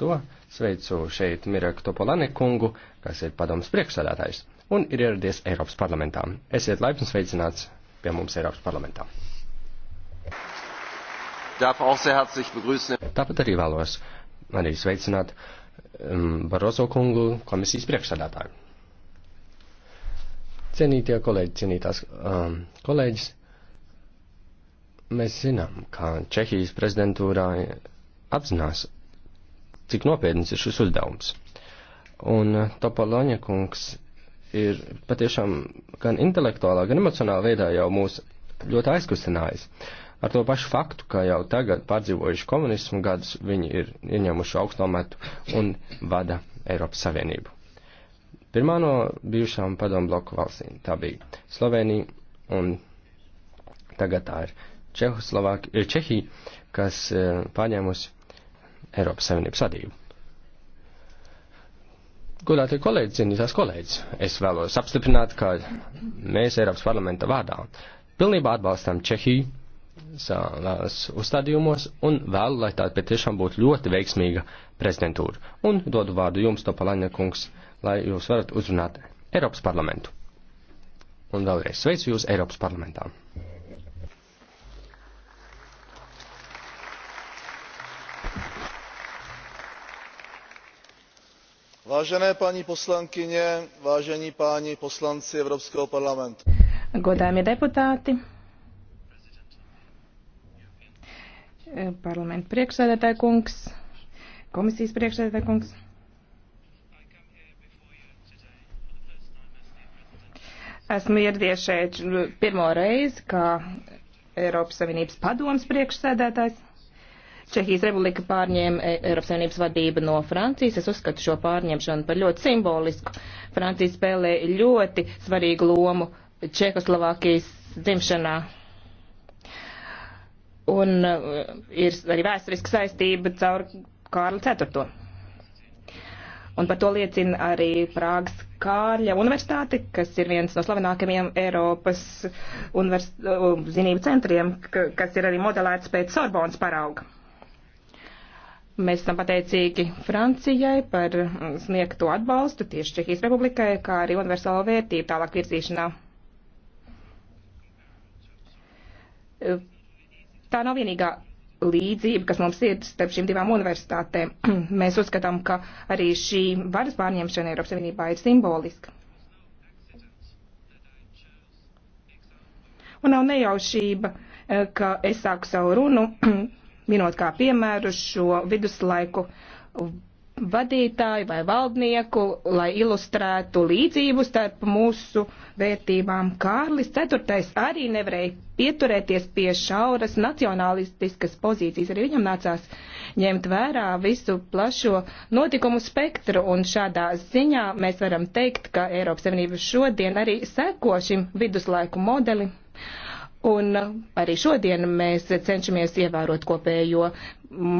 to sveicu šeit Mirak Topolane kungu, kas ir padomas priekšsādātājs un ir ieradies Eiropas parlamentā. Esiet laipni sveicināts pie mums Eiropas parlamentā. Tāpat arī vēlos arī sveicināt um, Barozo kungu komisijas priekšsādātāju. Cienītie kolēģi, cienītās um, kolēģis, mēs zinām, ka Čehijas prezidentūrā apzinās cik nopietns ir šis uzdevums. Un eh, Topoloņa kungs ir patiešām gan intelektuālā, gan emocionālā veidā jau mūs ļoti aizkustinājis. Ar to pašu faktu, ka jau tagad pārdzīvojuši komunismu gadus, viņi ir ieņēmuši augstu amatu un vada Eiropas Savienību. Pirmā no bijušām padomu bloku valstīm tā bija Slovenija un tagad tā ir Čehoslovākija, ir eh, Čehija, kas eh, pārņēmusi Eiropas Savienības vadību. Godātie kolēģi, cienītās kolēģis, es vēlos apstiprināt, ka mēs Eiropas parlamenta vārdā pilnībā atbalstam Čehiju savās uzstādījumos un vēlu, lai tā patiešām būtu ļoti veiksmīga prezidentūra. Un dodu vārdu jums, Topalaņa kungs, lai jūs varat uzrunāt Eiropas parlamentu. Un vēlreiz sveicu jūs Eiropas parlamentā. vážené paní poslankyně vážení páni poslanci evropského parlamentu godājamie deputāti parlamenta priekšsēdētāja kungs komisijas priekšsēdētāja kungs esmu ieradies šeit pirmo reizi kā Eiropas Savienības padomas priekšsēdētājs Čehijas Republika pārņēma e- Eiropas Savienības vadību no Francijas. Es uzskatu šo pārņemšanu par ļoti simbolisku. Francija spēlē ļoti svarīgu lomu Čehoslovākijas dzimšanā. Un uh, ir arī vēsturiska saistība caur Kārli IV. Un par to liecina arī Prāgas Kārļa universitāti, kas ir viens no slavenākajiem Eiropas univers... Uh, zinību centriem, kas ir arī modelēts pēc Sorbonas parauga. Mēs esam pateicīgi Francijai par sniegto atbalstu tieši Čehijas republikai, kā arī universālo vērtību tālāk virzīšanā. Tā nav vienīgā līdzība, kas mums ir starp šīm divām universitātēm. Mēs uzskatām, ka arī šī varas pārņemšana Eiropas Savienībā ir simboliska. Un nav nejaušība, eh, ka es sāku savu runu minot kā piemēru šo viduslaiku vadītāju vai valdnieku, lai ilustrētu līdzību starp mūsu vērtībām. Kārlis IV arī nevarēja pieturēties pie šauras nacionālistiskas pozīcijas. Arī viņam nācās ņemt vērā visu plašo notikumu spektru, un šādā ziņā mēs varam teikt, ka Eiropas Savienība šodien arī seko šim viduslaiku modelim Un uh, arī šodien mēs cenšamies ievērot kopējo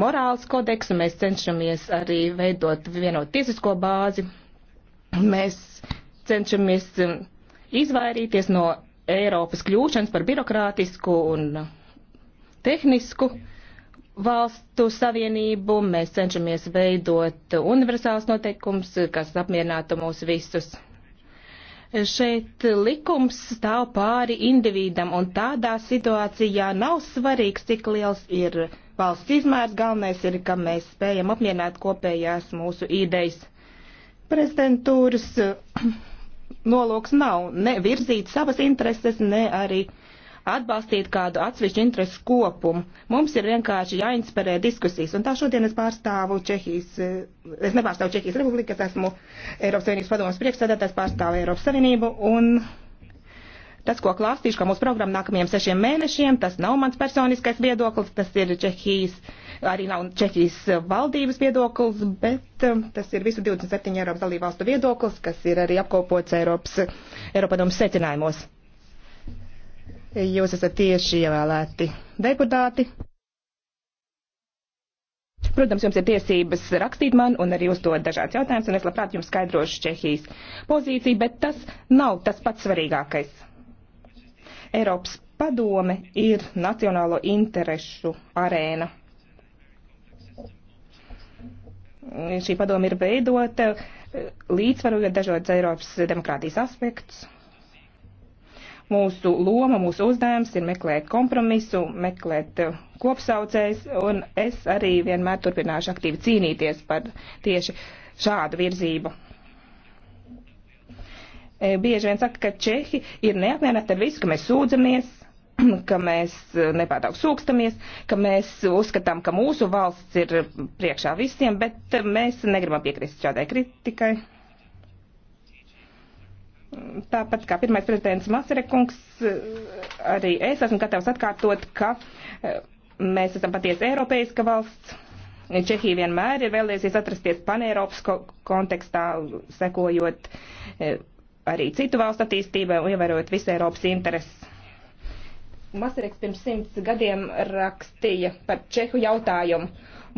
morāls kodeksu, mēs cenšamies arī veidot vienotu tiesisko bāzi, mēs cenšamies um, izvairīties no Eiropas kļūšanas par birokrātisku un tehnisku valstu savienību, mēs cenšamies veidot universāls noteikums, kas apmierinātu mūs visus šeit likums stāv pāri individam, un tādā situācijā nav svarīgs, cik liels ir valsts izmērs, galvenais ir, ka mēs spējam apmierināt kopējās mūsu idejas. Prezidentūras nolūks nav ne virzīt savas intereses, ne arī uh, atbalstīt kādu atsevišķu interesu kopumu. Mums ir vienkārši jāinspirē diskusijas, un tā šodien es pārstāvu Čehijas, eh, es nepārstāvu Čehijas republiku, es esmu Eiropas Savienības padomas priekšsēdētājs, pārstāvu Eiropas Savienību, un tas, ko klāstīšu, ka mūsu programma nākamajiem sešiem mēnešiem, tas nav mans personiskais viedoklis, tas ir Čehijas, arī nav Čehijas valdības viedoklis, bet eh, tas ir visu 27 Eiropas dalībvalstu viedoklis, kas ir arī apkopots Eiropas, Eiropadomas secinājumos. Jūs esat tieši ievēlēti deputāti. Protams, jums ir tiesības rakstīt man un arī uzdot dažādas jautājumas, un es labprāt jums skaidrošu Čehijas pozīciju, bet tas nav tas pats svarīgākais. Eiropas padome ir nacionālo interešu arēna. Šī padome ir veidota līdzsvarojot dažādas Eiropas demokrātijas aspektus Mūsu loma, mūsu uzdevums ir meklēt kompromisu, meklēt eh, kopsaucējs, un es arī vienmēr turpināšu aktīvi cīnīties par tieši šādu virzību. E, bieži vien saka, ka Čehi ir neapmierināti ar visu, ka mēs sūdzamies, ka mēs eh, nepārāk sūkstamies, ka mēs uzskatām, ka mūsu valsts ir priekšā visiem, bet eh, mēs negribam piekrist šādai kritikai. Tāpat kā pirmais prezidents Masarekungs, arī es esmu gatavs atkārtot, ka eh, mēs esam patiesi Eiropeiska valsts. Čehija vienmēr ir vēlēsies atrasties paneiropas kontekstā, sekojot eh, arī citu valstu attīstībai un ievērojot visu Eiropas intereses. Masareks pirms simts gadiem rakstīja par Čehu jautājumu.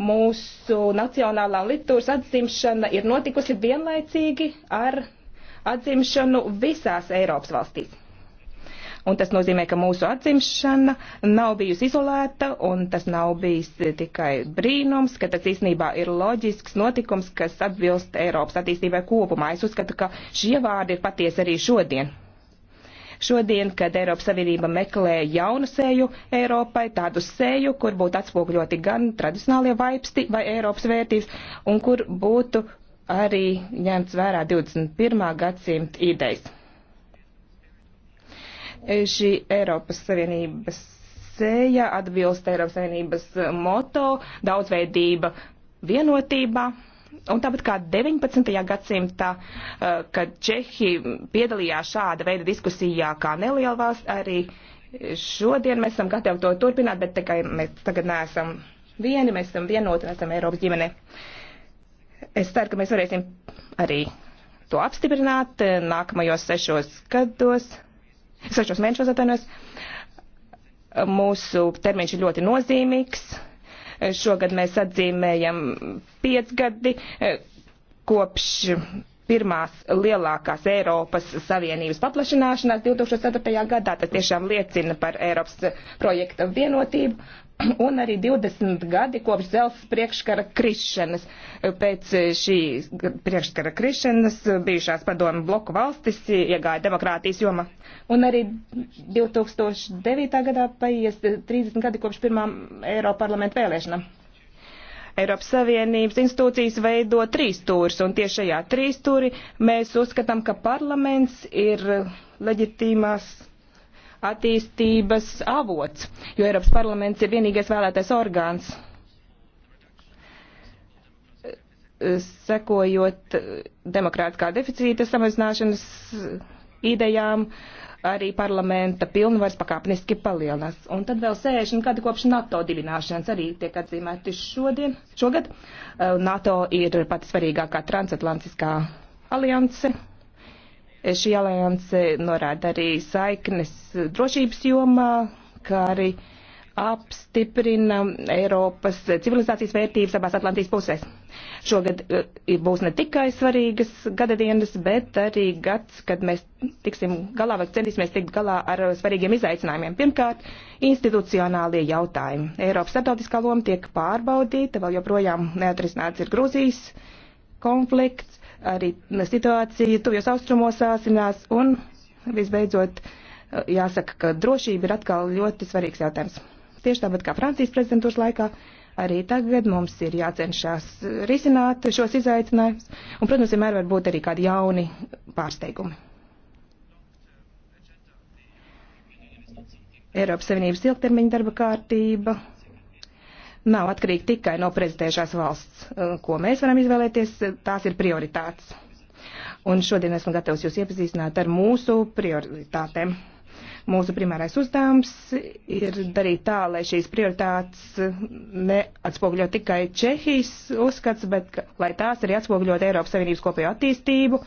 Mūsu nacionālā literatūras atzīšana ir notikusi vienlaicīgi ar atzimšanu visās Eiropas valstīs. Un tas nozīmē, ka mūsu atzimšana nav bijusi izolēta, un tas nav bijis tikai brīnums, ka tas īstenībā ir loģisks notikums, kas atbilst Eiropas attīstībai kopumā. Es uzskatu, ka šie vārdi ir patiesi arī šodien. Šodien, kad Eiropas Savienība meklē jaunu seju Eiropai, tādu seju, kur būtu atspūgļoti gan tradicionālie vaipsti vai Eiropas vērtības, un kur būtu arī ņemts vērā 21. gadsimta idejas. Šī Eiropas Savienības sēja atbilst Eiropas Savienības moto daudzveidība vienotībā. Un tāpat kā 19. gadsimtā, eh, kad Čehi piedalījās šāda veida diskusijā kā neliela valsts, arī šodien mēs esam gatavi to turpināt, bet tikai mēs tagad neesam vieni, mēs esam vienoti un esam Eiropas ģimene. Uh, Es ceru, ka mēs varēsim arī to apstiprināt eh, nākamajos sešos gados, sešos mēnešos atvainojos. Mūsu termiņš ir ļoti nozīmīgs. Eh, šogad mēs atzīmējam piecgadi eh, kopš pirmās lielākās Eiropas Savienības paplašināšanās 2004. gadā. Tas tiešām liecina par Eiropas projekta vienotību un arī 20 gadi kopš dzelzs priekškara krišanas. Pēc šī priekškara krišanas bijušās padomu bloku valstis iegāja demokrātijas joma. Un arī 2009. gadā paies 30 gadi kopš pirmām Eiropa parlamenta vēlēšanām. Eiropas Savienības institūcijas veido trīs stūrus, un tieši šajā trīs stūri mēs uzskatām, ka parlaments ir leģitīmās attīstības avots, jo Eiropas parlaments ir vienīgais vēlētais orgāns. Sekojot demokrātiskā deficīta samazināšanas idejām, arī parlamenta pilnvars pakāpeniski palielinās. Un tad vēl 60 gadi kopš NATO dibināšanas arī tiek atzīmēti šodien, šogad. NATO ir pati svarīgākā transatlantiskā alianse Šī alianse norāda arī saiknes drošības jomā, kā arī apstiprina Eiropas civilizācijas vērtības abās Atlantijas pusēs. Šogad eh, būs ne tikai svarīgas gadadienas, bet arī gads, kad mēs tiksim galā vai centīsimies tikt galā ar svarīgiem izaicinājumiem. Pirmkārt, institucionālie jautājumi. Eiropas starptautiskā loma tiek pārbaudīta, vēl joprojām neatrisināts ir Grūzijas konflikts, arī situācija tuvjos austrumos sāsinās un visbeidzot jāsaka, ka drošība ir atkal ļoti svarīgs jautājums. Tieši tāpat kā Francijas prezidentūras laikā, arī tagad mums ir jācenšas risināt šos izaicinājumus, un, protams, vienmēr var būt arī kādi jauni pārsteigumi. Eiropas Savienības ilgtermiņa darba kārtība nav atkarīgi tikai no prezidējušās valsts. Eh, ko mēs varam izvēlēties, tās ir prioritātes. Un šodien esmu gatavs jūs iepazīstināt ar mūsu prioritātēm. Mūsu primārais uzdevums ir darīt tā, lai šīs prioritātes neatspogļo tikai Čehijas uzskats, bet lai tās arī atspogļot Eiropas Savienības kopējo attīstību,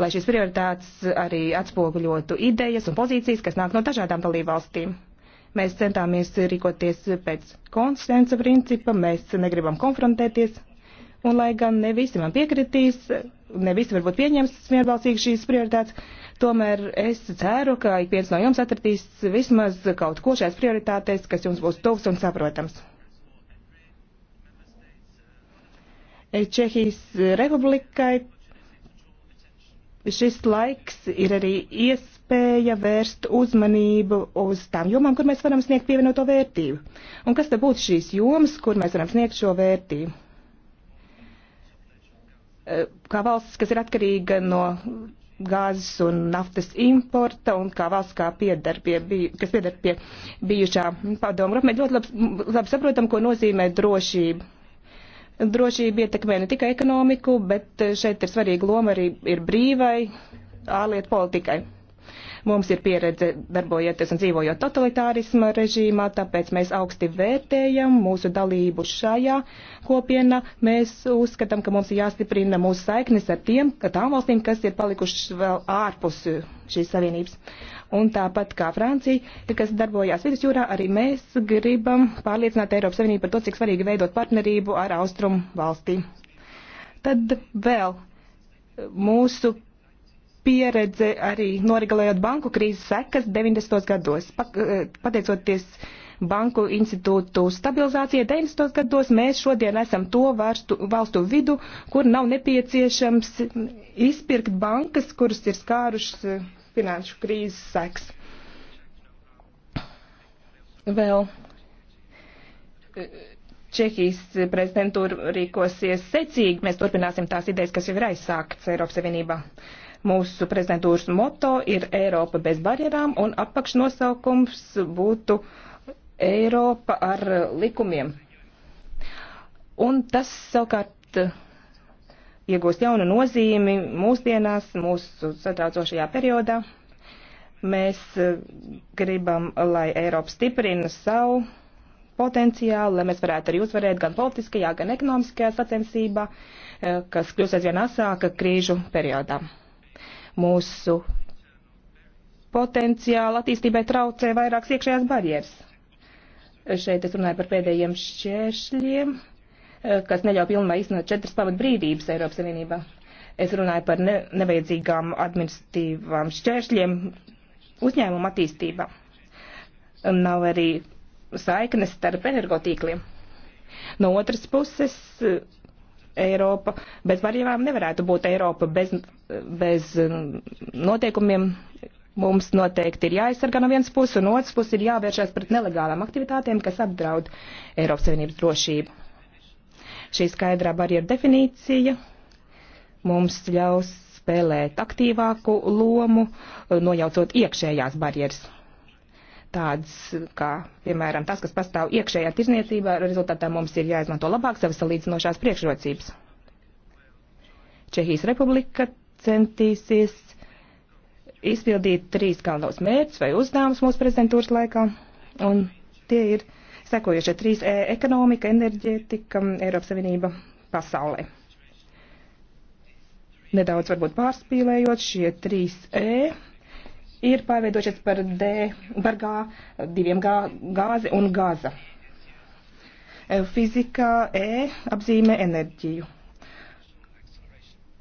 lai šīs prioritātes arī atspoguļotu idejas un pozīcijas, kas nāk no dažādām dalībvalstīm. valstīm. Mēs centāmies rīkoties pēc konsensa principa, mēs negribam konfrontēties. Un, lai gan ne visi man piekritīs, ne visi varbūt pieņems mierbalsīgi šīs prioritātes, tomēr es ceru, ka ik viens no jums atradīs vismaz kaut ko šajās prioritātēs, kas jums būs tuvs un saprotams. Čehijas republikai šis laiks ir arī iespēja iespēja vērst uzmanību uz tām jomām, kur mēs varam sniegt pievienoto vērtību. Un kas te būtu šīs jomas, kur mēs varam sniegt šo vērtību? E, kā valsts, kas ir atkarīga no gāzes un naftas importa un kā valsts, kā piedar pie, kas piedar pie bijušā padomu, mēs ļoti labi, labi saprotam, ko nozīmē drošība drošība ietekmē ne tikai ekonomiku, bet e, šeit ir svarīga loma arī ir brīvai ārlietu politikai. Mums ir pieredze darbojoties un dzīvojot totalitārisma režīmā, tāpēc mēs augsti vērtējam mūsu dalību šajā kopienā. Mēs uzskatām, ka mums ir jāstiprina mūsu saiknes ar tiem, ka tām valstīm, kas ir palikušas vēl ārpus šīs savienības. Un tāpat kā Francija, kas darbojās vidusjūrā, arī mēs gribam pārliecināt Eiropas Savienību par to, cik svarīgi veidot partnerību ar austrumu valstīm. Tad vēl mūsu pieredze arī noregulējot banku krīzes sekas 90. gados. Eh, pateicoties banku institūtu stabilizācijai 90. gados, mēs šodien esam to varstu, valstu vidu, kur nav nepieciešams izpirkt bankas, kuras ir skārušas eh, finanšu krīzes sekas. Vēl eh, Čehijas prezidentūra rīkosies secīgi. Mēs turpināsim tās idejas, kas jau ir aizsāktas Eiropas Savienībā. Uh, Mūsu prezidentūras moto ir Eiropa bez barjerām, un apakšnosaukums būtu Eiropa ar likumiem. Un tas savukārt eh, iegūst jaunu nozīmi mūsdienās, mūsu satraucošajā periodā. Mēs eh, gribam, lai Eiropa stiprina savu potenciālu, lai mēs varētu arī uzvarēt gan politiskajā, gan ekonomiskajā sacensībā, eh, kas kļūs aizvien asāka krīžu periodā. Mūsu potenciāli attīstībai traucē vairākas iekšējās barjeras. Šeit es runāju par pēdējiem šķēršļiem, eh, kas neļauj pilnībā iznot četras pamatbrīvības Eiropas Savienībā. Es runāju par ne, nevajadzīgām administratīvām šķēršļiem uzņēmumu attīstībā. Nav arī saiknes starp energotīkliem. No otras puses, Eiropa, bez barjerām nevarētu būt Eiropa bez, bez noteikumiem. Mums noteikti ir jāaizsargā no vienas puses, un otrs puses ir jāvēršās pret nelegālām aktivitātēm, kas apdraud Eiropas Savienības drošību. Šī skaidrā barjeru definīcija mums ļaus spēlēt aktīvāku lomu, nojaucot iekšējās barjeras tādas kā, piemēram, tas, kas pastāv iekšējā tirzniecībā, rezultātā mums ir jāizmanto labāk savas salīdzinošās priekšrocības. Čehijas republika centīsies izpildīt trīs galvenos mērķus vai uzdevumus mūsu prezidentūras laikā, un tie ir sekojošie trīs e - ekonomika, enerģētika, Eiropas Savienība pasaulē. Nedaudz varbūt pārspīlējot šie trīs E ir pārveidojušies par D, par G, diviem G, gāzi un gaza. E, Fizikā E apzīmē enerģiju.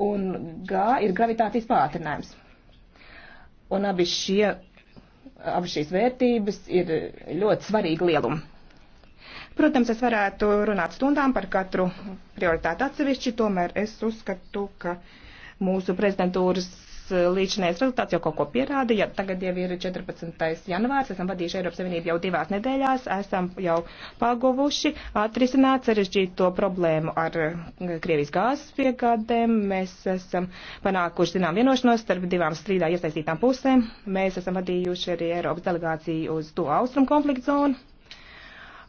Un G ir gravitācijas pātrinājums. Un abi šie, abi šīs vērtības ir ļoti svarīgi lielumi. Protams, es varētu runāt stundām par katru prioritātu atsevišķi, tomēr es uzskatu, ka mūsu prezidentūras Eh, līdzinājais rezultāts jau kaut ko pierāda. Ja tagad jau ir 14. janvārs, esam vadījuši Eiropas Savienību jau divās nedēļās, esam jau paguvuši atrisināt sarežģīto problēmu ar eh, Krievijas gāzes piegādēm. Mēs esam panākuši, zinām, vienošanos starp divām strīdā iesaistītām pusēm. Mēs esam vadījuši arī Eiropas delegāciju uz to austrumu konfliktu zonu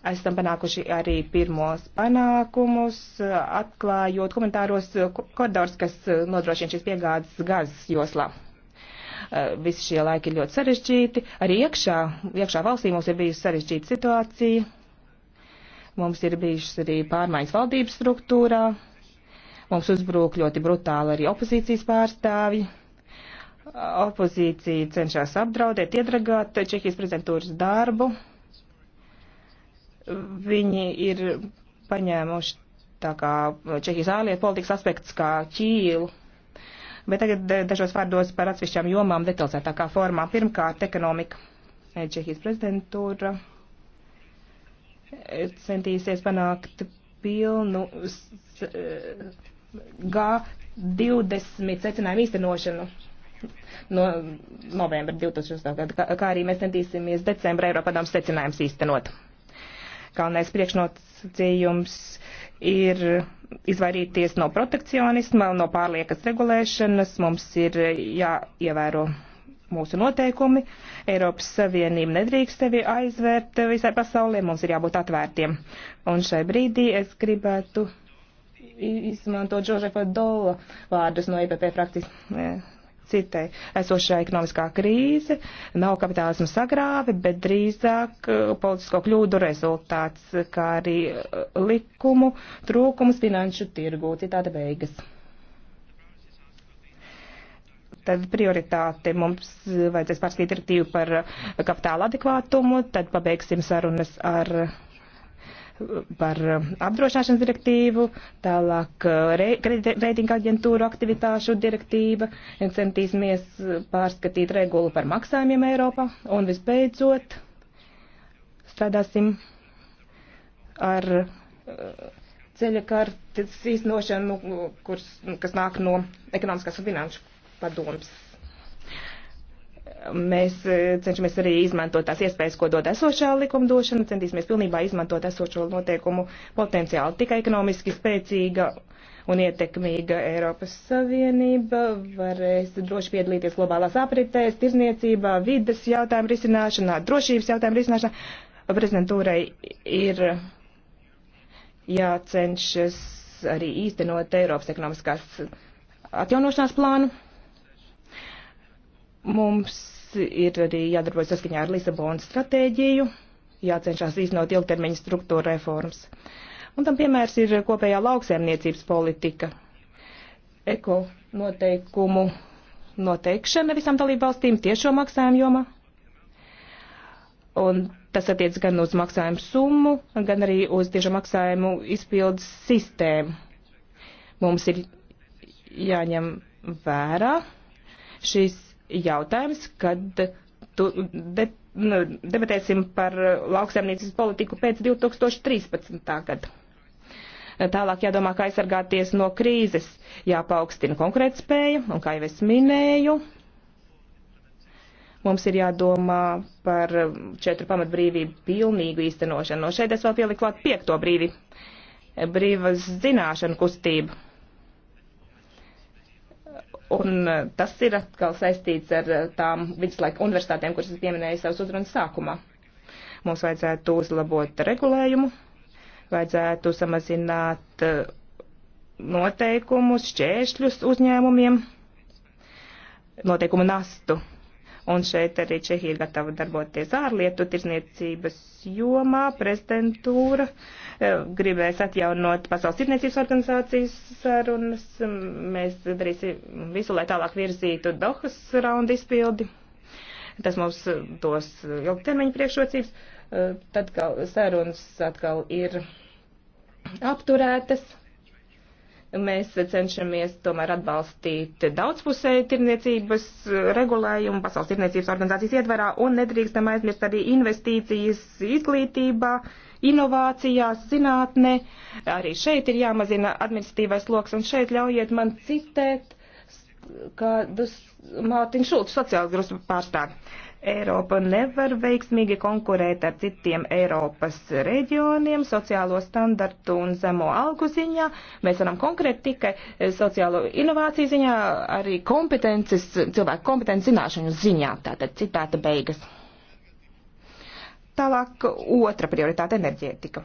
esam panākuši arī pirmos panākumus, atklājot komentāros koridors, kas nodrošina šīs piegādes gazas joslā. Eh, visi šie laiki ir ļoti sarežģīti. Arī iekšā, iekšā valstī mums ir bijusi sarežģīta situācija. Mums ir bijušas arī pārmaiņas valdības struktūrā. Mums uzbrūk ļoti brutāli arī opozīcijas pārstāvji opozīcija cenšas apdraudēt, iedragāt Čehijas prezidentūras darbu. Viņi ir paņēmuši tā kā Čehijas ārlietu politikas aspekts kā ķīlu. Bet tagad eh, dažos vārdos par atsevišķām jomām detalizētākā formā. Pirmkārt, ekonomika. Eh, Čehijas prezidentūra eh, centīsies panākt pilnu G20 secinājumu īstenošanu no novembra 2000. gada, kā arī mēs centīsimies decembra Eiropadomu secinājumus īstenot. Galvenais priekšnocījums ir izvairīties no protekcionisma, no pārliekas regulēšanas. Mums ir jāievēro mūsu noteikumi. Eiropas Savienība nedrīkst sevi aizvērt visai pasaulē, mums ir jābūt atvērtiem. Un šai brīdī es gribētu izmantot Džožefa Dola vārdus no IPP e frakcijas citai esošā ekonomiskā krīze nav kapitālismu sagrāve, bet drīzāk uh, politisko kļūdu rezultāts, kā arī uh, likumu trūkums finanšu tirgū. Citāta beigas. Tad prioritāte mums vajadzēs pārskatīt direktīvu par uh, kapitāla adekvātumu, tad pabeigsim sarunas ar par um, apdrošināšanas direktīvu, tālāk uh, reitinga aģentūru aktivitāšu direktīva, centīsimies uh, pārskatīt regulu par maksājumiem Eiropā un visbeidzot strādāsim ar uh, ceļa kartes īstenošanu, kurs, kas nāk no ekonomiskās un finanšu padomas Mēs e, cenšamies arī izmantot tās iespējas, ko dod esošā likumdošana, centīsimies pilnībā izmantot esošo noteikumu potenciāli. Tikai ekonomiski spēcīga un ietekmīga Eiropas Savienība varēs droši piedalīties globālās apritēs, tirzniecībā, vidas jautājumu risināšanā, drošības jautājumu risināšanā. Prezidentūrai ir jācenšas arī īstenot Eiropas ekonomiskās atjaunošanās plānu. Mums ir arī jādarbojas saskaņā ar Lisabonas stratēģiju, jācenšas īstenot ilgtermiņa struktūra reformas. Un tam piemērs ir kopējā lauksēmniecības politika. Eko noteikumu noteikšana visām dalībvalstīm tiešo maksājumu jomā. Un tas attiec gan uz maksājumu summu, gan arī uz tiešo maksājumu izpildes sistēmu. Mums ir jāņem vērā šīs jautājums, kad tu, de, nu, debatēsim par lauksaimniecības politiku pēc 2013. gada. Tālāk jādomā, kā aizsargāties no krīzes, jāpaukstina konkurētspēja, un kā jau es minēju, mums ir jādomā par četru pamatbrīvību pilnīgu īstenošanu. No šeit es vēl pieliku klāt piekto brīvi - brīvas zināšanu kustību Un e, tas ir atkal saistīts ar e, tām viduslaika universitātēm, kuras es pieminēju savas uzrunas sākumā. Mums vajadzētu uzlabot regulējumu, vajadzētu samazināt e, noteikumus, šķēršļus uzņēmumiem, noteikumu nastu. Un šeit arī Čehija ir gatava darboties ārlietu tirzniecības jomā. Prezidentūra eh, gribēs atjaunot Pasaules tirzniecības organizācijas sarunas. Mēs darīsim visu, lai tālāk virzītu Dohas raundu izpildi. Tas mums dos ilgtermiņa priekšrocības. Eh, tad sarunas atkal ir apturētas mēs cenšamies tomēr atbalstīt daudzpusēju tirniecības eh, regulējumu pasaules tirniecības organizācijas ietvarā un nedrīkstam aizmirst arī investīcijas izglītībā, inovācijās, zinātne. Arī šeit ir jāmazina administratīvais loks un šeit ļaujiet man citēt, kādus Mārtiņu Šulcu sociālgrupas pārstāvi. Eiropa nevar veiksmīgi konkurēt ar citiem Eiropas reģioniem sociālo standartu un zemo algu ziņā. Mēs varam konkurēt tikai eh, sociālo inovāciju ziņā, arī kompetences, cilvēku kompetences zināšanu ziņā. Tātad citāta beigas. Tālāk otra prioritāte - enerģētika.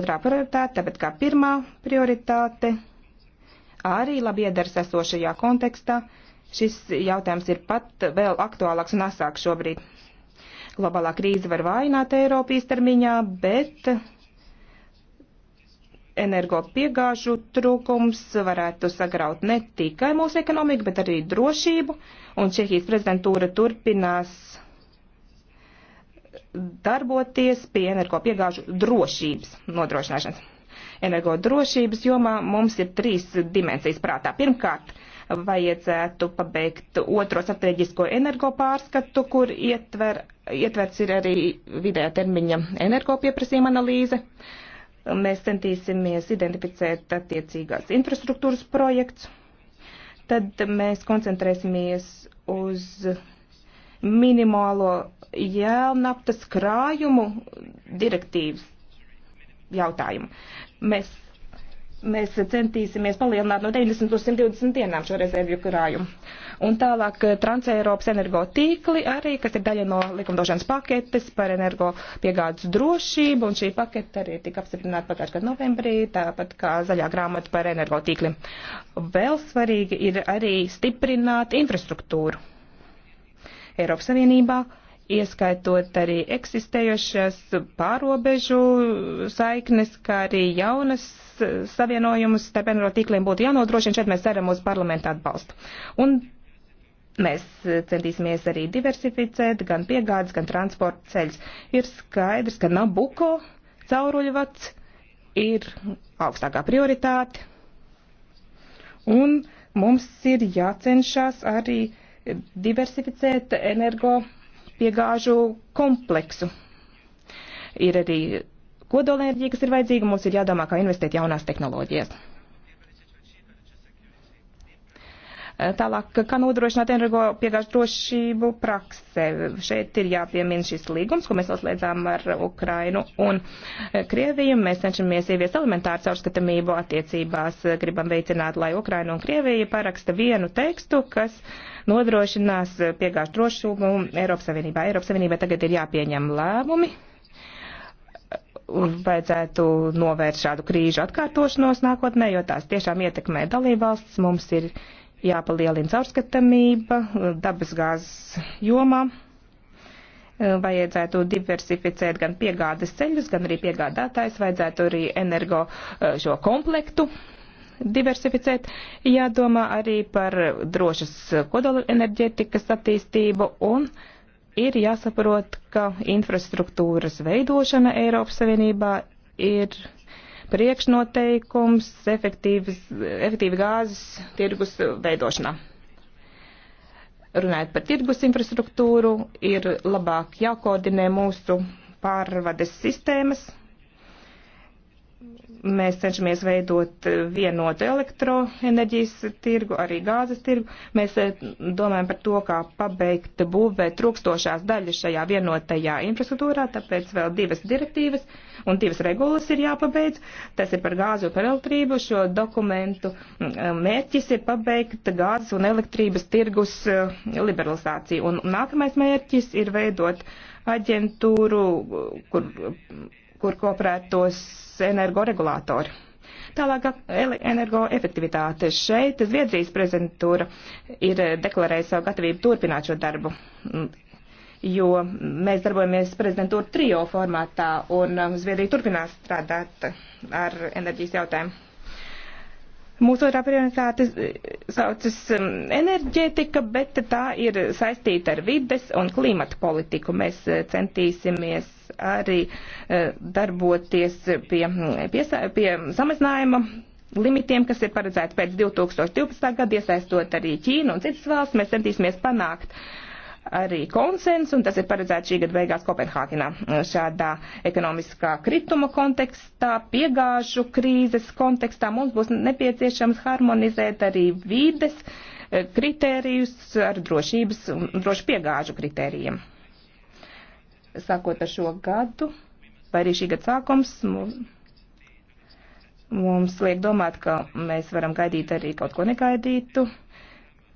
Otrā prioritāte, tāpat kā pirmā prioritāte, arī labi iedars esošajā kontekstā Šis jautājums ir pat vēl aktuālāks un asāks šobrīd. Globālā krīze var vājināt Eiropu īstermiņā, bet energopiegāžu trūkums varētu sagraut ne tikai mūsu ekonomiku, bet arī drošību, un Čehijas prezidentūra turpinās darboties pie energopiegāžu drošības nodrošināšanas. Energodrošības jomā mums ir trīs dimensijas prātā. Pirmkārt, vajadzētu pabeigt otro strateģisko energopārskatu, kur ietver, ietverts ir arī vidējā termiņa energopieprasījuma analīze. Mēs centīsimies identificēt attiecīgās infrastruktūras projekts. Tad mēs koncentrēsimies uz minimālo jēlnaftas krājumu direktīvas jautājumu. Mēs mēs centīsimies palielināt no 90 līdz 120 dienām šo rezervju krājumu. Un tālāk eh, Transeiropas energotīkli arī, kas ir daļa no likumdošanas paketes par energo piegādes drošību, un šī pakete arī tika apstiprināta pagājušajā gadu novembrī, tāpat kā zaļā grāmata par energotīkli. Vēl svarīgi ir arī stiprināt infrastruktūru Eiropas Savienībā ieskaitot arī eksistējošas pārobežu saiknes, kā arī jaunas savienojumus starp NRO tīkliem būtu jānodrošina. Šeit mēs ceram uz parlamentu atbalstu. Un mēs centīsimies arī diversificēt gan piegādes, gan transporta ceļus. Ir skaidrs, ka Nabuko cauruļvats ir augstākā prioritāte. Un mums ir jācenšas arī diversificēt energo piegāžu kompleksu. Ir arī kodolenerģija, kas ir vajadzīga, mums ir jādomā, kā investēt jaunās tehnoloģijas. Tālāk, kā nodrošināt energo piegāžu drošību praksē. Šeit ir jāpiemina šis līgums, ko mēs noslēdzām ar Ukrainu un Krieviju. Mēs cenšamies ievies elementāru caurskatamību attiecībās. Gribam veicināt, lai Ukraina un Krievija paraksta vienu tekstu, kas nodrošinās piegāžu drošību Eiropas Savienībā. Eiropas Savienībā tagad ir jāpieņem lēmumi vajadzētu novērst šādu krīžu atkārtošanos nākotnē, jo tās tiešām ietekmē dalībvalsts. Mums ir jāpalielina caurskatamība eh, dabasgāzes jomā. Eh, vajadzētu diversificēt gan piegādes ceļus, gan arī piegādātājs, vajadzētu arī energo eh, šo komplektu diversificēt. Jādomā arī par drošas kodola enerģētikas attīstību un ir jāsaprot, ka infrastruktūras veidošana Eiropas Savienībā ir priekšnoteikums efektīvi gāzes tirgus veidošanā. Runājot par tirgus infrastruktūru, ir labāk jākoordinē mūsu pārvades sistēmas Mēs cenšamies veidot vienotu elektroenerģijas tirgu, arī gāzes tirgu. Mēs eh, domājam par to, kā pabeigt būvēt trūkstošās daļas šajā vienotajā infrastruktūrā, tāpēc vēl divas direktīvas un divas regulas ir jāpabeidz. Tas ir par gāzi un par elektrību. Šo dokumentu mm, mērķis ir pabeigt gāzes un elektrības tirgus eh, liberalizāciju. Un nākamais mērķis ir veidot aģentūru, kur, kur kooperētos energoregulātori. Tālāk energoefektivitāte. Šeit Zviedrijas prezidentūra ir deklarējusi savu gatavību turpināt šo darbu, jo mēs darbojamies prezidentūra trijo formātā un um, Zviedrija turpinās strādāt ar enerģijas jautājumu. Mūsu otrā prioritāte saucas um, enerģētika, bet tā ir saistīta ar vides un klimata politiku. Mēs uh, centīsimies arī eh, darboties pie, pie, pie samazinājuma limitiem, kas ir paredzēti pēc 2012. gada, iesaistot arī Ķīnu un citas valsts. Mēs centīsimies panākt arī konsensu, un tas ir paredzēts šī gada beigās Kopenhāgenā. Šādā ekonomiskā krituma kontekstā, piegāžu krīzes kontekstā mums būs nepieciešams harmonizēt arī vides eh, kritērijus ar drošības un drošu piegāžu kritērijiem sākot ar šo gadu, vai arī šī gada sākums, mums liek domāt, ka mēs varam gaidīt arī kaut ko negaidītu.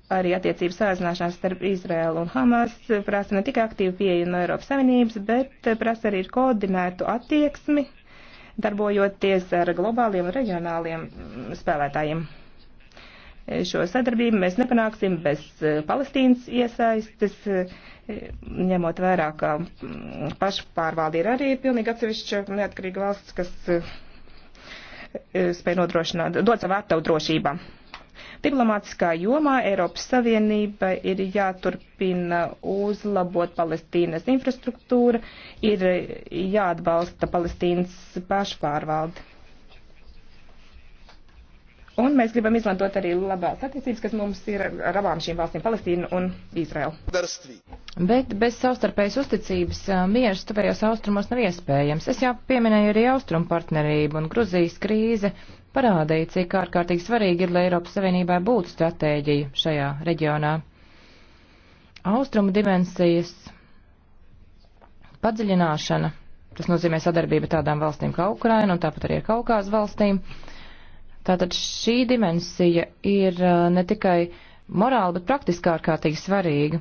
Arī attiecības sāzināšanās starp Izrēlu un Hamas prasa ne tikai aktīvu pieeju no Eiropas Savienības, bet prasa arī koordinētu attieksmi, darbojoties ar globāliem un reģionāliem mm, spēlētājiem. Šo sadarbību mēs nepanāksim bez eh, Palestīnas iesaistes ņemot vērā, ka pašpārvalde ir arī pilnīgi atsevišķa neatkarīga valsts, kas e, spēj nodrošināt, dot savu atavu drošībā. Diplomātiskā jomā Eiropas Savienība ir jāturpina uzlabot Palestīnas infrastruktūra, ir jāatbalsta Palestīnas pašpārvalde. Un mēs gribam izmantot arī labās attiecības, kas mums ir ar abām šīm valstīm - Palestīnu un Izraelu. Bet bez savstarpējas uzticības miers tuvējos austrumos nav iespējams. Es jau pieminēju arī austrumu partnerību un Gruzijas krīze parādīja, cik ārkārtīgi svarīgi ir, lai Eiropas Savienībai būtu stratēģija šajā reģionā. Austrumu dimensijas padziļināšana, tas nozīmē sadarbība tādām valstīm kā Ukraina un tāpat arī ar Kaukās valstīm Tātad šī dimensija ir uh, ne tikai morāli, bet praktiski ārkārtīgi svarīga.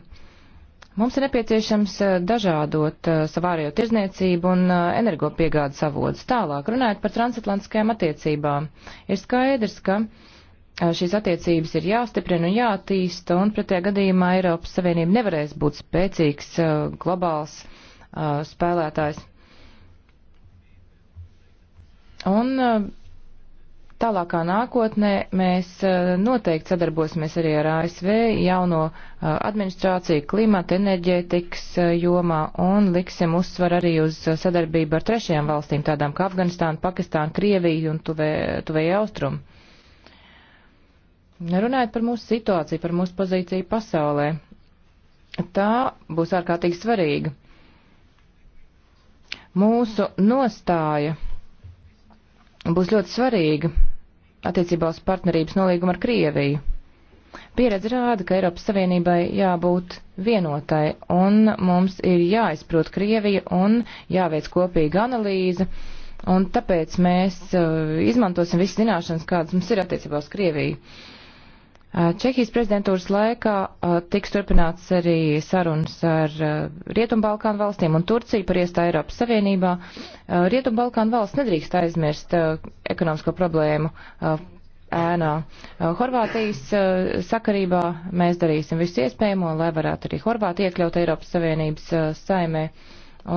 Mums ir nepieciešams uh, dažādot uh, savā ārējo tirzniecību un energopiegādes avots. Tālāk, runājot par transatlantiskajām attiecībām, ir skaidrs, ka šīs attiecības ir jāstiprina un jātīsta, un pretējā gadījumā Eiropas Savienība nevarēs būt spēcīgs globāls spēlētājs. Un Tālākā nākotnē mēs e, noteikti sadarbosimies arī ar ASV jauno e, administrāciju klimata enerģētikas e, jomā un liksim uzsvar arī uz sadarbību ar trešajām valstīm, tādām kā Afganistāna, Pakistāna, Krievija un Tuvēja tuvē Austrum. Runājot par mūsu situāciju, par mūsu pozīciju pasaulē, tā būs ārkārtīgi svarīga mūsu nostāja būs ļoti svarīga attiecībā uz partnerības nolīgumu ar Krieviju. Pieredze rāda, ka Eiropas Savienībai jābūt vienotai, un mums ir jāizprot Krievija un jāveic kopīga analīze, un tāpēc mēs uh, izmantosim visas zināšanas, kādas mums ir attiecībā uz Krieviju. Uh, Čehijas prezidentūras laikā tiks turpināts arī sarunas ar Rietumbalkānu valstīm un Turciju par iestāju Eiropas Savienībā. Rietumbalkānu valsts nedrīkst aizmirst ekonomisko problēmu ēnā. Horvātijas sakarībā mēs darīsim visu iespējamo, lai varētu arī Horvāti iekļaut Eiropas Savienības saimē.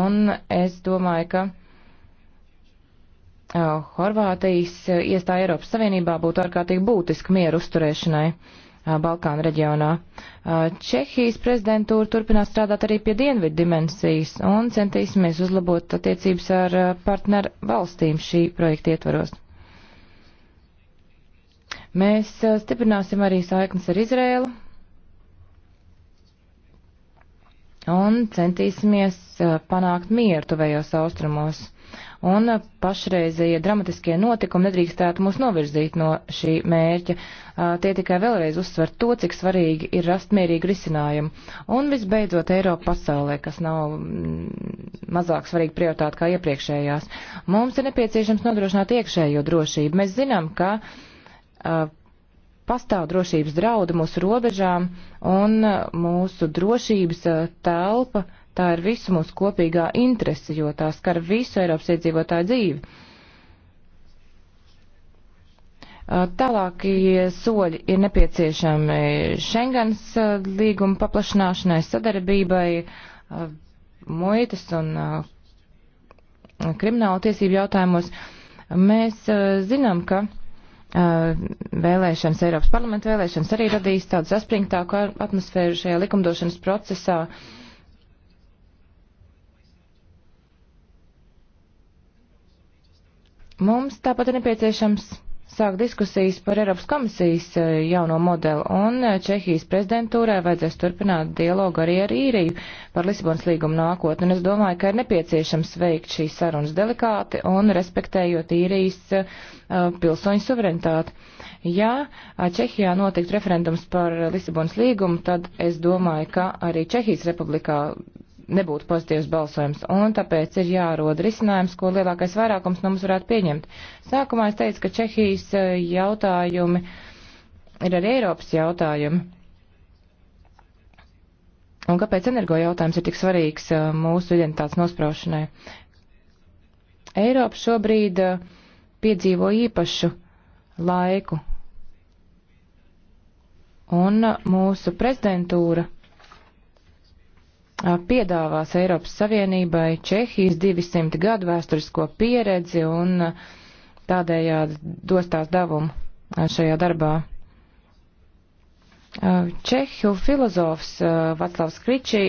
Un es domāju, ka Horvātijas eh, iestāja Eiropas Savienībā būtu ārkārtīgi būtiska mieru uzturēšanai eh, Balkānu reģionā. Eh, Čehijas prezidentūra turpinās strādāt arī pie dienvidu dimensijas un centīsimies uzlabot attiecības ar partneru valstīm šī projekta ietvaros. Mēs stiprināsim arī saiknes ar Izrēlu un centīsimies panākt mieru tuvējos austrumos un pašreizie dramatiskie notikumi nedrīkstētu mūs novirzīt no šī mērķa. Tie tikai vēlreiz uzsver to, cik svarīgi ir rast mierīgu risinājumu. Un visbeidzot Eiropa pasaulē, kas nav mm, mazāk svarīga prioritāte kā iepriekšējās. Mums ir nepieciešams nodrošināt iekšējo drošību. Mēs zinām, ka uh, pastāv drošības draudi mūsu robežām un mūsu drošības telpa. Uh, Tā ir visu mūsu kopīgā interese, jo tā skar visu Eiropas iedzīvotāju dzīvi. Tālākie soļi ir nepieciešami Schengens līguma paplašanāšanai, sadarbībai, muitas un krimināla tiesību jautājumos. Mēs zinām, ka vēlēšanas, Eiropas parlamenta vēlēšanas arī radīs tādu saspringtāku atmosfēru šajā likumdošanas procesā. Uh, Mums tāpat ir nepieciešams sākt diskusijas par Eiropas komisijas e, jauno modeli, un e, Čehijas prezidentūrai vajadzēs turpināt dialogu arī ar īriju par Lisabonas līgumu nākotni, un es domāju, ka ir nepieciešams veikt šīs sarunas delikāti un respektējot īrijas uh, pilsoņu suverenitāti. Ja Čehijā notiktu referendums par Lisabonas līgumu, tad es domāju, ka arī Čehijas republikā nebūtu pozitīvs balsojums, un tāpēc ir jāroda risinājums, ko lielākais vairākums no mums varētu pieņemt. Sākumā es teicu, ka Čehijas eh, jautājumi ir arī Eiropas jautājumi. Un kāpēc energo jautājums ir tik svarīgs eh, mūsu identitātes nospraušanai? Eiropa šobrīd eh, piedzīvo īpašu laiku, un mūsu prezidentūra piedāvās Eiropas Savienībai Čehijas 200 gadu vēsturisko pieredzi un tādējādi dos tās devumu šajā darbā. Čehu filozofs Vaclavs Kričī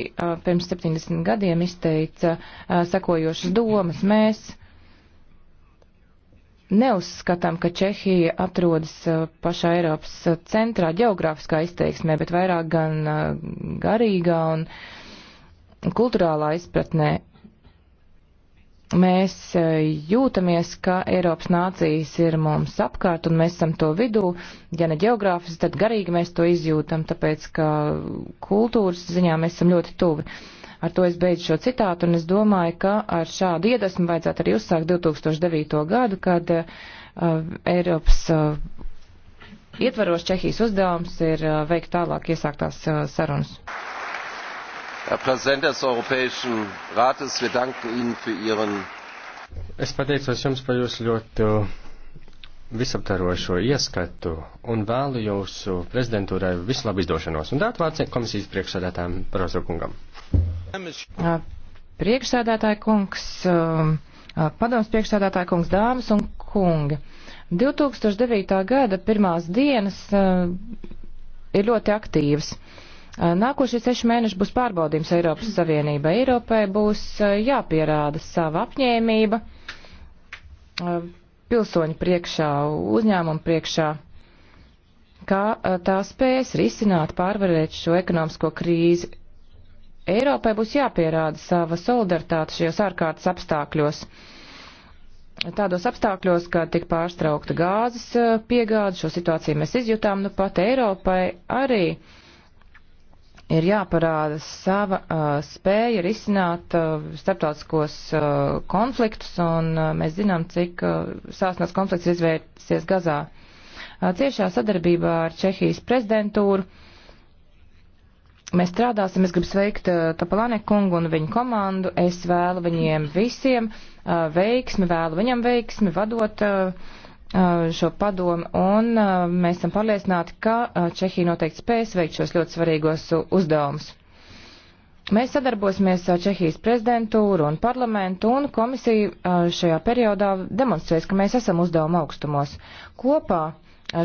pirms 70 gadiem izteica sekojošas domas. Mēs neuzskatām, ka Čehija atrodas pašā Eiropas centrā geogrāfiskā izteiksmē, bet vairāk gan garīgā un uh, kultūrālā izpratnē mēs e, jūtamies, ka Eiropas nācijas ir mums apkārt un mēs esam to vidū, ja ne geogrāfiski, tad garīgi mēs to izjūtam, tāpēc ka kultūras ziņā mēs esam ļoti tuvi. Ar to es beidzu šo citātu un es domāju, ka ar šādu iedvesmu vajadzētu arī uzsākt 2009. gadu, kad uh, Eiropas uh, ietvaros Čehijas uzdevums ir uh, veikt tālāk iesāktās uh, sarunas. Herr Präsident des Europäischen Rates, wir danken Ihnen für Ihren. Es pateicos jums par jūsu ļoti visaptarošo ieskatu un vēlu jūsu prezidentūrai vislabu izdošanos. Un dāt vārds komisijas priekšsādātājiem Rozokungam. Priekšsādātāja kungs, padoms priekšsādātāja kungs, dāmas un kungi. 2009. gada pirmās dienas ir ļoti aktīvas. Nākošie seši mēneši būs pārbaudījums Eiropas Savienība. Eiropai būs jāpierāda sava apņēmība pilsoņu priekšā, uzņēmumu priekšā, kā tā spējas risināt, pārvarēt šo ekonomisko krīzi. Eiropai būs jāpierāda sava solidaritāte šajos ārkārtas apstākļos. Tādos apstākļos, kad tika pārstraukta gāzes piegāde, šo situāciju mēs izjutām, nu pat Eiropai arī uh, ir jāparāda sava uh, spēja risināt uh, starptautiskos uh, konfliktus, un uh, mēs zinām, cik uh, sāsnās konflikts izvērsies Gazā. Uh, ciešā sadarbībā ar Čehijas prezidentūru mēs strādāsim. Es gribu sveikt uh, Tapalāne kungu un viņu komandu. Es vēlu viņiem visiem uh, veiksmi, vēlu viņam veiksmi vadot. Uh, Uh, šo padomu, un uh, mēs esam pārliecināti, ka uh, Čehija noteikti spēs veikt šos ļoti svarīgos uzdevumus. Mēs sadarbosimies ar Čehijas prezidentūru un parlamentu, un komisija šajā periodā demonstrēs, ka mēs esam uzdevuma augstumos. Kopā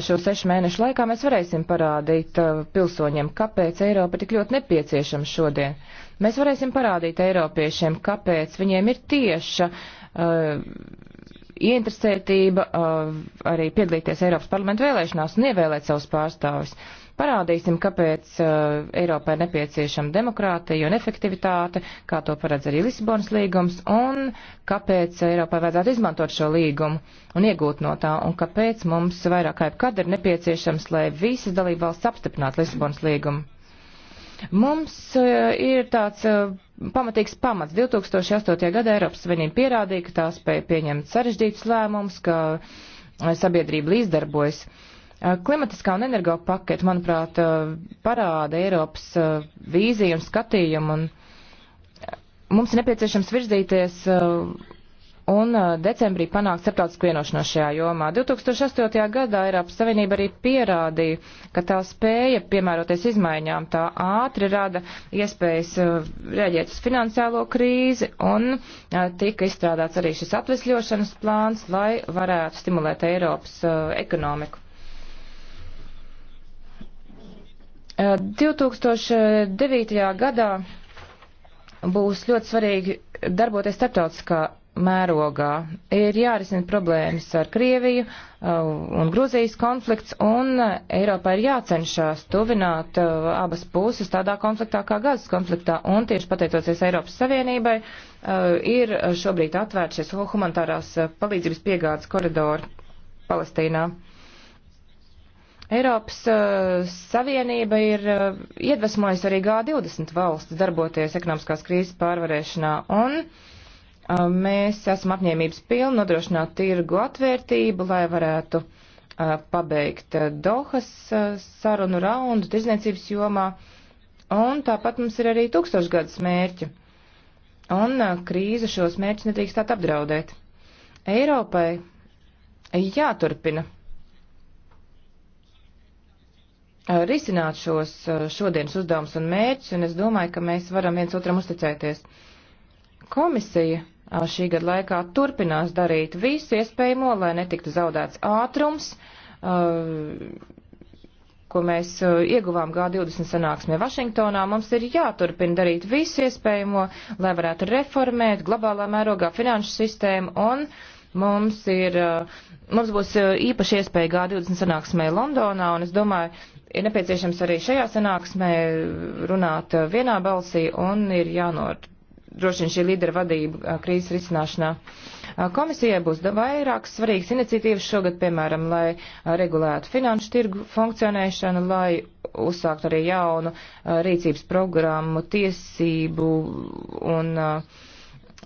šo sešu mēnešu laikā mēs varēsim parādīt pilsoņiem, kāpēc Eiropa tik ļoti nepieciešama šodien. Mēs varēsim parādīt Eiropiešiem, kāpēc viņiem ir tieša uh, ieinteresētība uh, arī piedalīties Eiropas parlamentu vēlēšanās un ievēlēt savus pārstāvis. Parādīsim, kāpēc uh, Eiropai ir nepieciešama demokrātija un efektivitāte, kā to paredz arī Lisabonas līgums, un kāpēc Eiropai vajadzētu izmantot šo līgumu un iegūt no tā, un kāpēc mums vairāk kā jebkad ir nepieciešams, lai visas dalībvalsts apstiprinātu Lisabonas līgumu. Mums uh, ir tāds pamatīgs pamats. 2008. gada Eiropas Savienība pierādīja, ka tā spēja pieņemt sarežģītus lēmumus, ka eh, sabiedrība līdzdarbojas. Eh, klimatiskā un energo paketa, manuprāt, eh, parāda Eiropas vīziju un skatījumu, un mums ir nepieciešams virzīties un uh, decembrī panākt starptautisku vienošanos šajā jomā. 2008. gadā Eiropas Savienība arī pierādīja, ka tā spēja piemēroties izmaiņām, tā ātri rada iespējas uh, rēģēt uz finansiālo krīzi un uh, tika izstrādāts arī šis atvesļošanas plāns, lai varētu stimulēt Eiropas ekonomiku. 2009. gadā būs ļoti svarīgi darboties starptautiskā mērogā. Ir jārisina problēmas ar Krieviju uh, un Gruzijas konflikts, un uh, Eiropā ir jācenšas tuvināt uh, abas puses tādā konfliktā kā gazas konfliktā, un tieši pateicoties Eiropas Savienībai ir šobrīd atvērts šis humanitārās palīdzības piegādes koridori Palestīnā. Eiropas uh, Savienība ir uh, iedvesmojusi arī G20 valsts darboties ekonomiskās krīzes pārvarēšanā, un uh, Uh, mēs esam apņēmības pilni nodrošināt tirgu atvērtību, lai varētu uh, pabeigt uh, Dohas sarunu raundu tirzniecības jomā, un tāpat mums ir arī tūkstošgadus mērķi, un krīze šos mērķus nedrīkstāt apdraudēt. Eiropai jāturpina risināt šos šodienas uzdevumus un mērķus, un es domāju, ka mēs varam viens otram uzticēties. Komisija šī gada laikā turpinās darīt visu iespējamo, lai netiktu zaudēts ātrums, ko mēs ieguvām G20 sanāksmē Vašingtonā. Mums ir jāturpina darīt visu iespējamo, lai varētu reformēt globālā mērogā finanšu sistēmu un mums ir, mums būs īpaši iespēja G20 sanāksmē Londonā un es domāju, ir nepieciešams arī šajā sanāksmē runāt vienā balsī un ir jānor droši vien šī līdera vadība krīzes risināšanā. Komisijai būs vairākas svarīgas iniciatīvas šogad, piemēram, lai regulētu finanšu tirgu funkcionēšanu, lai uzsākt arī jaunu rīcības programmu, tiesību un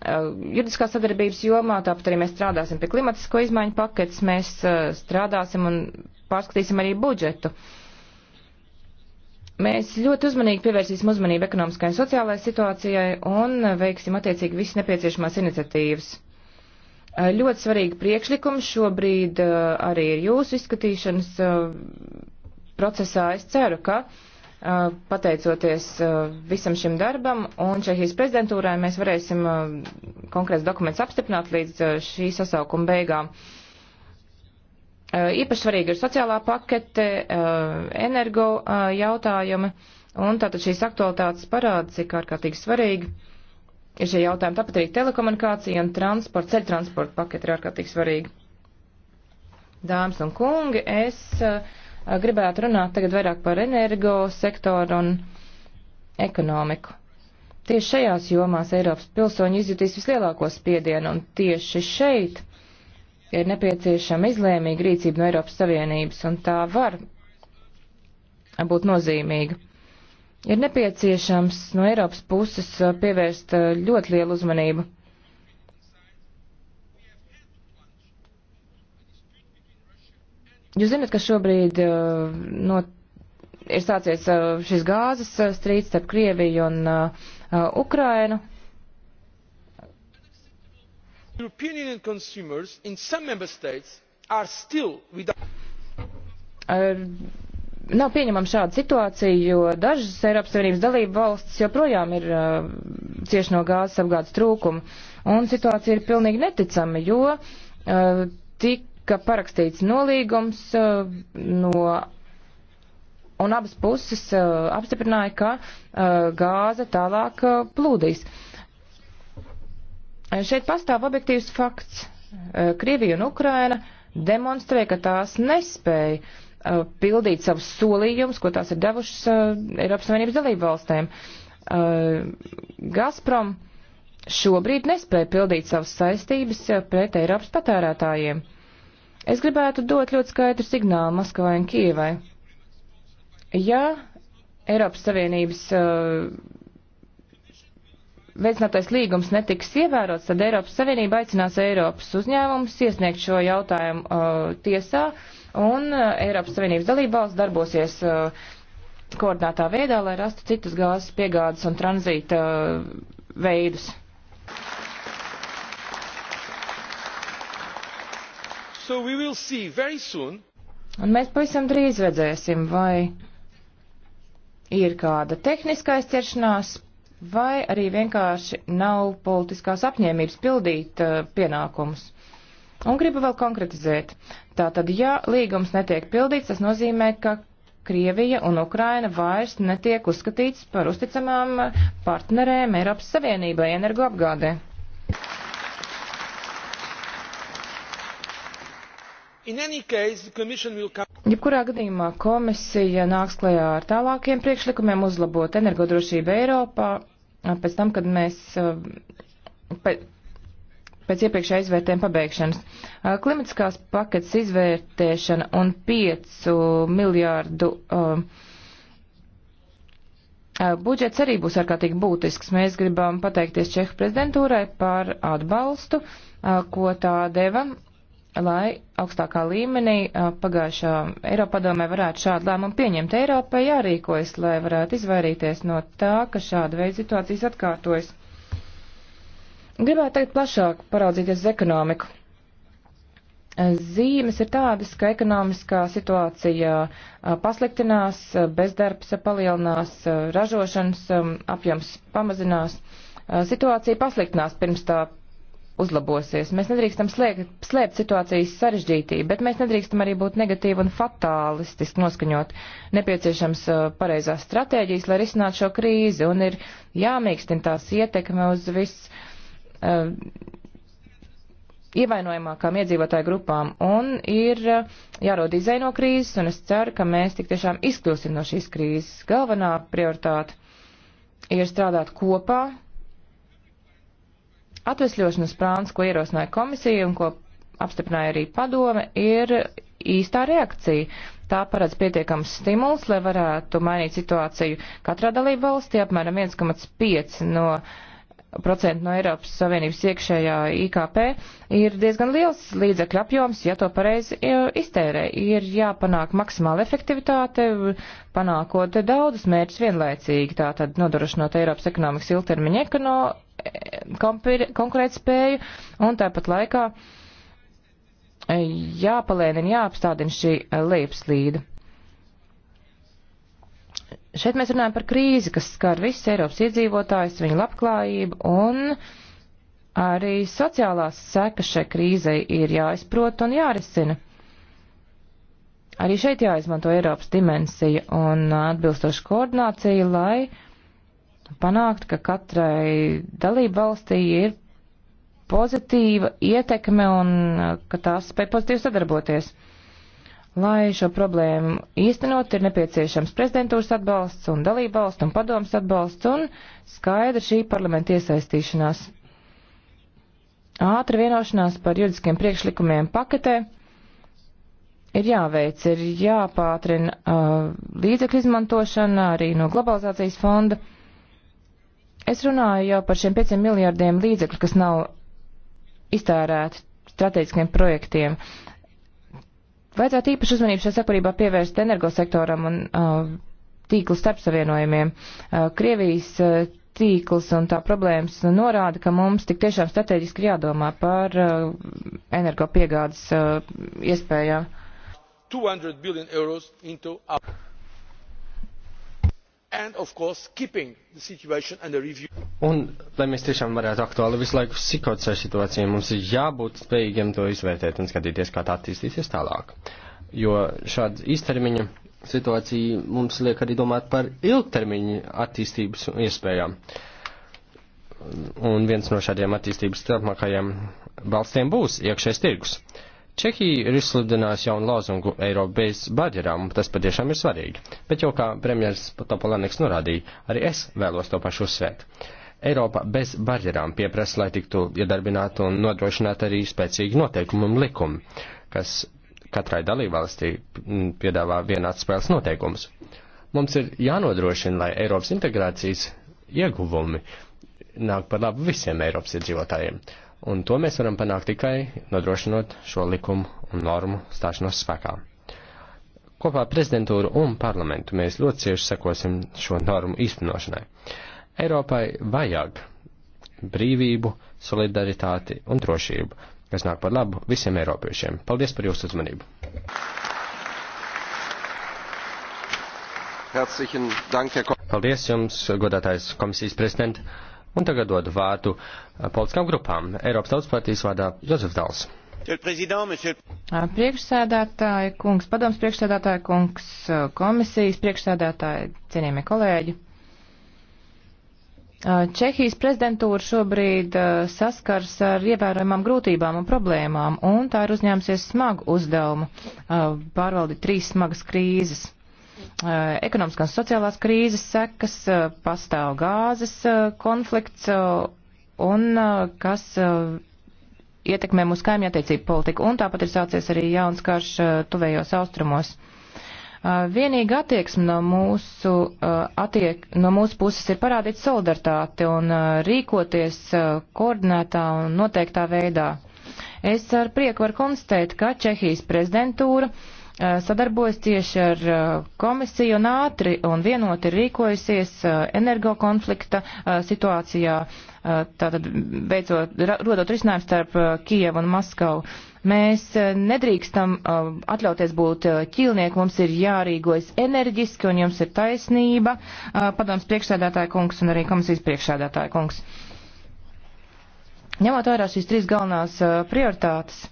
juridiskā sadarbības jomā, tāpat arī mēs strādāsim pie klimatisko izmaiņu paketes, mēs strādāsim un pārskatīsim arī budžetu. Uh, Mēs ļoti uzmanīgi pievērsīsim uzmanību ekonomiskai un sociālajai situācijai un veiksim attiecīgi visas nepieciešamās iniciatīvas. Eh, ļoti svarīgi priekšlikums šobrīd eh, arī ir jūsu izskatīšanas eh, procesā. Es ceru, ka pateicoties visam šim darbam un Čehijas prezidentūrai mēs varēsim konkrēts dokuments apstiprināt līdz šī sasaukuma beigām. Eh, īpaši svarīga ir sociālā pakete, eh, energo eh, jautājumi, un tātad šīs aktualitātes parāda, cik ārkārtīgi svarīgi ir šie jautājumi. Tāpat arī telekomunikācija un transporta, ceļtransporta pakete ir ārkārtīgi svarīga. Dāmas un kungi, es gribētu runāt tagad vairāk par energo sektoru un ekonomiku. Tieši šajās jomās Eiropas pilsoņi izjutīs vislielāko spiedienu, un tieši šeit ir nepieciešama izlēmīga rīcība no Eiropas Savienības, un tā var būt nozīmīga. Ir nepieciešams no Eiropas puses uh, pievērst uh, ļoti lielu uzmanību. Jūs zināt, ka šobrīd uh, no, ir sācies šis gāzes strīds starp Krieviju un Ukrainu european union consumers in some member states are still without. Ar... Nav pieņemama šāda situācija, jo dažas Eiropas Savienības dalība valstis joprojām ir uh, cieši no gāzes apgādes trūkuma. Un situācija ir pilnīgi neticama, jo uh, tika parakstīts nolīgums uh, no un abas puses uh, apstiprināja, ka uh, gāze tālāk uh, plūdīs. Uh, Šeit pastāv objektīvs fakts. Eh, Krievija un Ukraina demonstrē, ka tās nespēja uh, pildīt savus solījumus, ko tās ir devušas uh, Eiropas Savienības dalību valstēm. Uh, Gazprom šobrīd nespēja pildīt savas saistības pret Eiropas patērētājiem. Es gribētu dot ļoti skaidru signālu Maskavai un Kievai. Ja Eiropas Savienības uh, veicinātais līgums netiks ievērots, tad Eiropas Savienība aicinās Eiropas uzņēmumus iesniegt šo jautājumu uh, tiesā, un uh, Eiropas Savienības dalībvalsts darbosies uh, koordinātā veidā, lai rastu citus gāzes piegādes un tranzīta uh, veidus. So un mēs pavisam drīz redzēsim, vai ir kāda tehniskais ķeršanās vai arī vienkārši nav politiskās apņēmības pildīt uh, pienākumus. Un gribu vēl konkretizēt. Tātad, ja līgums netiek pildīts, tas nozīmē, ka Krievija un Ukraina vairs netiek uzskatīts par uzticamām uh, partnerēm Eiropas Savienībai energoapgādē. Jebkurā gadījumā komisija nāks klajā ar tālākiem priekšlikumiem uzlabot energodrošību Eiropā pēc tam, kad mēs pēc iepriekšējā izvērtējuma pabeigšanas. Klimatiskās paketes izvērtēšana un 5 miljārdu budžets arī būs ārkārtīgi būtisks. Mēs gribam pateikties Čehu prezidentūrai par atbalstu, ko tā deva lai augstākā līmenī pagājušā Eiropadomē varētu šādu lēmumu pieņemt. Eiropai jārīkojas, lai varētu izvairīties no tā, ka šāda veida situācijas atkārtojas. Gribētu teikt plašāk paraudzīties uz ekonomiku. Zīmes ir tādas, ka ekonomiskā situācija pasliktinās, bezdarbs palielinās, ražošanas apjoms pamazinās. Situācija pasliktinās pirms tā uzlabosies. Mēs nedrīkstam slēgt, slēpt situācijas sarežģītību, bet mēs nedrīkstam arī būt negatīvi un fatālistiski noskaņot. Nepieciešams uh, pareizās stratēģijas, lai risinātu šo krīzi, un ir jāmīkstina tās ietekme uz viss. Uh, ievainojamākām iedzīvotāju grupām un ir uh, jārod izai no krīzes, un es ceru, ka mēs tik tiešām izkļūsim no šīs krīzes. Galvenā prioritāte ir strādāt kopā Atvesļošanas plāns, ko ierosināja komisija un ko apstiprināja arī padome, ir īstā reakcija. Tā paredz pietiekams stimuls, lai varētu mainīt situāciju katrā dalību valstī apmēram 1,5 no uh, procentu no Eiropas Savienības iekšējā IKP ir diezgan liels līdzekļu apjoms, ja to pareizi e, iztērē. Ir jāpanāk maksimāla efektivitāte, panākot daudzus mērķus vienlaicīgi, tātad nodrošinot Eiropas ekonomikas ilgtermiņa ekono, e, konkurētspēju un tāpat laikā e, jāpalēnina, jāapstādina šī lejupslīde. Šeit mēs runājam par krīzi, kas skar visus Eiropas iedzīvotājus, viņu labklājību un arī sociālās sekas šai krīzei ir jāizprot un jārisina. Arī šeit jāizmanto Eiropas dimensija un atbilstoša koordinācija, lai panākt, ka katrai dalību valstī ir pozitīva ietekme un ka tās spēj pozitīvi sadarboties. Lai šo problēmu īstenot, ir nepieciešams prezidentūras atbalsts un dalībvalsts un padomas atbalsts un skaidra šī parlamenta iesaistīšanās. Ātra vienošanās par juridiskiem priekšlikumiem paketē ir jāveic, ir jāpātrina uh, līdzekļu izmantošana arī no globalizācijas fonda. Es runāju jau par šiem 5 miljārdiem līdzekļu, kas nav iztērēti strateģiskiem projektiem. Vajadzētu īpašu uzmanību šajā sakarībā pievērst energosektoram un uh, tīklu starpsavienojumiem. Uh, Krievijas uh, tīkls un tā problēmas norāda, ka mums tik tiešām strateģiski jādomā par uh, energopiegādes uh, iespējām. 200 biljonu eiro into and of course keeping the situation under review. Un, lai mēs tiešām varētu aktuāli visu laiku sikot savu situāciju, mums ir jābūt spējīgiem to izvērtēt un skatīties, kā tā attīstīsies tālāk. Jo šāda īstermiņa situācija mums liek arī domāt par ilgtermiņa attīstības iespējām. Un viens no šādiem attīstības turpmākajiem balstiem būs iekšējais tirgus. Uh, Čehija ir izsludinājusi jaunu lozungu Eiropu bez barjerām, un tas patiešām ir svarīgi. Bet jau kā premjers Topolaneks norādīja, arī es vēlos to pašu uzsvērt. Eiropa bez barjerām pieprasa, lai tiktu iedarbināta un nodrošināta arī spēcīgi noteikumi un likumi, kas katrai dalībvalstī piedāvā vienāds spēles noteikumus. Mums ir jānodrošina, lai Eiropas integrācijas ieguvumi nāk par labu visiem Eiropas iedzīvotājiem. Un to mēs varam panākt tikai nodrošinot šo likumu un normu stāšanos spēkā. Kopā prezidentūru un parlamentu mēs ļoti cieši sekosim šo normu īstenošanai. Eiropai vajag brīvību, solidaritāti un drošību, kas nāk par labu visiem eiropiešiem. Paldies par jūsu uzmanību! Paldies jums, godātais komisijas prezidents! Un tagad dodu vārdu eh, politiskām grupām. Eiropas Tautas partijas vārdā Jozef Dals. Eh, priekšsēdētāji kungs, padoms priekšsēdētāji kungs, eh, komisijas priekšsēdētāji, cienījamie kolēģi. Čehijas prezidentūra šobrīd saskars ar ievērojamām grūtībām un problēmām, un tā ir uzņēmusies smagu uzdevumu pārvaldīt trīs smagas krīzes. Eh, ekonomiskās sociālās krīzes sekas, eh, pastāv gāzes eh, konflikts un kas ietekmē mūsu kaimiņattiecību politiku, un tāpat ir sācies arī jauns karš tuvējos austrumos. Vienīga attieksme no mūsu, attiek, no mūsu puses ir parādīt solidaritāti un rīkoties koordinētā un noteiktā veidā. Es ar prieku varu konstatēt, ka Čehijas prezidentūra uh, Eh, sadarbojas tieši ar eh, komisiju un ātri un vienoti ir rīkojusies eh, energokonflikta situācijā, tātad beidzot, rodot risinājumu starp Kievu un Maskavu. Mēs nedrīkstam atļauties būt ķīlnieki, mums ir jārīkojas enerģiski un jums ir taisnība, padoms priekšsēdētāja kungs un arī komisijas priekšsēdētāja kungs. Ņemot vērā šīs trīs galvenās prioritātes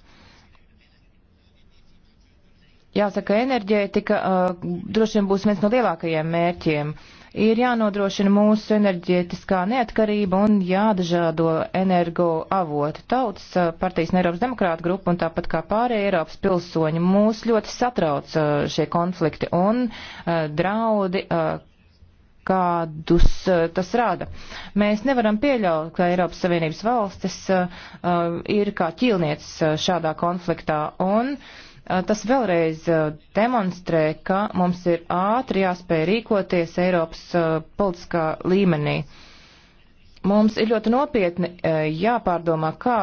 Jāsaka, enerģētika uh, droši vien būs viens no lielākajiem mērķiem. Ir jānodrošina mūsu enerģētiskā neatkarība un jādažādo energo avoti. Tautas uh, partijas un Eiropas demokrāta grupa un tāpat kā pārējie Eiropas pilsoņi mūs ļoti satrauc uh, šie konflikti un uh, draudi, uh, kādus uh, tas rada. Mēs nevaram pieļaut, ka Eiropas Savienības valstis uh, uh ir kā ķīlnieks uh, šādā konfliktā. Un, uh, Tas vēlreiz demonstrē, ka mums ir ātri jāspēj rīkoties Eiropas politiskā līmenī. Mums ir ļoti nopietni jāpārdomā, kā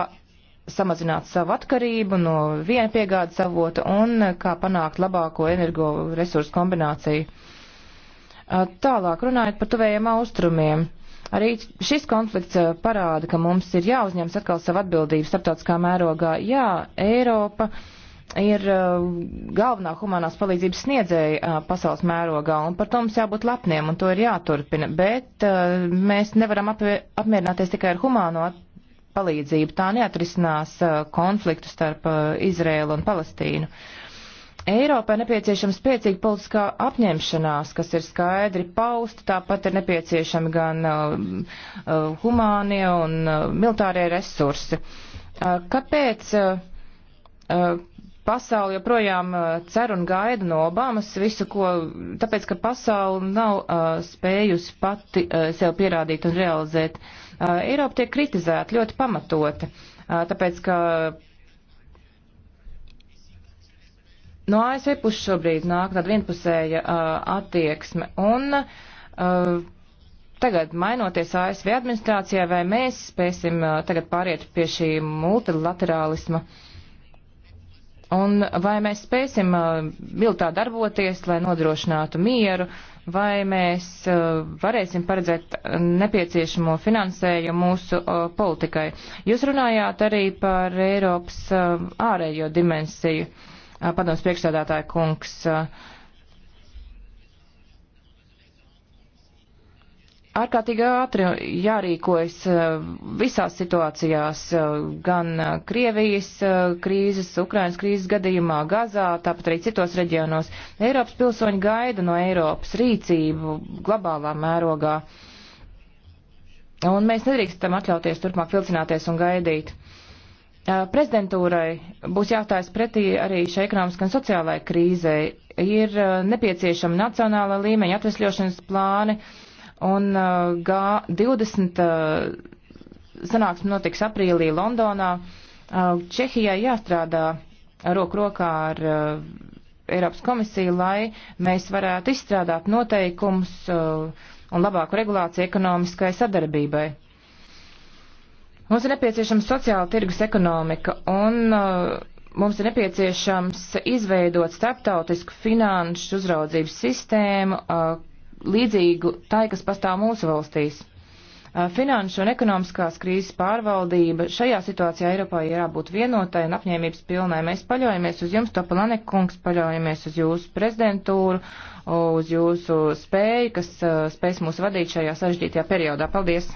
samazināt savu atkarību no viena piegādes avota un kā panākt labāko energoresursu kombināciju. Tālāk runājot par tuvējiem austrumiem. Arī šis konflikts parāda, ka mums ir jāuzņems atkal savu atbildību starptautiskā mērogā. Jā, Eiropa uh, ir uh, galvenā humanās palīdzības sniedzēja uh, pasaules mērogā, un par to mums jābūt lepniem, un to ir jāturpina. Bet uh, mēs nevaram apmierināties tikai ar humāno palīdzību. Tā neatrisinās konfliktu starp Izrēlu un Palestīnu. Eiropai nepieciešama spēcīga politiskā apņemšanās, kas ir skaidri pausta, tāpat ir nepieciešami gan uh, humānie un uh, militārie resursi. Uh, kāpēc uh, uh, Pasauli joprojām uh, cer un gaida no Obamas visu, ko, tāpēc, ka pasauli nav uh, spējusi pati uh, sev pierādīt un realizēt. Uh, Eiropa tiek kritizēta ļoti pamatota, uh, tāpēc, ka no ASV puses šobrīd nāk tāda vienpusēja uh, attieksme. Un, uh, tagad mainoties ASV administrācijā, vai mēs spēsim uh, tagad pāriet pie šī multilaterālisma? Uh, Un vai mēs spēsim viltā uh, darboties, lai nodrošinātu mieru, vai mēs uh, varēsim paredzēt nepieciešamo finansējumu mūsu uh, politikai. Jūs runājāt arī par Eiropas ārējo dimensiju, padoms priekšstādātāja kungs. Uh, ārkārtīgi ātri jārīkojas eh, visās situācijās, eh, gan eh, Krievijas krīzes, Ukrainas krīzes gadījumā, Gazā, tāpat arī citos reģionos. Eiropas pilsoņi gaida no Eiropas rīcību globālā mērogā. Un mēs nedrīkstam atļauties turpmāk vilcināties un gaidīt. Prezidentūrai būs jāstājas pretī arī šai ekonomiskajai un sociālajai krīzei. Ir nepieciešama nacionāla līmeņa atvesļošanas plāni, uh, un uh, G20 uh, sanāksme notiks aprīlī Londonā. Uh, Čehijai jāstrādā roku rokā ar Eiropas komisiju, lai mēs varētu izstrādāt noteikumus un labāku regulāciju ekonomiskai sadarbībai. Mums ir nepieciešama sociāla tirgus ekonomika un mums ir nepieciešams izveidot starptautisku finanšu uzraudzības sistēmu, līdzīgu tai, kas pastāv mūsu valstīs. Finanšu un ekonomiskās krīzes pārvaldība šajā situācijā Eiropā ir jābūt vienotai un apņēmības pilnai. Mēs paļaujamies uz jums, Topolanek kungs, paļaujamies uz jūsu prezidentūru, uz jūsu spēju, kas spēs mūs vadīt šajā sarežģītajā periodā. Paldies!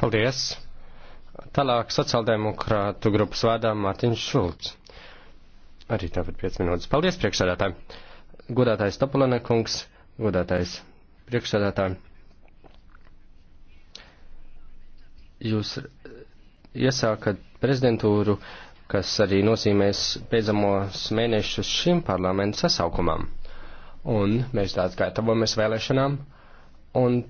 Paldies! Tālāk sociāldemokrātu grupas vēdā Mārtiņš Šulcs. Arī tāpat 5 minūtes. Paldies priekšsēdētājiem! godātais Topolanekungs, godātais priekšsēdētāji, jūs iesākat prezidentūru, kas arī nozīmēs beidzamos mēnešus šim parlamentu sasaukumam. Un mēs tāds gatavojamies vēlēšanām, un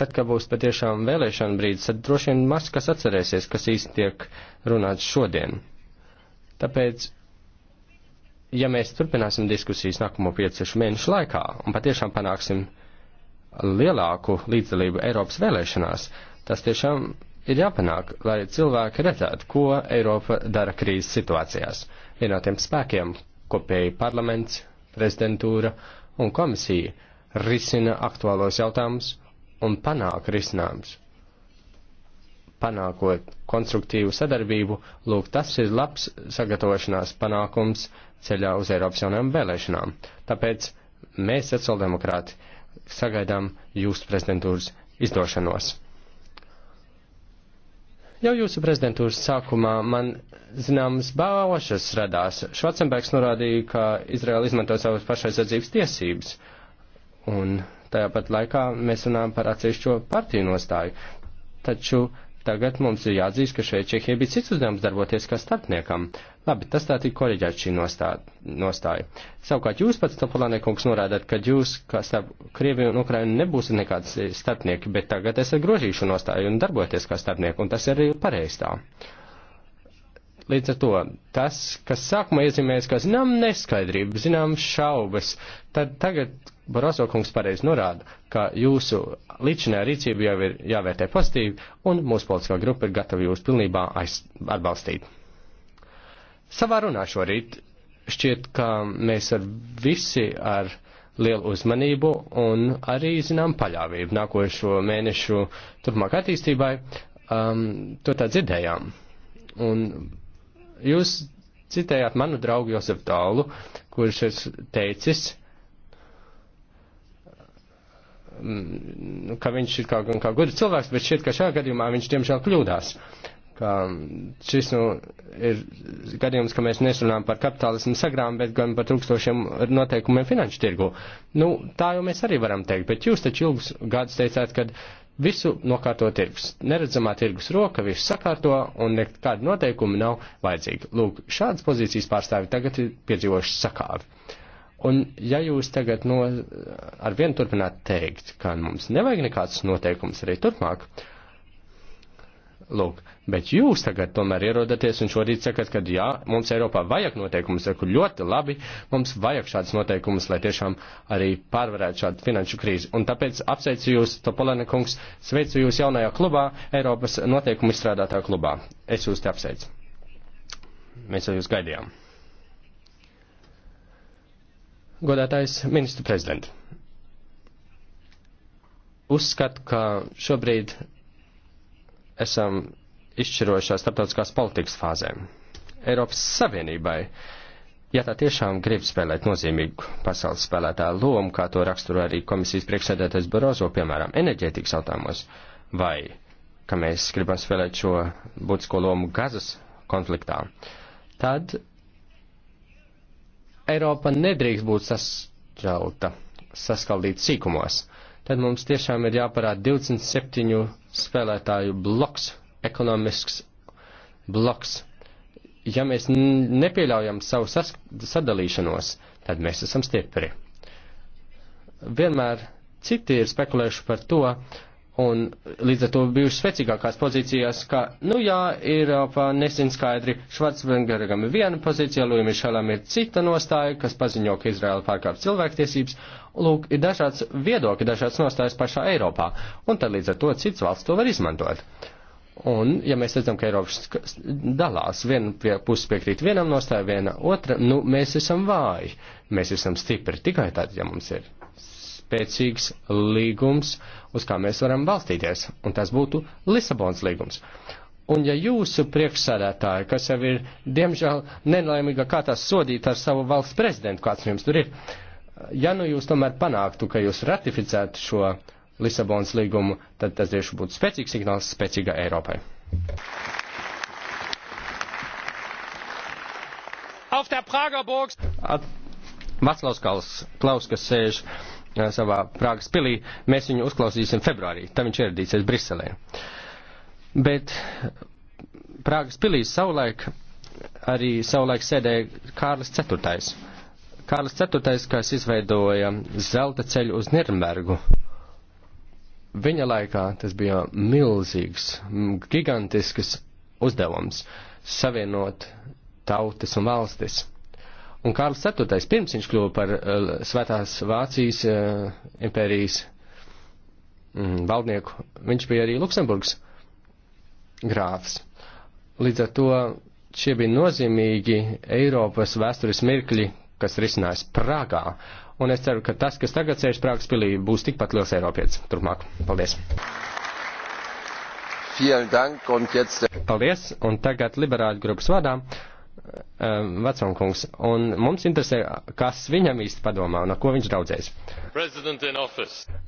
tad, kad būs patiešām vēlēšana brīdis, tad droši vien maz kas atcerēsies, kas īsti tiek runāts šodien. Tāpēc ja mēs turpināsim diskusijas nākamo 5-6 mēnešu laikā un patiešām panāksim lielāku līdzdalību Eiropas vēlēšanās, tas tiešām ir jāpanāk, lai cilvēki redzētu, ko Eiropa dara krīzes situācijās. Vienotiem spēkiem kopēji parlaments, prezidentūra un komisija risina aktuālos jautājumus un panāk risinājumus. Panākot konstruktīvu sadarbību, lūk, tas ir labs sagatavošanās panākums ceļā uz Eiropas jaunajām vēlēšanām. Tāpēc mēs, sociāldemokrāti, sagaidām jūsu prezidentūras izdošanos. Jau jūsu prezidentūras sākumā man zināmas baušas radās. Švacenbergs norādīja, ka Izraela izmanto savas pašaizsardzības tiesības. Un tajā pat laikā mēs runājam par atsevišķo partiju nostāju. Taču Tagad mums ir jāatzīst, ka šeit Čehijai bija cits uzdevums darboties kā starpniekam. Labi, tas tā tika koreģēts šī nostā, nostāja. Savukārt jūs pats, Topolāne kungs, norādāt, ka jūs kā starp Krieviju un Ukrainu nebūsiet nekāds starpnieki, bet tagad esat grozījuši nostāju un darboties kā starpnieku, un tas ir arī pareizi tā. Līdz ar to tas, kas sākumā iezīmējas kā zinām neskaidrību, zinām šaubas, tad tagad Baroso kungs pareizi norāda, ka jūsu līdzinājā rīcība jau ir jāvērtē pozitīvi, un mūsu politiskā grupa ir gatava jūs pilnībā aiz, atbalstīt. Savā runā šorīt šķiet, ka mēs ar visi ar lielu uzmanību un arī, zinām, paļāvību nākošo mēnešu turpmāk attīstībai, um, to tā dzirdējām. Un jūs citējāt manu draugu Josefu Tālu, kurš ir teicis, Mm, ka viņš ir kā, kā gudrs cilvēks, bet šķiet, ka šajā gadījumā viņš diemžēl kļūdās. Ka mm, šis nu, ir gadījums, ka mēs nesunām par kapitālismu sagrām, bet gan par trūkstošiem noteikumiem finanšu tirgu. Nu, tā jau mēs arī varam teikt, bet jūs taču ilgus gadus teicāt, ka visu nokārto tirgus. Neredzamā tirgus roka visu sakārto un nekāda noteikuma nav vajadzīga. Lūk, šādas pozīcijas pārstāvi tagad ir piedzīvojuši sakāvi. Un ja jūs tagad no, ar vienu turpināt teikt, ka mums nevajag nekāds noteikums arī turpmāk, lūk, bet jūs tagad tomēr ierodaties un šorīt sakat, ka jā, mums Eiropā vajag noteikumus, saku ļoti labi, mums vajag šāds noteikumus, lai tiešām arī pārvarētu šādu finanšu krīzi. Un tāpēc apsveicu jūs, Topolana kungs, sveicu jūs jaunajā klubā, Eiropas noteikumu izstrādātā klubā. Es jūs te apsveicu. Mēs jau jūs gaidījām godātais ministru prezident. Uzskatu, ka šobrīd esam izšķirošā starptautiskās politikas fāzē. Eiropas Savienībai, ja tā tiešām grib spēlēt nozīmīgu pasaules spēlētāju lomu, kā to raksturo arī komisijas priekšsēdētais Barozo, piemēram, enerģētikas jautājumos, vai ka mēs gribam spēlēt šo būtisko lomu gazas konfliktā, tad Eiropa nedrīkst būt sašķelta, saskaldīta sīkumos. Tad mums tiešām ir jāparāda 27 spēlētāju bloks, ekonomisks bloks. Ja mēs nepieļaujam savu sadalīšanos, tad mēs esam stipri. Vienmēr citi ir spekulējuši par to, Un līdz ar to bijuši spēcīgākās pozīcijās, ka, nu jā, Eiropā nesen skaidri Švarcvengaragam ir viena pozīcija, Lūja Mišelam ir cita nostāja, kas paziņo, ka Izraela pārkāp cilvēktiesības. Lūk, ir dažāds viedokļi, dažāds nostājas pašā Eiropā. Un tad līdz ar to cits valsts to var izmantot. Un, ja mēs redzam, ka Eiropas dalās, viena pie puses piekrīt vienam nostāju, viena otra, nu, mēs esam vāji. Mēs esam stipri tikai tad, ja mums ir spēcīgs līgums, uz kā mēs varam balstīties, un tas būtu Lisabons līgums. Un ja jūsu priekšsādātāji, kas jau ir, diemžēl, nelaimīga kā tas sodīt ar savu valsts prezidentu, kāds jums tur ir, ja nu jūs tomēr panāktu, ka jūs ratificētu šo Lisabonas līgumu, tad tas tieši būtu spēcīgs signāls spēcīgai Eiropai. At Vaclavs Klaus, kas sēž Eh, savā Prāgas pilī. Mēs viņu uzklausīsim februārī, tam viņš ieradīsies Briselē. Bet Prāgas pilī savulaik arī savulaik sēdēja Kārlis IV. Kārlis IV, kas izveidoja zelta ceļu uz Nirnbergu. Viņa laikā tas bija milzīgs, gigantisks uzdevums savienot tautas un valstis. Un Kārls IV, pirms viņš kļuva par uh, Svētās Vācijas uh, impērijas mm, valdnieku, viņš bija arī Luksemburgas grāfs. Līdz ar to šie bija nozīmīgi Eiropas vēstures mirkļi, kas risinājās Prāgā. Un es ceru, ka tas, kas tagad sēž Prāgas pilī, būs tikpat liels Eiropietis turpmāk. Paldies! Paldies! Un tagad liberāļu grupas vadā Um, vecumkungs, un mums interesē, kas viņam īsti padomā un ar ko viņš draudzēs.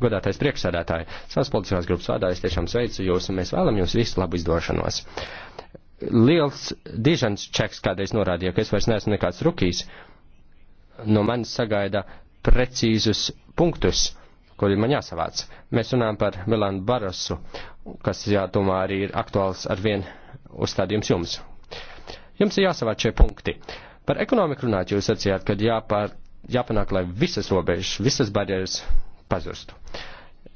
Godātais priekšsēdētāji, savas politiskās grupas vārdā es tiešām sveicu jūs un mēs vēlam jums visu labu izdošanos. Liels dižans čeks kādreiz norādīja, ka es vairs neesmu nekāds rukijs. No manis sagaida precīzus punktus, kuri man jāsavāc. Mēs runājam par Milānu Barasu, kas, jādomā, arī ir aktuāls ar vien uzstādījums jums, Jums ir jāsavāc šie punkti. Par ekonomiku runāt jūs sacījāt, ka jāpār, jāpanāk, lai visas robežas, visas barjeras pazustu.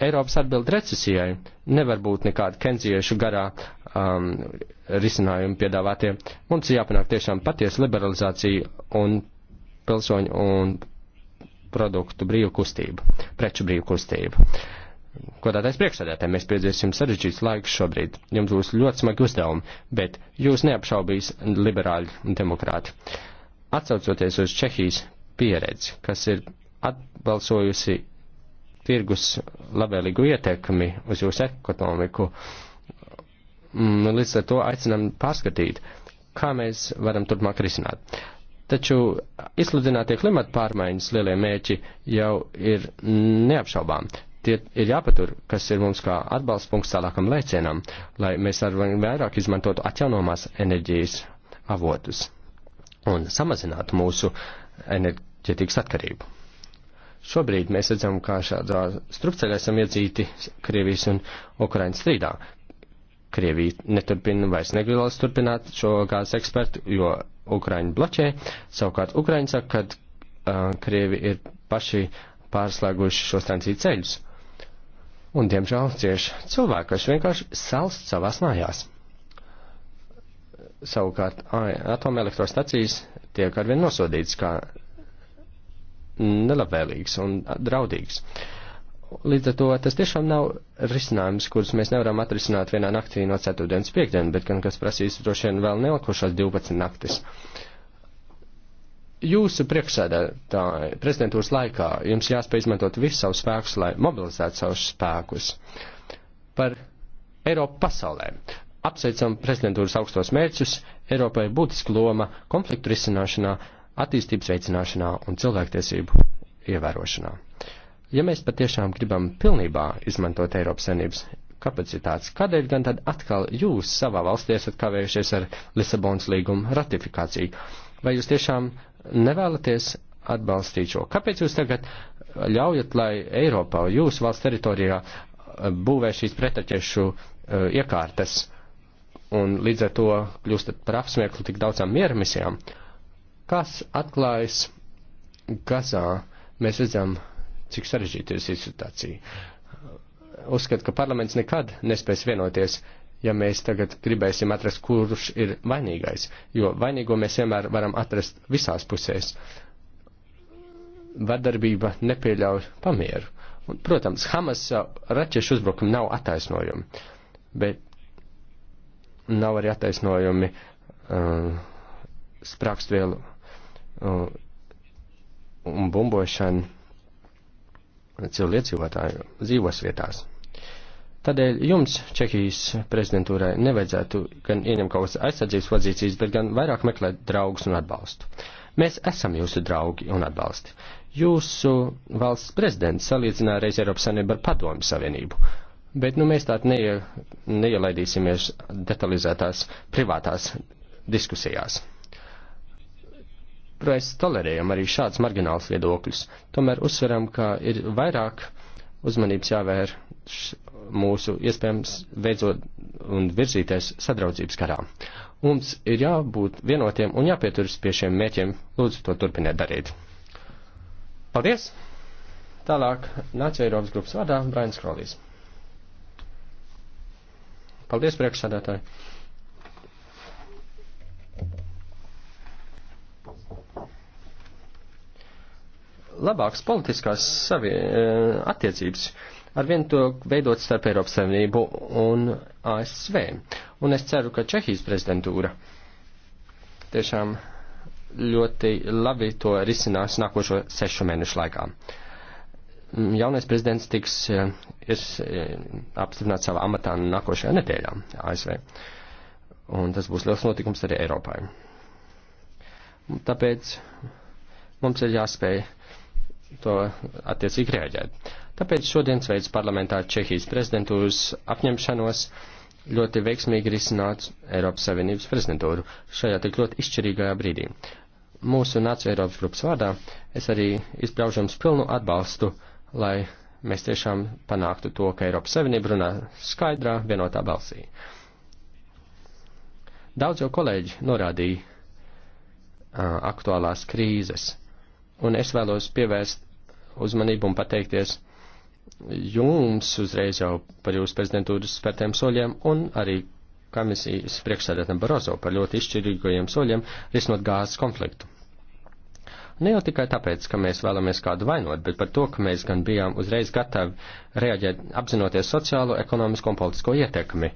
Eiropas atbild recesijai nevar būt nekāda kenziešu garā um, risinājuma piedāvātie. Mums ir jāpanāk tiešām patiesa liberalizācija un pilsoņu un produktu brīvu kustību, preču brīvu kustību. Godātais priekšsēdētāji, mēs piedzīvosim sarežģītus laikus šobrīd. Jums būs ļoti smagi uzdevumi, bet jūs neapšaubīs liberāļi un demokrāti. Atcaucoties uz Čehijas pieredzi, kas ir atbalsojusi tirgus labvēlīgu ietekmi uz jūsu ekonomiku, mm, līdz ar to aicinam pārskatīt, kā mēs varam turpmāk risināt. Taču izsludinātie klimata pārmaiņas lielie mērķi jau ir neapšaubām tie ir jāpatur, kas ir mums kā atbalsts punkts tālākam lēcienam, lai mēs arvien vairāk izmantotu atjaunomās enerģijas avotus un samazinātu mūsu enerģetikas atkarību. Šobrīd mēs redzam, kā šādā strupceļā esam iedzīti Krievijas un Ukrainas strīdā. Krievija neturpina vairs negribas turpināt šo gāzes ekspertu, jo Ukraiņa bloķē. Savukārt Ukraiņa saka, ka uh, Krievi ir paši pārslēguši šos tranzīta ceļus un, diemžēl, cieši cilvēki, kas vienkārši salst savās mājās. Savukārt, atomelektrostacijas tiek arvien nosodīts kā nelabvēlīgs un draudīgs. Līdz ar to tas tiešām nav risinājums, kurus mēs nevaram atrisināt vienā naktī no 4. dienas 5. bet gan kas prasīs droši vien vēl nelikušās 12 naktis. Uh, Jūsu priekšsēdētāji prezidentūras laikā jums jāspēj izmantot visus savus spēkus, lai mobilizētu savus spēkus par Eiropu pasaulē. Apsveicam prezidentūras augstos mērķus, Eiropai būtiska loma konfliktu risināšanā, attīstības veicināšanā un cilvēktiesību ievērošanā. Ja mēs patiešām gribam pilnībā izmantot Eiropas senības kapacitātes, kādēļ gan tad atkal jūs savā valstī esat kavējušies ar Lisabonas līgumu ratifikāciju? Vai jūs tiešām nevēlaties atbalstīt šo. Kāpēc jūs tagad ļaujat, lai Eiropā, jūsu valsts teritorijā eh, būvē šīs pretaķešu eh, iekārtas un līdz ar to kļūstat par apsmieklu tik daudzām miera misijām? Kas atklājas Gazā? Mēs redzam, cik sarežģīta ir situācija. Uzskat, ka parlaments nekad nespēs vienoties, ja mēs tagad gribēsim atrast, kurš ir vainīgais, jo vainīgo mēs vienmēr varam atrast visās pusēs. Vardarbība nepieļauj pamieru. Un, protams, Hamas uh, raķešu uzbrukumi nav attaisnojumi, bet nav arī attaisnojumi uh, sprākstvielu uh, un bumbošana cilvēku dzīvotāju dzīvos vietās. Tādēļ jums, Čehijas prezidentūrai, nevajadzētu gan ieņemt kaut kādas aizsardzības pozīcijas, bet gan vairāk meklēt draugus un atbalstu. Mēs esam jūsu draugi un atbalsti. Jūsu valsts prezidents salīdzināja reiz Eiropas Savienību ar Padomu Savienību. Bet nu, mēs tādu neie, neielaidīsimies detalizētās privātās diskusijās. Mēs tolerējam arī šāds margināls viedokļus, tomēr uzsveram, ka ir vairāk uzmanības jāvērš mūsu iespējams veidzot un virzīties sadraudzības karā. Mums ir jābūt vienotiem un jāpieturas pie šiem mēķiem. Lūdzu, to turpiniet darīt. Paldies! Tālāk Nācija Eiropas grupas vārdā Brains Krolīs. Paldies, priekšsādātāji! Labāks politiskās savie, eh, attiecības arvien to veidot starp Eiropas Savienību un ASV. Un es ceru, ka Čehijas prezidentūra tiešām ļoti labi to risinās nākošo sešu mēnešu laikā. Mm, jaunais prezidents tiks eh, ir, eh, apstiprināts savā amatā nākošajā nedēļā ASV. Un tas būs liels notikums arī Eiropai. Tāpēc mums ir jāspēj to attiecīgi rēģēt. Tāpēc šodien sveicu parlamentā Čehijas prezidentūras apņemšanos ļoti veiksmīgi risināt Eiropas Savienības prezidentūru šajā tik ļoti izšķirīgajā brīdī. Mūsu Nācija Eiropas grupas vārdā es arī izbraužams pilnu atbalstu, lai mēs tiešām panāktu to, ka Eiropas Savienība runā skaidrā, vienotā balsī. Daudz jau kolēģi norādīja uh, aktuālās krīzes, un es vēlos pievērst uzmanību un pateikties jums uzreiz jau par jūsu prezidentūras spērtiem soļiem un arī komisijas priekšsēdētājiem Barozo par ļoti izšķirīgajiem soļiem risinot gāzes konfliktu. Ne jau tikai tāpēc, ka mēs vēlamies kādu vainot, bet par to, ka mēs gan bijām uzreiz gatavi reaģēt apzinoties sociālo, ekonomisko un politisko ietekmi.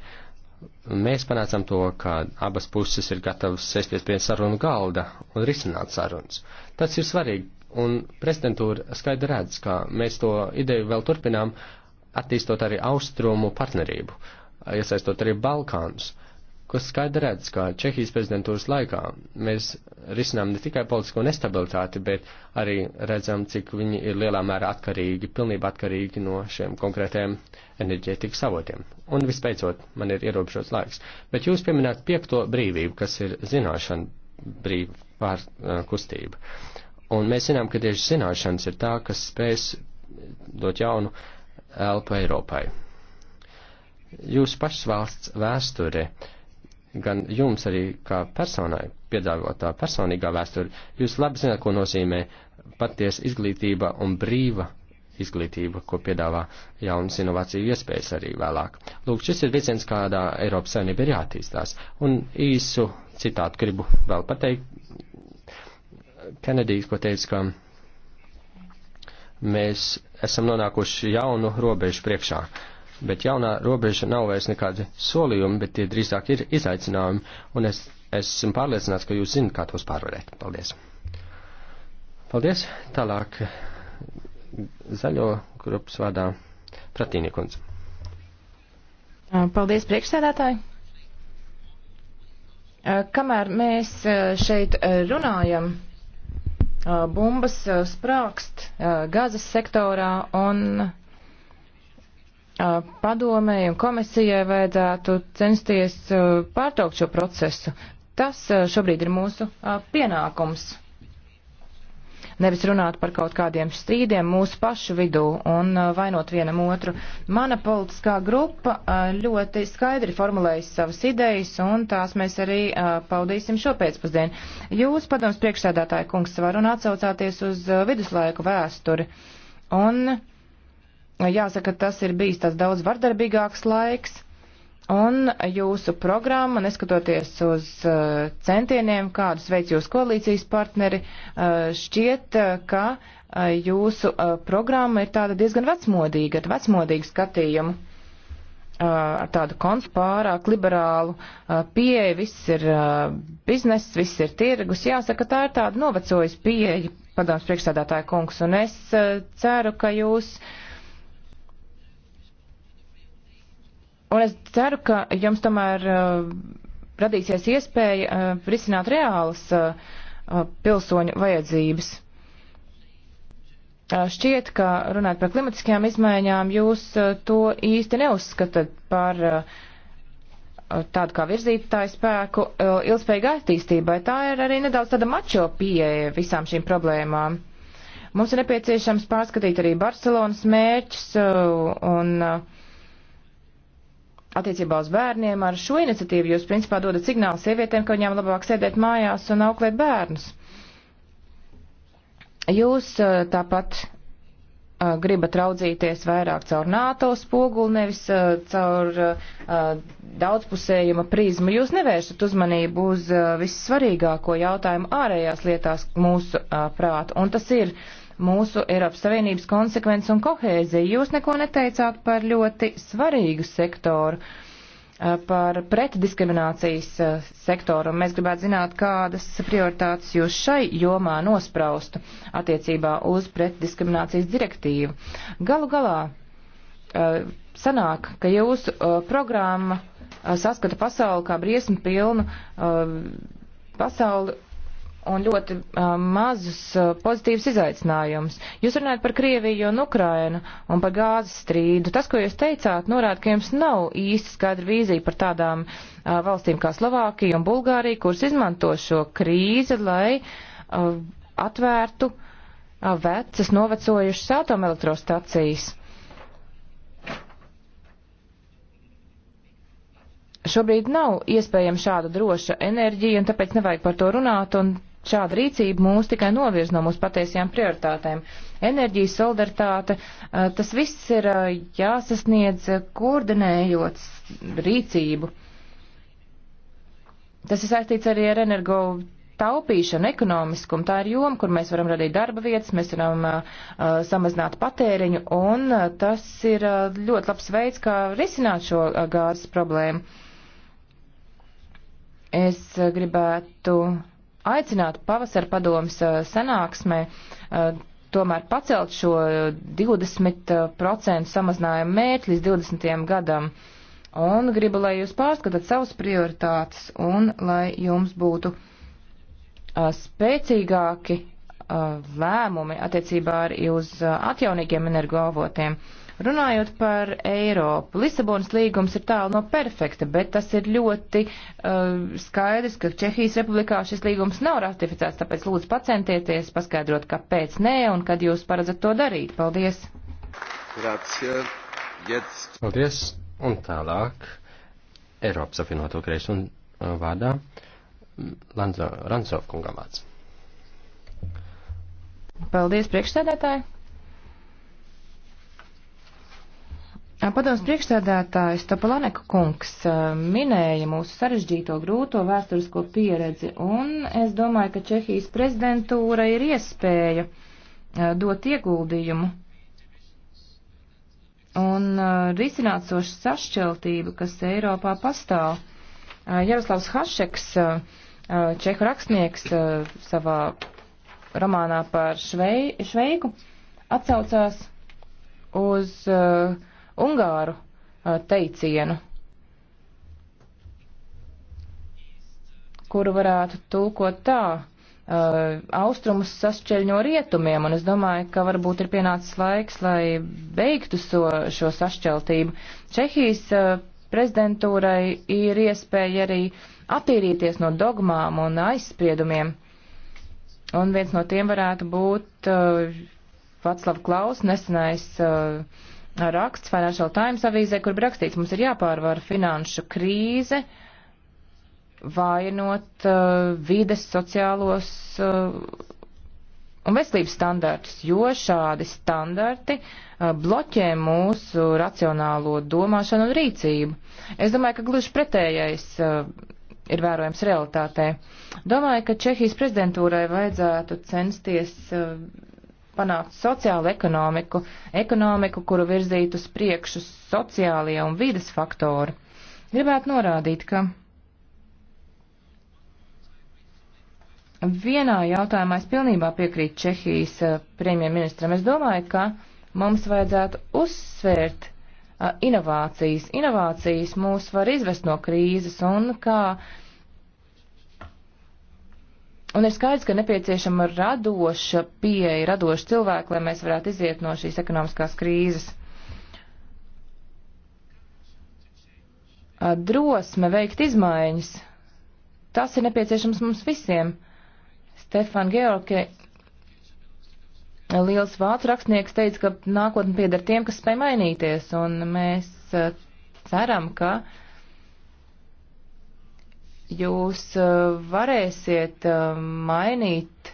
Mēs panācām to, ka abas puses ir gatavas sēsties pie sarunu galda un risināt sarunas. Tas ir svarīgi Un prezidentūra skaidri redz, ka mēs to ideju vēl turpinām, attīstot arī austrumu partnerību, iesaistot arī Balkānus, kas skaidri redz, ka Čehijas prezidentūras laikā mēs risinām ne tikai politisko nestabilitāti, bet arī redzam, cik viņi ir lielā mērā atkarīgi, pilnībā atkarīgi no šiem konkrētiem enerģētikas avotiem. Un vispēcot, man ir ierobežots laiks, bet jūs pieminējat piekto brīvību, kas ir zināšana brīva pār, kustība. Uh, Un mēs zinām, ka tieši zināšanas ir tā, kas spēs dot jaunu elpu Eiropai. Jūsu pašas valsts vēsture, gan jums arī kā personai piedāvotā personīgā vēsture, jūs labi zināt, ko nozīmē patiesa izglītība un brīva izglītība, ko piedāvā jaunas inovāciju iespējas arī vēlāk. Lūk, šis ir virziens, kādā Eiropas saimnība ir jātīstās. Un īsu citātu gribu vēl pateikt, Kenedijs, ko teica, ka mēs esam nonākuši jaunu robežu priekšā. Bet jaunā robeža nav vairs nekādi solījumi, bet tie drīzāk ir izaicinājumi, un es esmu pārliecināts, ka jūs zinat, kā tos pārvarēt. Paldies! Paldies! Tālāk zaļo grupas vārdā Pratīnikons. Paldies, priekšsēdētāji! Kamēr mēs šeit runājam, Uh, bumbas uh, sprākst uh, gazas sektorā un padomēji un komisijai vajadzētu censties pārtraukt šo procesu. Tas šobrīd ir mūsu pienākums nevis runāt par kaut kādiem strīdiem mūsu pašu vidū un uh, vainot vienam otru. Mana politiskā grupa uh, ļoti skaidri formulējas savas idejas, un tās mēs arī uh, paudīsim šo pēcpusdienu. Jūs, padoms priekšsēdētāja kungs, var un atsaucāties uz viduslaiku vēsturi. Un jāsaka, tas ir bijis tāds daudz vardarbīgāks laiks Un jūsu programma, neskatoties uz uh, centieniem, kādus veic jūsu koalīcijas partneri, uh, šķiet, uh, ka jūsu programma ir tāda diezgan vecmodīga, ar vecmodīgu skatījumu, ar tādu kontu pārāk liberālu pieeju, viss ir bizness, viss ir tirgus. Jāsaka, tā ir tāda novecojas pieeja, padoms priekšstādātāja kungs, un es ceru, ka jūs. Uh, Un es ceru, ka jums tomēr uh, radīsies iespēja uh, risināt reālas uh, uh pilsoņu vajadzības. Uh, šķiet, ka runāt par klimatiskajām izmaiņām jūs uh, to īsti neuzskatat par tādu kā virzītāju spēku ilgspējīgai attīstībai. Tā ir arī nedaudz tāda mačo pieeja visām šīm problēmām. Mums ir nepieciešams pārskatīt arī Barcelonas mērķus un uh, attiecībā uz bērniem ar šo iniciatīvu jūs principā dodat signālu sievietēm, ka viņām labāk sēdēt mājās un auklēt bērnus. Jūs tāpat gribat raudzīties vairāk caur NATO spoguli, nevis caur daudzpusējuma prizmu. Jūs nevēršat uzmanību uz vissvarīgāko jautājumu ārējās lietās mūsu prātu, un tas ir uh, mūsu Eiropas Savienības konsekvence un kohēzija. Jūs neko neteicāt par ļoti svarīgu sektoru, eh, par pretdiskriminācijas eh, sektoru, un mēs gribētu zināt, kādas prioritātes jūs šai jomā nospraustu attiecībā uz pretdiskriminācijas direktīvu. Galu galā eh, sanāk, ka jūsu programma saskata pasauli kā briesmu pilnu pasauli un ļoti uh, mazus uh, pozitīvus izaicinājumus. Jūs runājat par Krieviju un Ukrainu un par gāzes strīdu. Tas, ko jūs teicāt, norāda, ka jums nav īsti skaidra vīzija par tādām uh, valstīm kā Slovākija un Bulgārija, kuras izmanto šo krīzi, lai uh, atvērtu uh, vecas novecojušas atomelektrostacijas. Šobrīd nav iespējama šāda droša enerģija, un tāpēc nevajag par to runāt, un šāda rīcība mūs tikai novirz no mūsu patiesajām prioritātēm. Enerģijas solidaritāte, eh, tas viss ir eh, jāsasniedz eh, koordinējot rīcību. Tas ir saistīts arī ar energo taupīšanu, ekonomiskumu. Tā ir joma, kur mēs varam radīt darba vietas, mēs varam uh, samazināt patēriņu, un uh, tas ir uh, ļoti labs veids, kā risināt šo uh, gāzes problēmu. Es uh, gribētu uh, aicinātu pavasar padomas uh, sanāksmē uh, tomēr pacelt šo 20% uh, samazinājumu mērķi līdz 20. gadam. Un gribu, lai jūs pārskatāt savas prioritātes un lai jums būtu spēcīgāki lēmumi uh, attiecībā arī uz uh, atjaunīgiem energoavotiem. Runājot par Eiropu, Lisabonas līgums ir tālu no perfekta, bet tas ir ļoti uh, skaidrs, ka Čehijas republikā šis līgums nav ratificēts, tāpēc lūdzu pacentieties paskaidrot, kāpēc nē un kad jūs paredzat to darīt. Paldies! Grazie. Jetzt. Paldies! Un tālāk Eiropas apvienoto kreisu un uh, vārdā Ranzov kungam vārds. Paldies, priekšsēdētāji! Padoms priekšsēdētājs Topolaneka kungs eh, minēja mūsu sarežģīto grūto vēsturisko pieredzi, un es domāju, ka Čehijas prezidentūra ir iespēja eh, dot ieguldījumu un eh, risināt sošu sašķeltību, kas Eiropā pastāv. Jaroslavs Hašeks, Čehu rakstnieks, savā romānā par Švei, Šveiku atcaucās uz uh, Ungāru uh, teicienu, kuru varētu tulkot tā. Uh, austrumus sašķeļ no rietumiem, un es domāju, ka varbūt ir pienācis laiks, lai beigtu so, šo sašķeltību. Čehijas uh, prezidentūrai ir iespēja arī attīrīties no dogmām un aizspriedumiem. Uh, Un viens no tiem varētu būt uh, Vatslava Klaus nesenais uh, raksts Financial Times avīzē, kur rakstīts, mums ir jāpārvar finanšu krīze, vainot uh, vides, sociālos uh, un veselības standartus, jo šādi standarti uh, bloķē mūsu racionālo domāšanu un rīcību. Es domāju, ka gluži pretējais. Uh, ir vērojams realitātē. Domāju, ka Čehijas prezidentūrai vajadzētu censties eh, panākt sociālu ekonomiku, ekonomiku, kuru virzītu uz priekšu sociālie un vides faktori. Gribētu norādīt, ka vienā jautājumā es pilnībā piekrītu Čehijas eh, premjerministram. Es domāju, ka mums vajadzētu uzsvērt eh, inovācijas. Inovācijas mūs var izvest no krīzes un kā uh, Un ir skaidrs, ka nepieciešama radoša pieeja, radoša cilvēka, lai mēs varētu iziet no šīs ekonomiskās krīzes. Drosme veikt izmaiņas, tas ir nepieciešams mums visiem. Stefan Georgi, liels vācu rakstnieks, teica, ka nākotne pieder tiem, kas spēj mainīties, un mēs ceram, ka uh, jūs uh, varēsiet uh, mainīt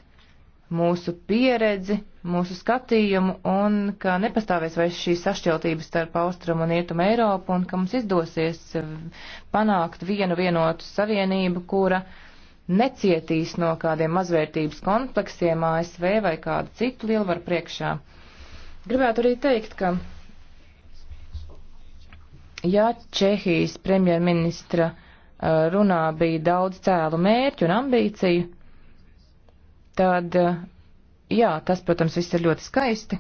mūsu pieredzi, mūsu skatījumu un ka nepastāvēs vairs šī sašķeltība starp Austrumu un Rietumu Eiropu un ka mums izdosies uh, panākt vienu vienotu savienību, kura necietīs no kādiem mazvērtības kompleksiem ASV vai kādu citu lielvaru priekšā. Gribētu arī teikt, ka ja Čehijas premjerministra uh, Eh, runā bija daudz cēlu mērķu un ambīciju, tad, eh, jā, tas, protams, viss ir ļoti skaisti.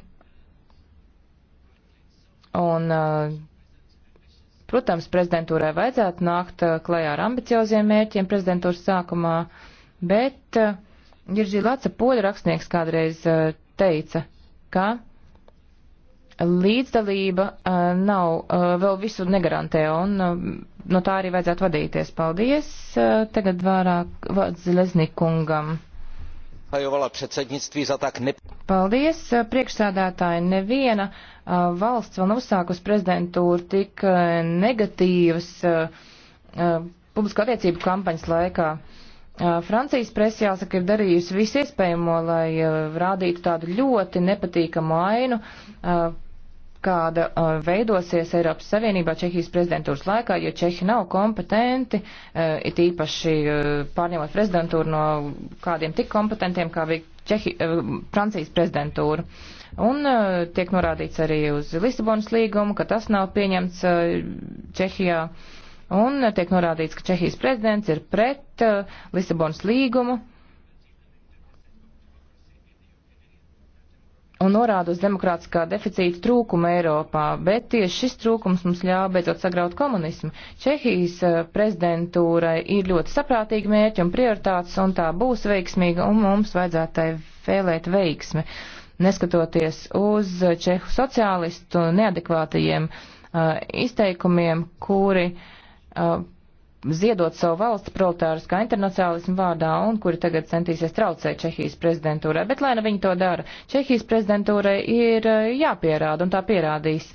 Un, eh, protams, prezidentūrai vajadzētu nākt klajā ar ambicioziem mērķiem prezidentūras sākumā, bet Jiržī Laca poļu rakstnieks kādreiz teica, ka līdzdalība nav vēl visu negarantē, un no tā arī vajadzētu vadīties. Paldies. Tagad vārāk vārds Leznikungam. Paldies, priekšsādātāji. Neviena valsts vēl nav uzsākusi prezidentūru tik negatīvas publisko attiecību kampaņas laikā. Francijas presa jāsaka ir darījusi visu iespējamo, lai rādītu tādu ļoti nepatīkamu ainu kāda uh, veidosies Eiropas Savienībā Čehijas prezidentūras laikā, jo Čehi nav kompetenti, uh, it īpaši uh, pārņemot prezidentūru no kādiem tik kompetentiem, kā bija Čehi, Francijas prezidentūra. Un tiek norādīts arī uz Lisabonas līgumu, ka tas nav pieņemts Čehijā. Un tiek norādīts, ka Čehijas prezidents ir pret Lisabonas līgumu, un norāda uz demokrātiskā deficīta trūkumu Eiropā, bet tieši šis trūkums mums ļāva beidzot sagraut komunismu. Čehijas eh, prezidentūrai ir ļoti saprātīgi mērķi un prioritātes, un tā būs veiksmīga, un mums vajadzētu tai vēlēt veiksmi, neskatoties uz čehu sociālistu neadekvātajiem uh, izteikumiem, kuri uh, ziedot savu valsts proletāriskā internacionālismu vārdā un kuri tagad centīsies traucēt Čehijas prezidentūrai. Bet, lai nu viņi to dara, Čehijas prezidentūrai ir eh, jāpierāda un tā pierādīs,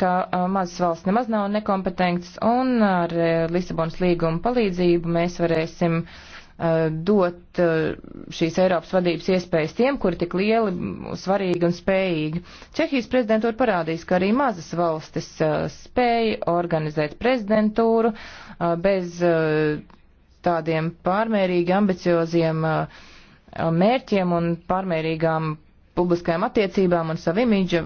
ka eh, mazas valsts nemaz nav nekompetents un ar eh, Lisabonas līguma palīdzību mēs varēsim uh, Eh, dot eh, šīs Eiropas vadības iespējas tiem, kuri tik lieli, svarīgi un spējīgi. Čehijas prezidentūra parādīs, ka arī mazas valstis eh, spēja organizēt prezidentūru bez tādiem pārmērīgi ambicioziem mērķiem un pārmērīgām publiskajām attiecībām un savu imīģu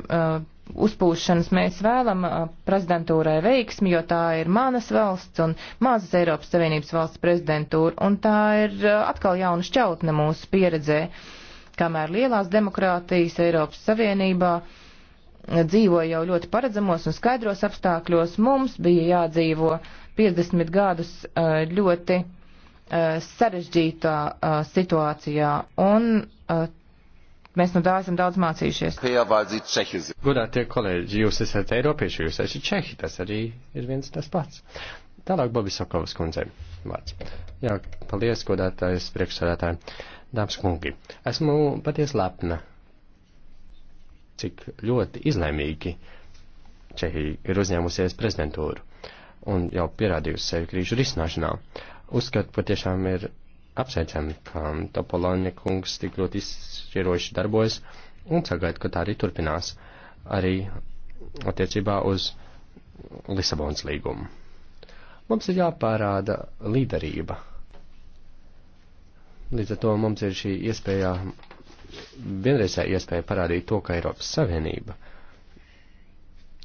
uzpūšanas mēs vēlam prezidentūrai veiksmi, jo tā ir manas valsts un mazas Eiropas Savienības valsts prezidentūra, un tā ir atkal jauna šķautne mūsu pieredzē, kamēr lielās demokrātijas Eiropas Savienībā dzīvo jau ļoti paredzamos un skaidros apstākļos, mums bija jādzīvo 50 gadus ļoti sarežģītā situācijā, un Mēs no nu tā esam daudz mācījušies. Godātie kolēģi, jūs esat Eiropieši, jūs esat Čehi, tas arī ir viens tas pats. Tālāk Bobis Sokovs kundzei vārds. Jā, paldies, godātais priekšsādātāji. Dāmas kungi, esmu paties lepna, cik ļoti izlēmīgi Čehija ir uzņēmusies prezidentūru un jau pierādījusi sevi krīžu risināšanā. Uzskatu, patiešām ir apsveicami, ka Topolāņa kungs tik ļoti izšķiroši darbojas un sagaidu, ka tā arī turpinās arī attiecībā uz Lisabonas līgumu. Mums ir jāpārāda līderība. Līdz ar to mums ir šī iespēja, vienreizē iespēja parādīt to, ka Eiropas Savienība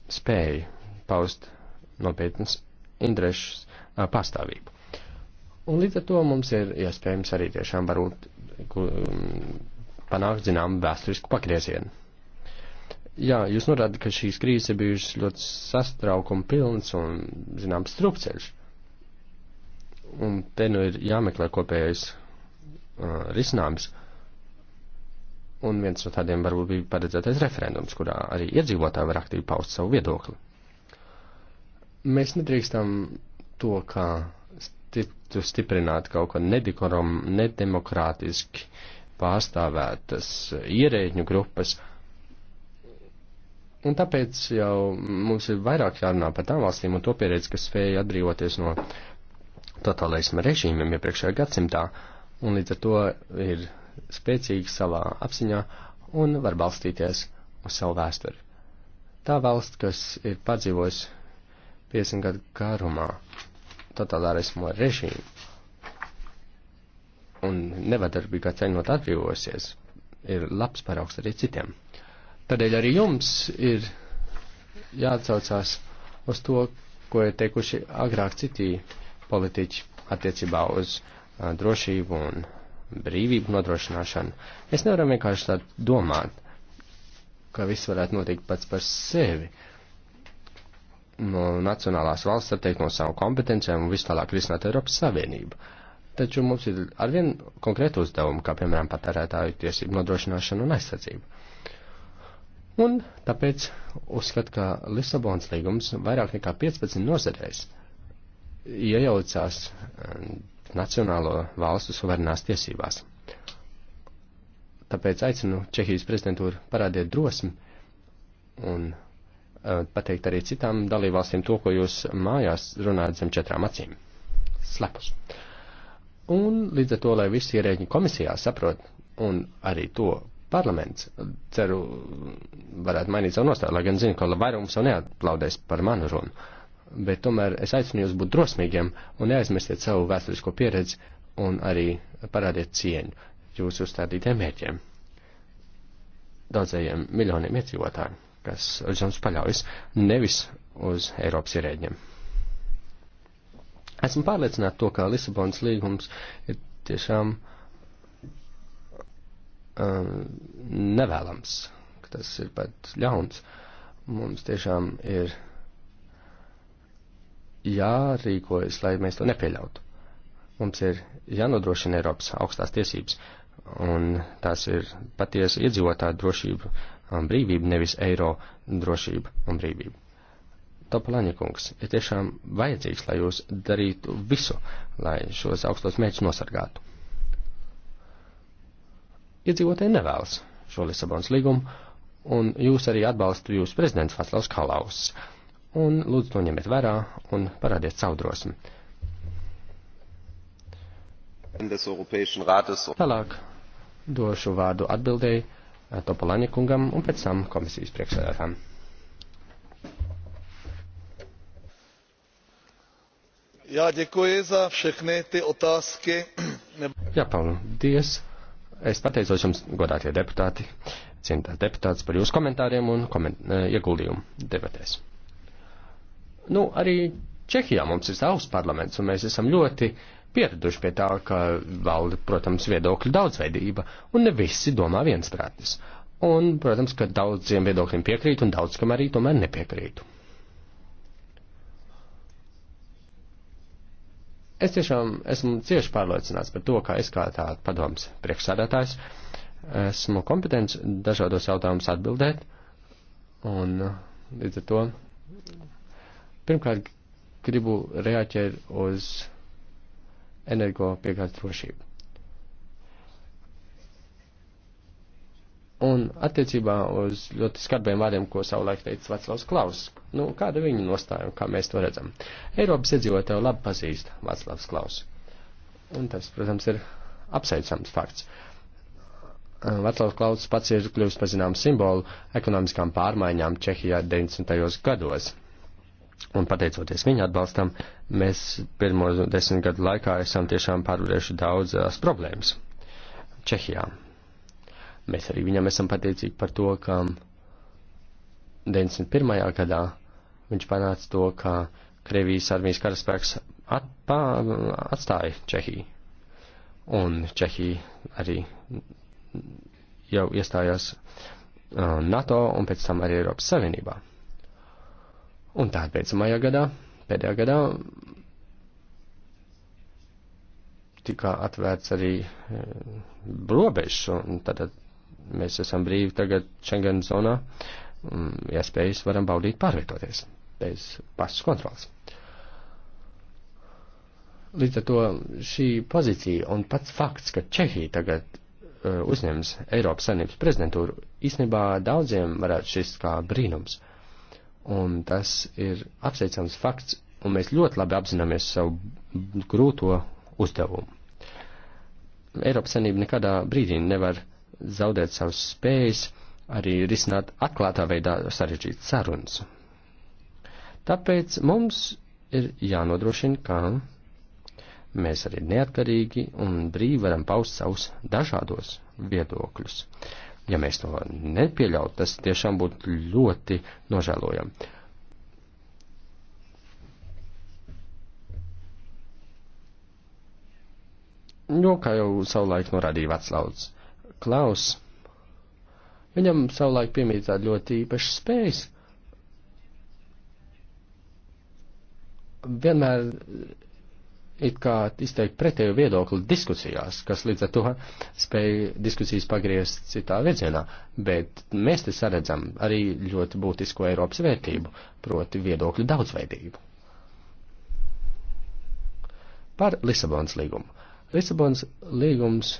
spēja paust nopietnas interešu pastāvību. Un līdz ar to mums ir iespējams arī tiešām varbūt mm, panākt zinām vēsturisku pagriezienu. Jā, jūs norādat, ka šīs krīzes ir bijušas ļoti sastraukuma pilns un, zinām, strupceļš. Un te nu ir jāmeklē kopējais uh, risinājums. Un viens no tādiem varbūt bija paredzētais referendums, kurā arī iedzīvotāji var aktīvi paust savu viedokli. Mēs nedrīkstam to, kā tiktu stiprināti kaut kā nedemokrātiski pārstāvētas ierēģņu grupas. Un tāpēc jau mums ir vairāk jārunā par tām valstīm un to pieredzi, kas spēja atbrīvoties no totalisma režīmiem iepriekšējā gadsimtā, un līdz ar to ir spēcīgi savā apziņā un var balstīties uz savu vēsturi. Tā valsts, kas ir padzīvojis 50 gadu garumā, totalitārismo režīmu un nevadarbīgā ceļot atbrīvosies, ir labs paraugs arī citiem. Tādēļ arī jums ir jāatsaucās uz to, ko ir teikuši agrāk citi politiķi attiecībā uz uh, drošību un brīvību nodrošināšanu. Mēs nevaram vienkārši tā domāt, ka viss varētu notikt pats par sevi. Uh, nacionālās valsts atteik no savu kompetencijām un vis tālāk risināt Eiropas Savienību. Taču mums ir arvien konkrēti uzdevumi, kā piemēram patērētāju tiesību nodrošināšana un aizsardzība. Un tāpēc uzskat, ka Lisabonas līgums vairāk nekā 15 nozarēs iejaucās eh, nacionālo valstu suverenās tiesībās. Tāpēc aicinu Čehijas prezidentūru parādīt drosmi un Eh, pateikt arī citām dalībvalstīm to, ko jūs mājās runājat zem četrām acīm. Slepus. Un līdz ar to, lai visi ierēģi komisijā saprot, un arī to parlaments, eh, ceru, varētu mainīt savu nostāju, lai gan zinu, ka vairums jau neatplaudēs par manu runu. Bet tomēr es aicinu jūs būt drosmīgiem un neaizmirstiet savu vēsturisko pieredzi un arī parādiet cieņu jūsu uzstādītiem mērķiem daudzajiem miljoniem iedzīvotāju kas uz jums paļaujas, nevis uz Eiropas ierēģiem. Esmu pārliecināta to, ka Lisabonas līgums ir tiešām um, nevēlams, ka tas ir pat ļauns. Mums tiešām ir jārīkojas, lai mēs to nepieļautu. Mums ir jānodrošina Eiropas augstās tiesības, un tās ir patiesa iedzīvotāja drošība un brīvību, nevis eiro drošību un brīvību. Topalaņa kungs ir tiešām vajadzīgs, lai jūs darītu visu, lai šos augstos mērķus nosargātu. Iedzīvotāji nevēlas šo Lisabonas līgumu, un jūs arī atbalstu jūs prezidents Vaslavs Kalaus. Un lūdzu to ņemiet vērā un parādiet savu drosmi. Tālāk došu vārdu atbildēji Topolāņa kungam un pēc tam komisijas priekšsēdētājiem. Já děkuji za všechny ty otázky. Jā, paldies. Es pateicos jums, godātie deputāti, cienītās deputāts, par jūsu komentāriem un koment e, ieguldījumu debatēs. Nu, arī Čehijā mums ir savs parlaments, un mēs esam ļoti uh, pieraduši pie tā, ka valda, protams, viedokļu daudzveidība, un ne visi domā viensprātis. Un, protams, ka daudziem viedokļiem piekrīt, un daudz kam arī tomēr nepiekrītu. Es tiešām esmu cieši pārliecināts par to, ka es kā tāds padoms priekšsādātājs esmu kompetents dažādos jautājumus atbildēt, un uh, līdz ar to pirmkārt gribu reaģēt uz energo piegādes drošību. Un attiecībā uz ļoti skarbiem vārdiem, ko savulaik teica Vaclavs Klaus, nu, kāda viņa nostāja un kā mēs to redzam. Eiropas iedzīvotāju labi pazīst Vaclavs Klaus. Un tas, protams, ir apsveicams fakts. Vaclavs Klaus pats ir kļuvis pazināms simbolu ekonomiskām pārmaiņām Čehijā 90. gados. Un pateicoties viņa atbalstam, mēs pirmo desmit gadu laikā esam tiešām pārvarējuši daudzas problēmas. Čehijā. Mēs arī viņam esam pateicīgi par to, ka 91. gadā viņš panāca to, ka Krievijas armijas karaspēks atpā, atstāja Čehiju. Un Čehija arī jau iestājās uh, NATO un pēc tam arī Eiropas Savienībā. Un tā ir beidzamajā gadā, pēdējā gadā, tika atvērts arī e, robežs, un tad mēs esam brīvi tagad Schengen zonā, iespējas varam baudīt pārvietoties bez pasas kontrolas. Līdz ar to šī pozīcija un pats fakts, ka Čehija tagad e, uzņems Eiropas Savienības prezidentūru, īstenībā daudziem varētu šis kā brīnums. Un tas ir apsveicams fakts, un mēs ļoti labi apzināmies savu grūto uzdevumu. Eiropas Sanība nekadā brīdī nevar zaudēt savas spējas arī risināt atklātā veidā sarežģīt sarunas. Tāpēc mums ir jānodrošina, ka mēs arī neatkarīgi un brīvi varam paust savus dažādos viedokļus. Ja mēs to nepieļautu, tas tiešām būtu ļoti nožēlojami. Jo, kā jau savulaik norādīja Vaclavs Klaus, viņam savulaik piemīt tāda ļoti īpaša spējas. Vienmēr it kā izteikt pretēju viedokli diskusijās, kas līdz ar to spēja diskusijas pagriezt citā virzienā, bet mēs te saredzam arī ļoti būtisko Eiropas vērtību, proti viedokļu daudzveidību. Par Lisabonas līgumu. Lisabonas līgums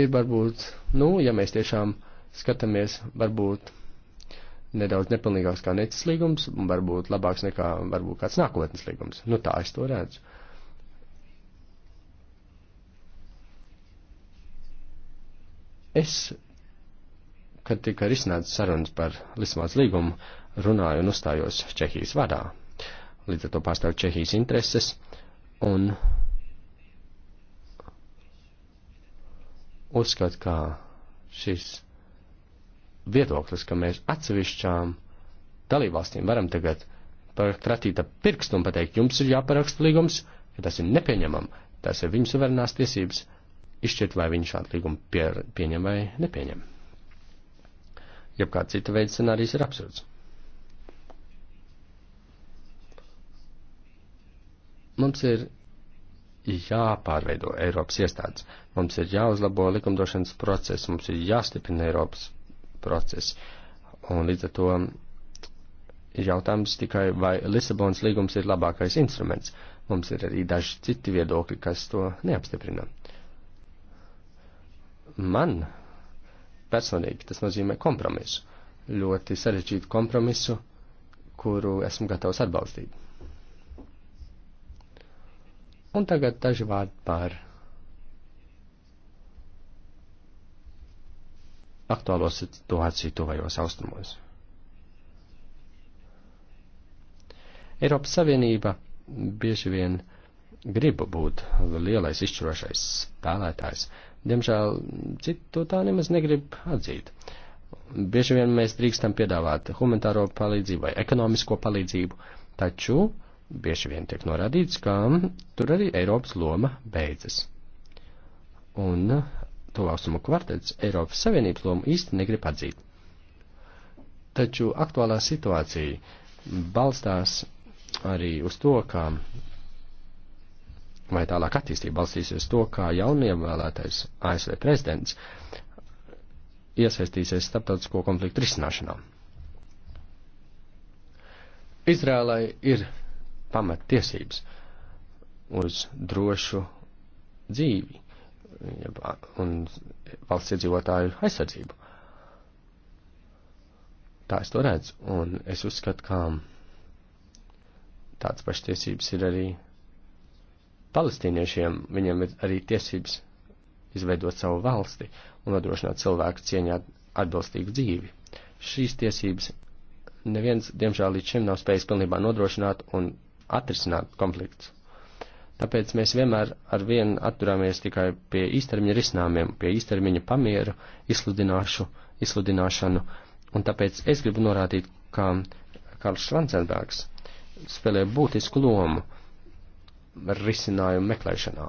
ir varbūt, nu, ja mēs tiešām skatāmies, varbūt nedaudz nepilnīgāks kā necis līgums, un varbūt labāks nekā varbūt kāds nākotnes līgums. Nu tā es to redzu. Es, kad tika risināts sarunas par Lismāts līgumu, runāju un uzstājos Čehijas vadā. Līdz ar to pārstāvu Čehijas intereses un uzskatu, ka šis viedoklis, ka mēs atsevišķām dalībvalstīm varam tagad ratīt ap pirkstu un pateikt, jums ir jāparaksta līgums, ka tas ir nepieņemam, tas ir viņu suverenās tiesības, izšķirt, vai viņi šādu līgumu pie, pieņem vai nepieņem. Jebkāds cita veida scenārijs ir absurds. Mums ir jāpārveido Eiropas iestādes, mums ir jāuzlabo likumdošanas process, mums ir jāstiprina Eiropas process. Un līdz ar to ir jautājums tikai, vai Lisabonas līgums ir labākais instruments. Mums ir arī daži citi viedokļi, kas to neapstiprina. Man personīgi tas nozīmē kompromisu. Ļoti sarežģītu kompromisu, kuru esmu gatavs atbalstīt. Un tagad daži vārdi par aktuālo situāciju tuvajos austrumos. Eiropas Savienība bieži vien grib būt lielais izšķirošais spēlētājs. Diemžēl citi to tā nemaz negrib atzīt. Bieži vien mēs drīkstam piedāvāt humanitāro palīdzību vai ekonomisko palīdzību, taču bieži vien tiek norādīts, ka tur arī Eiropas loma beidzas. Un tuvāksumu kvartets Eiropas Savienības lomu īsti negrib atzīt. Taču aktuālā situācija balstās arī uz to, ka vai tālāk attīstība balstīsies to, kā jaunievēlētais ASV prezidents iesaistīsies starptautisko konfliktu risināšanā. Izrēlai ir pamattiesības uz drošu dzīvi un valsts iedzīvotāju aizsardzību. Tā es to redzu, un es uzskatu, ka tāds paštiesības ir arī palestīniešiem, viņiem ir arī tiesības izveidot savu valsti un nodrošināt cilvēku cieņā atbilstīgu dzīvi. Šīs tiesības neviens, diemžēl, līdz šim nav spējis pilnībā nodrošināt un atrisināt konflikts. Tāpēc mēs vienmēr ar vienu atturāmies tikai pie īstermiņa risinājumiem, pie īstermiņa pamieru izsludināšu, izsludināšanu. Un tāpēc es gribu norādīt, ka Karls Švancenbergs spēlē būtisku lomu risinājumu meklēšanā.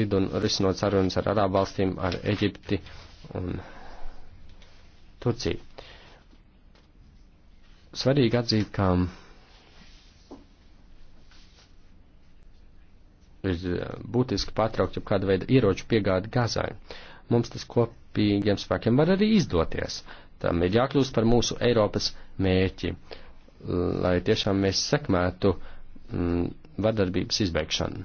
Ridun, risinot sarunas ar Arābu valstīm, ar Eģipti un Turciju. Svarīgi atzīt, ka ir eh, būtiski pārtraukt jau kādu veidu ieroču piegādi Gazai. Mums tas kopīgiem spēkiem var arī izdoties. Tam ir jākļūst par mūsu Eiropas mērķi, lai tiešām mēs sekmētu mm, vardarbības izbeigšanu.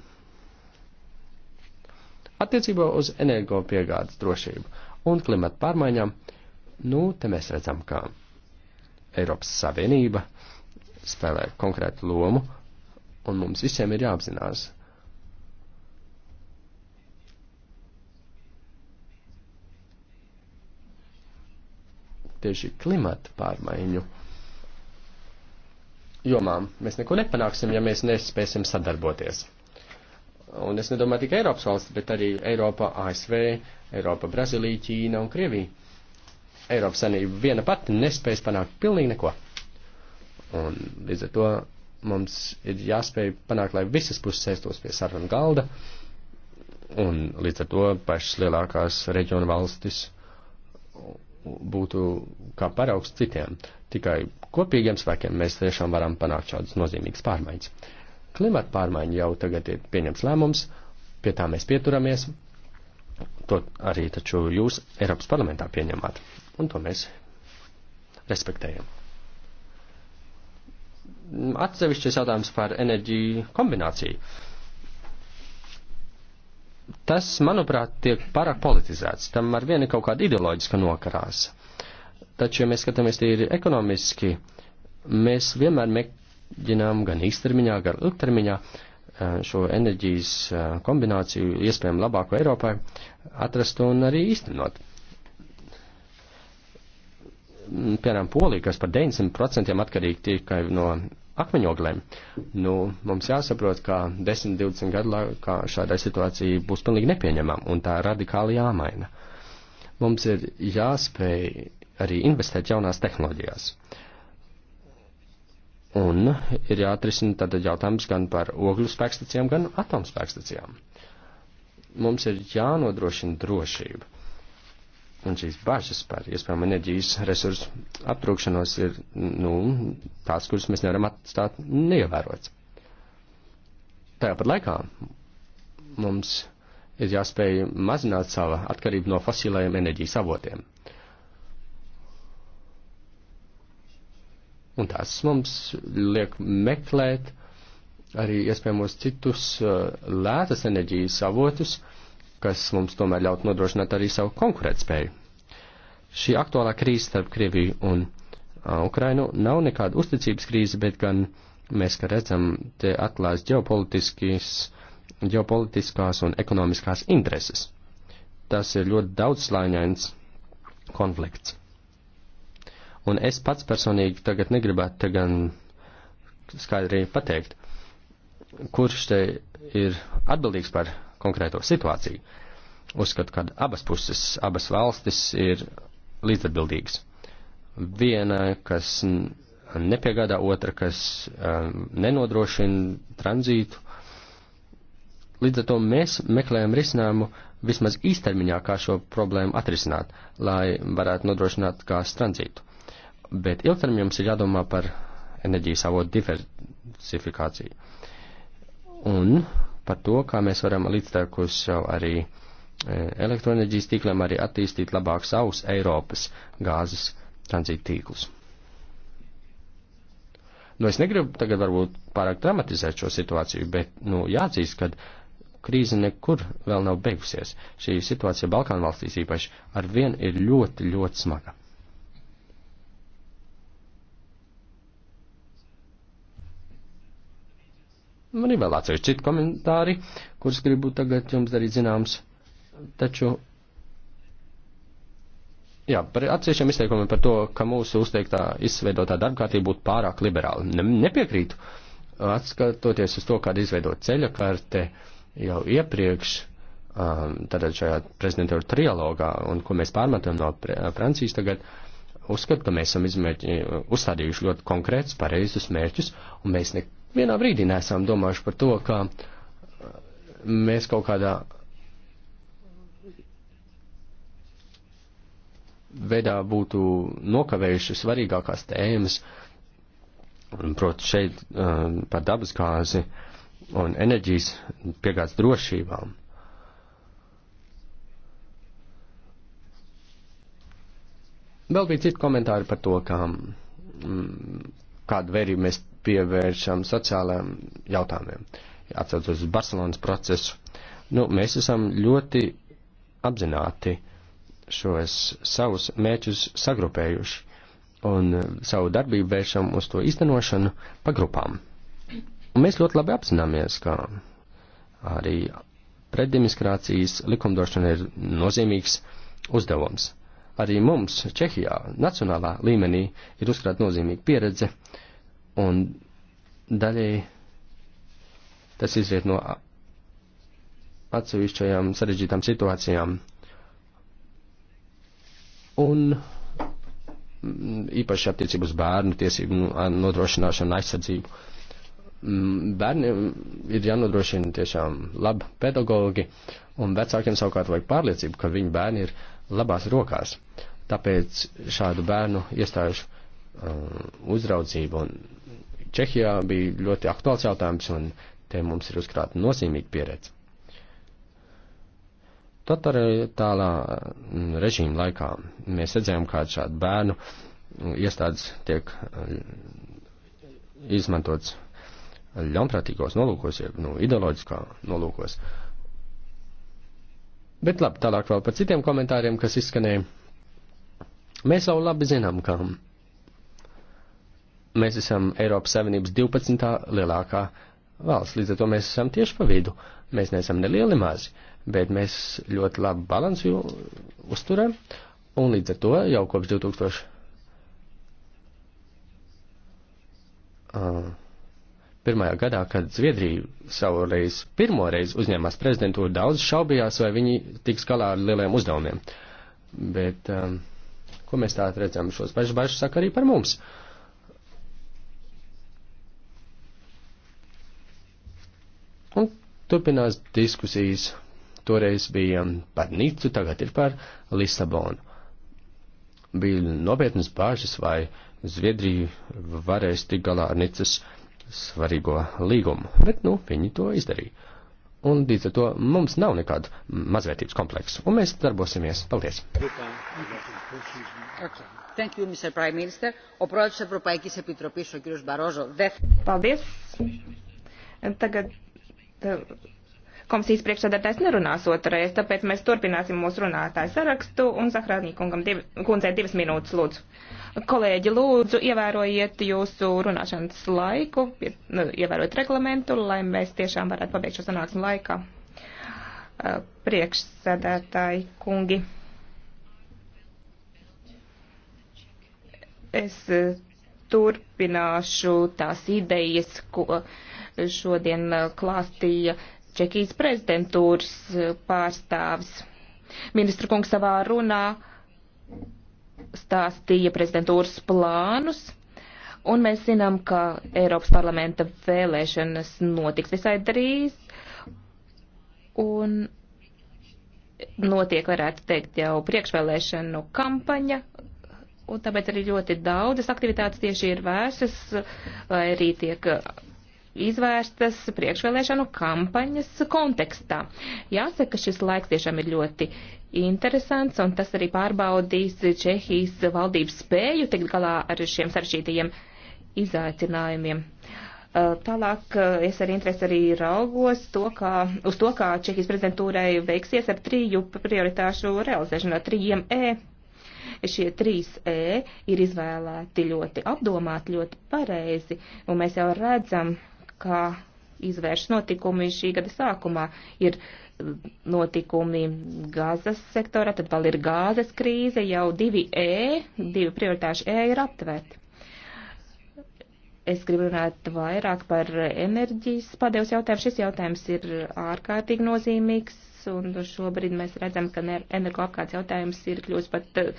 Attiecībā uz energo piegādes drošību un klimata pārmaiņām, nu, te mēs redzam, ka Eiropas Savienība spēlē konkrētu lomu, un mums visiem ir jāapzinās, tieši klimata pārmaiņu jomām. Mēs neko nepanāksim, ja mēs nespēsim sadarboties. Un es nedomāju tikai Eiropas valsts, bet arī Eiropa, ASV, Eiropa, Brazīlija, Ķīna un Krievija. Eiropas Sanība viena pati nespēs panākt pilnīgi neko. Un līdz ar to mums ir jāspēj panākt, lai visas puses sēstos pie sarunu galda. Un līdz ar to pašas lielākās reģionu valstis būtu kā paraugs citiem. Tikai kopīgiem spēkiem mēs tiešām varam panākt šādas nozīmīgas pārmaiņas. Klimata pārmaiņa jau tagad ir pieņems lēmums, pie tā mēs pieturamies. To arī taču jūs Eiropas parlamentā pieņemāt, un to mēs respektējam. Atsevišķis jautājums par enerģiju kombināciju tas, manuprāt, tiek pārāk politizēts. Tam ar vienu kaut kāda ideoloģiska nokarās. Taču, ja mēs skatāmies tīri ekonomiski, mēs vienmēr mēģinām gan īstermiņā, gan ilgtermiņā eh, šo enerģijas eh, kombināciju, iespējami labāko Eiropai, atrast un arī īstenot. Piemēram, Polija, kas par 90% atkarīgi tikai no akmeņoglēm. Nu, mums jāsaprot, ka 10, 20 gadu laikā šādai situācija būs pilnīgi nepieņemama un tā radikāli jāmaina. Mums ir jāspēj arī investēt jaunās tehnoloģijās. Un ir jāatrisina tad jautājums gan par ogļu spēkstacijām, gan atomspēkstacijām. Mums ir jānodrošina drošība Un šīs bažas par iespējamu enerģijas resursu aptrūkšanos ir, nu, tās, kuras mēs nevaram atstāt neievērots. Tajāpat laikā mums ir jāspēj mazināt sava atkarība no fosilējiem enerģijas avotiem. Un tas mums liek meklēt arī iespējamos citus uh, lētas enerģijas avotus, uh, kas mums tomēr ļaut nodrošināt arī savu konkurētspēju. Šī aktuālā krīze starp Krieviju un uh, Ukrainu nav nekāda uzticības krīze, bet gan mēs, kā redzam, te atklās ģeopolitiskās un ekonomiskās intereses. Tas ir ļoti daudzslāņains konflikts. Un es pats personīgi tagad negribētu te gan skaidri pateikt, kurš te ir atbildīgs par konkrēto situāciju. Uzskatu, ka abas puses, abas valstis ir līdzatbildīgas. Viena, kas nepiegādā, otra, kas um, nenodrošina tranzītu. Līdz ar to mēs meklējam risinājumu vismaz īstermiņā, kā šo problēmu atrisināt, lai varētu nodrošināt gāzes tranzītu. Bet ilgtermiņā mums ir jādomā par enerģijas avotu diversifikāciju. Un par to, kā mēs varam līdztekus arī e, elektroenerģijas tīkliem arī attīstīt labāk savus Eiropas gāzes tranzīta tīklus. Nu, es negribu tagad varbūt pārāk dramatizēt šo situāciju, bet, nu, jāatzīst, ka krīze nekur vēl nav beigusies. Šī situācija Balkānu valstīs īpaši ar vien ir ļoti, ļoti smaga. Man ir vēl atsevišķi citi komentāri, kurus gribu tagad jums darīt zināms. Taču, jā, par atsevišķiem izteikumiem par to, ka mūsu uzteiktā izveidotā darbkārtība būtu pārāk liberāla. Ne, nepiekrītu. Atskatoties uz to, kāda izveidot ceļa karte jau iepriekš, um, tātad šajā prezidentūra trialogā, un ko mēs pārmetam no Francijas tagad, uzskatu, ka mēs esam izmērķi, uzstādījuši ļoti konkrētus, pareizus mērķus, un mēs nekad vienā brīdī nesam domājuši par to, ka uh, mēs kaut kādā veidā būtu nokavējuši svarīgākās tēmas, proti šeit uh, par dabasgāzi un enerģijas piegādes drošībām. Vēl bija citi komentāri par to, kā, mm, kādu vērību mēs pievēršam sociālajiem jautājumiem. Atcaucot uz Barcelonas procesu, nu, mēs esam ļoti apzināti šos savus mērķus sagrupējuši un savu darbību vēršam uz to īstenošanu pa grupām. Un mēs ļoti labi apzināmies, ka arī pretdemiskrācijas likumdošana ir nozīmīgs uzdevums. Arī mums, Čehijā, nacionālā līmenī ir uzkrāt nozīmīga pieredze, uh, Un daļēji tas izriet no atsevišķajām sarežģītām situācijām. Un mm, īpaši attiecību uz bērnu tiesību nodrošināšanu aizsardzību. Mm, Bērniem ir jānodrošina tiešām labi pedagogi, un vecākiem savukārt vajag pārliecību, ka viņu bērni ir labās rokās. Tāpēc šādu bērnu iestāžu um, uzraudzību un Čehijā bija ļoti aktuāls jautājums, un te mums ir uzkrāta nozīmīga pieredze. Totalitālā mm, režīma laikā mēs redzējām, kā šādu bērnu mm, iestādes tiek mm, izmantots ļaunprātīgos nolūkos, jeb nu, ideoloģiskā nolūkos. Bet labi, tālāk vēl par citiem komentāriem, kas izskanēja. Mēs jau labi zinām, ka Mēs esam Eiropas Savienības 12. lielākā valsts, līdz ar to mēs esam tieši pa vidu. Mēs neesam nelieli mazi, bet mēs ļoti labu balansu uzturam, un līdz ar to jau kopš 2000. Uh, pirmajā gadā, kad Zviedrija savreiz pirmoreiz uzņēmās prezidentūru, daudz šaubījās, vai viņi tiks galā ar lieliem uzdevumiem. Bet, um, ko mēs tā redzam, šos pašus bažas saka arī par mums. Uh, Un turpinās diskusijas. Toreiz bija par Nicu, tagad ir par Lisabonu. Bija nopietnas bāžas, vai Zviedrija varēs tikt galā ar Nicas svarīgo līgumu, bet, nu, viņi to izdarīja. Un līdz ar to mums nav nekādu mazvērtības kompleksu, un mēs darbosimies. Paldies! Paldies! Tagad komisijas priekšsēdētājs nerunās otrreiz, tāpēc mēs turpināsim mūsu runātāju sarakstu un Zahrādnīkungam div, kundzē divas minūtes lūdzu. Kolēģi, lūdzu, ievērojiet jūsu runāšanas laiku, nu, ievērojiet reglamentu, lai mēs tiešām varētu pabeigt šo sanāksmu laikā. Priekšsēdētāji kungi. Es turpināšu tās idejas, ko. Uh, šodien eh, klāstīja Čehijas prezidentūras eh, pārstāvis. Ministra kungs savā runā stāstīja prezidentūras plānus, un mēs zinām, ka Eiropas parlamenta vēlēšanas notiks visai drīz, un notiek, varētu teikt, jau priekšvēlēšanu kampaņa, un tāpēc arī ļoti daudzas aktivitātes tieši ir vērsas, vai arī tiek izvērstas priekšvēlēšanu kampaņas kontekstā. Jāsaka, šis laiks tiešām ir ļoti interesants, un tas arī pārbaudīs Čehijas valdības spēju tikt galā ar šiem saršītajiem izaicinājumiem. Uh, tālāk uh, es ar interesi arī raugos to, kā, uz to, kā Čehijas prezidentūrai veiksies ar triju prioritāšu realizēšanu, ar trījiem E. Šie trīs E ir izvēlēti ļoti apdomāti, ļoti pareizi, un mēs jau redzam, uh, kā izvērš notikumi šī gada sākumā. Ir notikumi gazas sektorā, tad vēl ir gāzes krīze, jau divi E, divi prioritāši E ir aptvērti. Es gribu runāt vairāk par enerģijas padevis jautājumu. Šis jautājums ir ārkārtīgi nozīmīgs un šobrīd mēs redzam, ka energoapkārts jautājums ir kļūst pat, eh,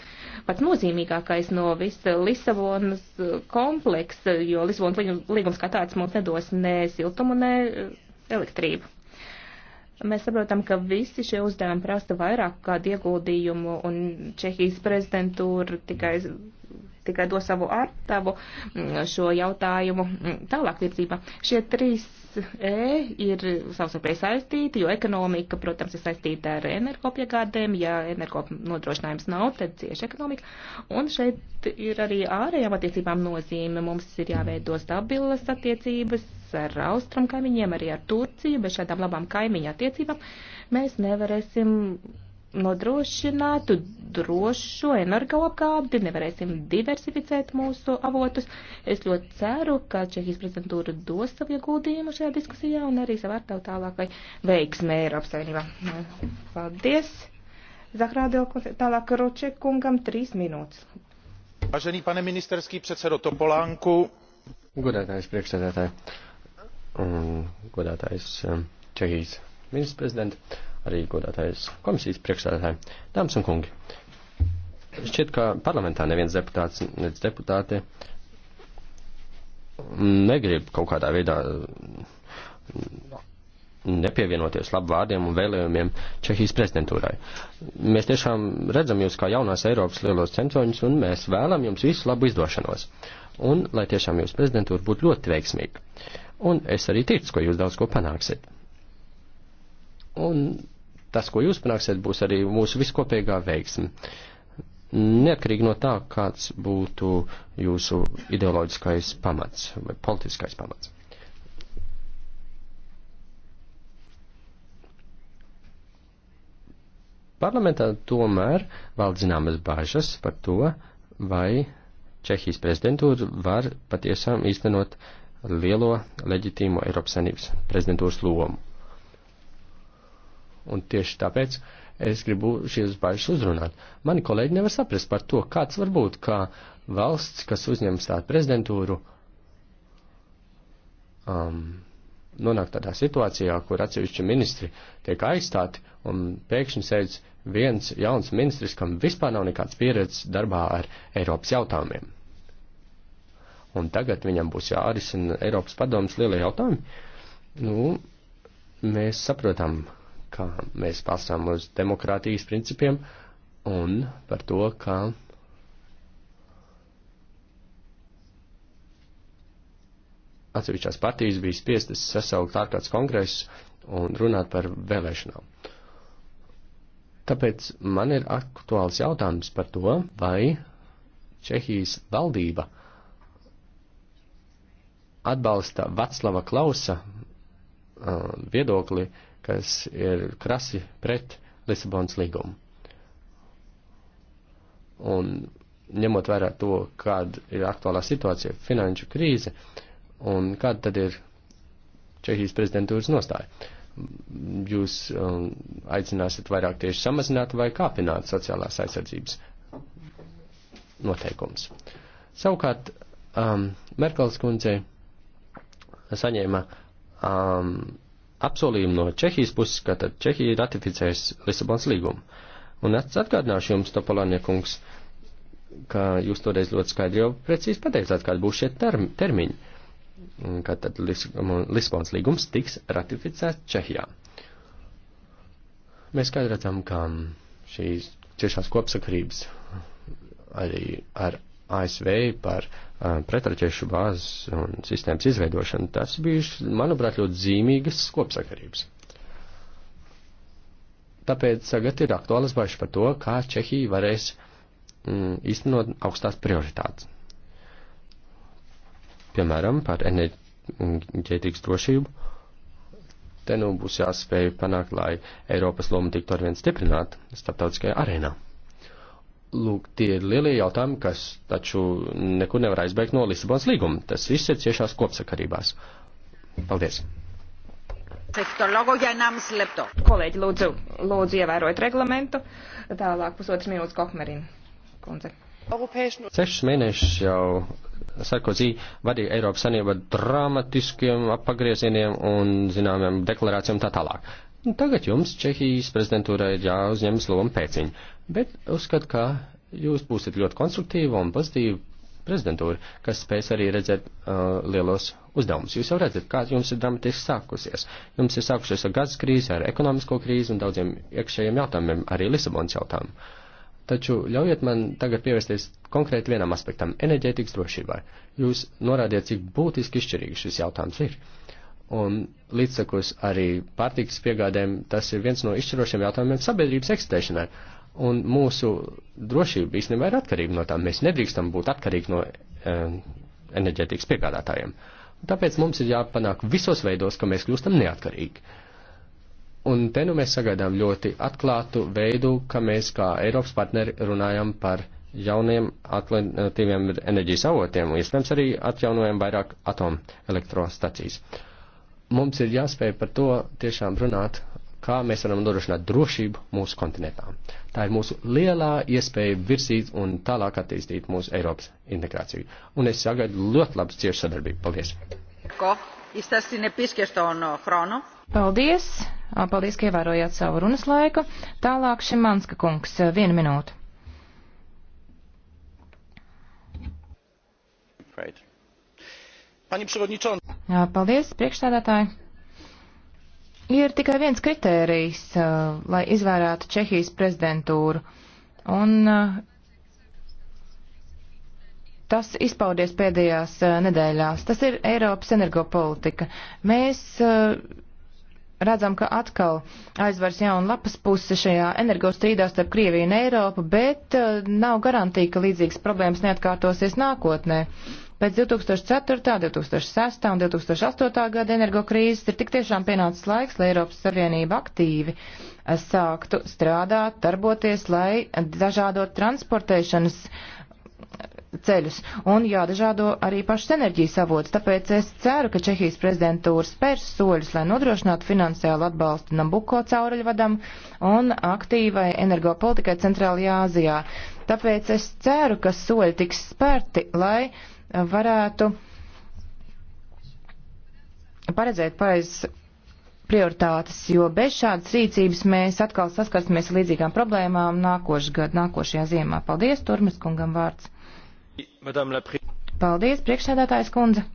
pats nozīmīgākais no visa Lisabonas eh, kompleksa, jo Lisabonas līgums kā tāds mums nedos ne siltumu, ne eh, elektrību. Mēs saprotam, ka visi šie uzdevumi prasa vairāk kādu ieguldījumu, un Čehijas prezidentūra tikai tikai do savu ārtavu mm, šo jautājumu mm, tālāk virzībā. Šie trīs E ir savstarpēji saistīti, jo ekonomika, protams, ir saistīta ar energopiegādēm. Ja energo nodrošinājums nav, tad cieši ekonomika. Un šeit ir arī ārējām attiecībām nozīme. Mums ir jāveido stabilas attiecības ar austrum kaimiņiem, arī ar Turciju. Bez šādām labām kaimiņa attiecībām mēs nevarēsim nodrošinātu drošu energoapgādi, nevarēsim diversificēt mūsu avotus. Es ļoti ceru, ka Čehijas prezidentūra dos savu ieguldījumu šajā diskusijā un arī savārtau tālākai veiksmē Eiropas Savienībā. Paldies! Zahrādēl tālāk Roček kungam trīs minūtes. Vážený pane ministerský předsedo Topolánku. Godātājs priekšsēdētāji un godātājs eh, Čehijas ministrs prezidents arī godātais komisijas priekšstādātāji. Dāmas un kungi, šķiet, ka parlamentā neviens deputāts, nec deputāti negrib kaut kādā veidā nepievienoties labu vārdiem un vēlējumiem Čehijas prezidentūrai. Mēs tiešām redzam jūs kā jaunās Eiropas lielos centroņus un mēs vēlam jums visu labu izdošanos. Un lai tiešām jūsu prezidentūra būtu ļoti veiksmīga. Un es arī ticu, ka jūs daudz ko panāksiet. Un tas, ko jūs panāksiet, būs arī mūsu viskopīgā veiksme. Neatkarīgi no tā, kāds būtu jūsu ideoloģiskais pamats vai politiskais pamats. Parlamentā tomēr valda zināmas bažas par to, vai Čehijas prezidentūra var patiešām īstenot lielo leģitīmo Eiropas Savienības prezidentūras lomu. Un tieši tāpēc es gribu šīs bažas uzrunāt. Mani kolēģi nevar saprast par to, kāds var būt, kā valsts, kas uzņems tādu prezidentūru, um, nonāk tādā situācijā, kur atsevišķi ministri tiek aizstāti un pēkšņi sēdz viens jauns ministrs, kam vispār nav nekāds pieredzes darbā ar Eiropas jautājumiem. Un tagad viņam būs jārisina Eiropas padomas lielie jautājumi. Nu, mēs saprotam, ka mēs pasām uz demokrātijas principiem un par to, ka atsevišķās partijas bija spiestas sasaukt ārkārtas kongresus un runāt par vēlēšanām. Tāpēc man ir aktuāls jautājums par to, vai Čehijas valdība atbalsta Vaclava Klausa uh, viedokli, uh, kas ir krasi pret Lisabonas līgumu. Un ņemot vērā to, kāda ir aktuālā situācija, finanšu krīze, un kāda tad ir Čehijas prezidentūras nostāja. Jūs um, aicināsiet vairāk tieši samazināt vai kāpināt sociālās aizsardzības noteikumus. Savukārt, um, Merkels kundze saņēma um, apsolījumu no Čehijas puses, ka tad Čehija ratificēs Lisabons līgumu. Un atgādināšu jums, Topolāniekungs, ka jūs toreiz ļoti skaidri jau precīzi pateicāt, kāda būs šie term, termiņi, ka tad Lisabons līgums tiks ratificēts Čehijā. Mēs skaidri redzam, ka šīs ciešās kopsakrības arī ar ASV par uh, pretraķešu bāzes un sistēmas izveidošanu, tas bija, manuprāt, ļoti zīmīgas kopsakarības. Tāpēc tagad ir aktuālas bažas par to, kā Čehija varēs mm, īstenot augstās prioritātes. Piemēram, par enerģētikas drošību. Te nu būs jāspēj panākt, lai Eiropas loma tiktu arvien stiprināta starptautiskajā arēnā. Lūk, tie ir lielie jautājumi, kas taču nekur nevar aizbēgt no Lisabonas līguma. Tas viss ir ciešās kopsakarībās. Paldies! Kolēģi, lūdzu, lūdzu ievērojiet reglamentu. Tālāk pusotras minūtes Kohmerina kundze. Sešas mēnešus jau Sarkozī vadīja Eiropas Savienību dramatiskiem pagriezieniem un zināmiem deklarācijām tā tālāk. Un nu, tagad jums Čehijas prezidentūrai ir jāuzņemas loma pēciņa, bet uzskat, ka jūs būsiet ļoti konstruktīva un pozitīva prezidentūra, kas spēs arī redzēt uh, lielos uzdevumus. Jūs jau redzat, kā jums ir dramatiski sākusies. Jums ir sākusies ar gadas krīzi, ar ekonomisko krīzi un daudziem iekšējiem jautājumiem, arī Lisabonas jautājumu. Taču ļaujiet man tagad pievērsties konkrēti vienam aspektam - enerģētikas drošībai. Jūs norādiet, cik būtiski izšķirīgi šis jautājums ir. Uh, un līdzsakus arī pārtikas piegādēm, tas ir viens no izšķirošiem jautājumiem sabiedrības eksistēšanai. Un mūsu drošība īstenībā ir atkarīga no tām. Mēs nedrīkstam būt atkarīgi no e, enerģētikas piegādātājiem. Un tāpēc mums ir jāpanāk visos veidos, ka mēs kļūstam neatkarīgi. Un te nu mēs sagaidām ļoti atklātu veidu, ka mēs kā Eiropas partneri runājam par jauniem atlantīviem enerģijas avotiem un, iespējams, arī atjaunojam vairāk atomelektrostacijas. elektrostacijas mums ir jāspēj par to tiešām runāt, kā mēs varam nodrošināt drošību mūsu kontinentā. Tā ir mūsu lielā iespēja virsīt un tālāk attīstīt mūsu Eiropas integrāciju. Un es sagaidu ļoti labas ciešu sadarbību. Paldies! Ko? Paldies! Paldies, ka ievērojāt savu runas laiku. Tālāk Šimanska kungs, vienu minūtu. Right. Pani przewodnicząca! Paldies, priekšstādātāji. Ir tikai viens kritērijs, lai izvērētu Čehijas prezidentūru, un tas izpaudies pēdējās nedēļās. Tas ir Eiropas energopolitika. Mēs redzam, ka atkal aizvars jauna lapas puse šajā energostrīdā starp Krieviju un Eiropu, bet nav garantija, ka līdzīgas problēmas neatkārtosies nākotnē. Pēc 2004., 2006. un 2008. gada energokrīzes ir tik tiešām pienācis laiks, lai Eiropas Savienība aktīvi eh, sāktu strādāt, darboties, lai dažādot transportēšanas eh, ceļus un jādažādo arī pašas enerģijas avots. Tāpēc es ceru, ka Čehijas prezidentūra spērs soļus, lai nodrošinātu finansiālu atbalstu Nabuko cauruļvadam un aktīvai energopolitikai Centrālajā Āzijā. Tāpēc es ceru, ka soļi tiks spērti, lai varētu paredzēt pareizes prioritātes, jo bez šādas rīcības mēs atkal saskarsimies ar līdzīgām problēmām nākošu gadu, nākošajā ziemā. Paldies, Turmes kungam vārds. Paldies, priekšsēdētājs kundze.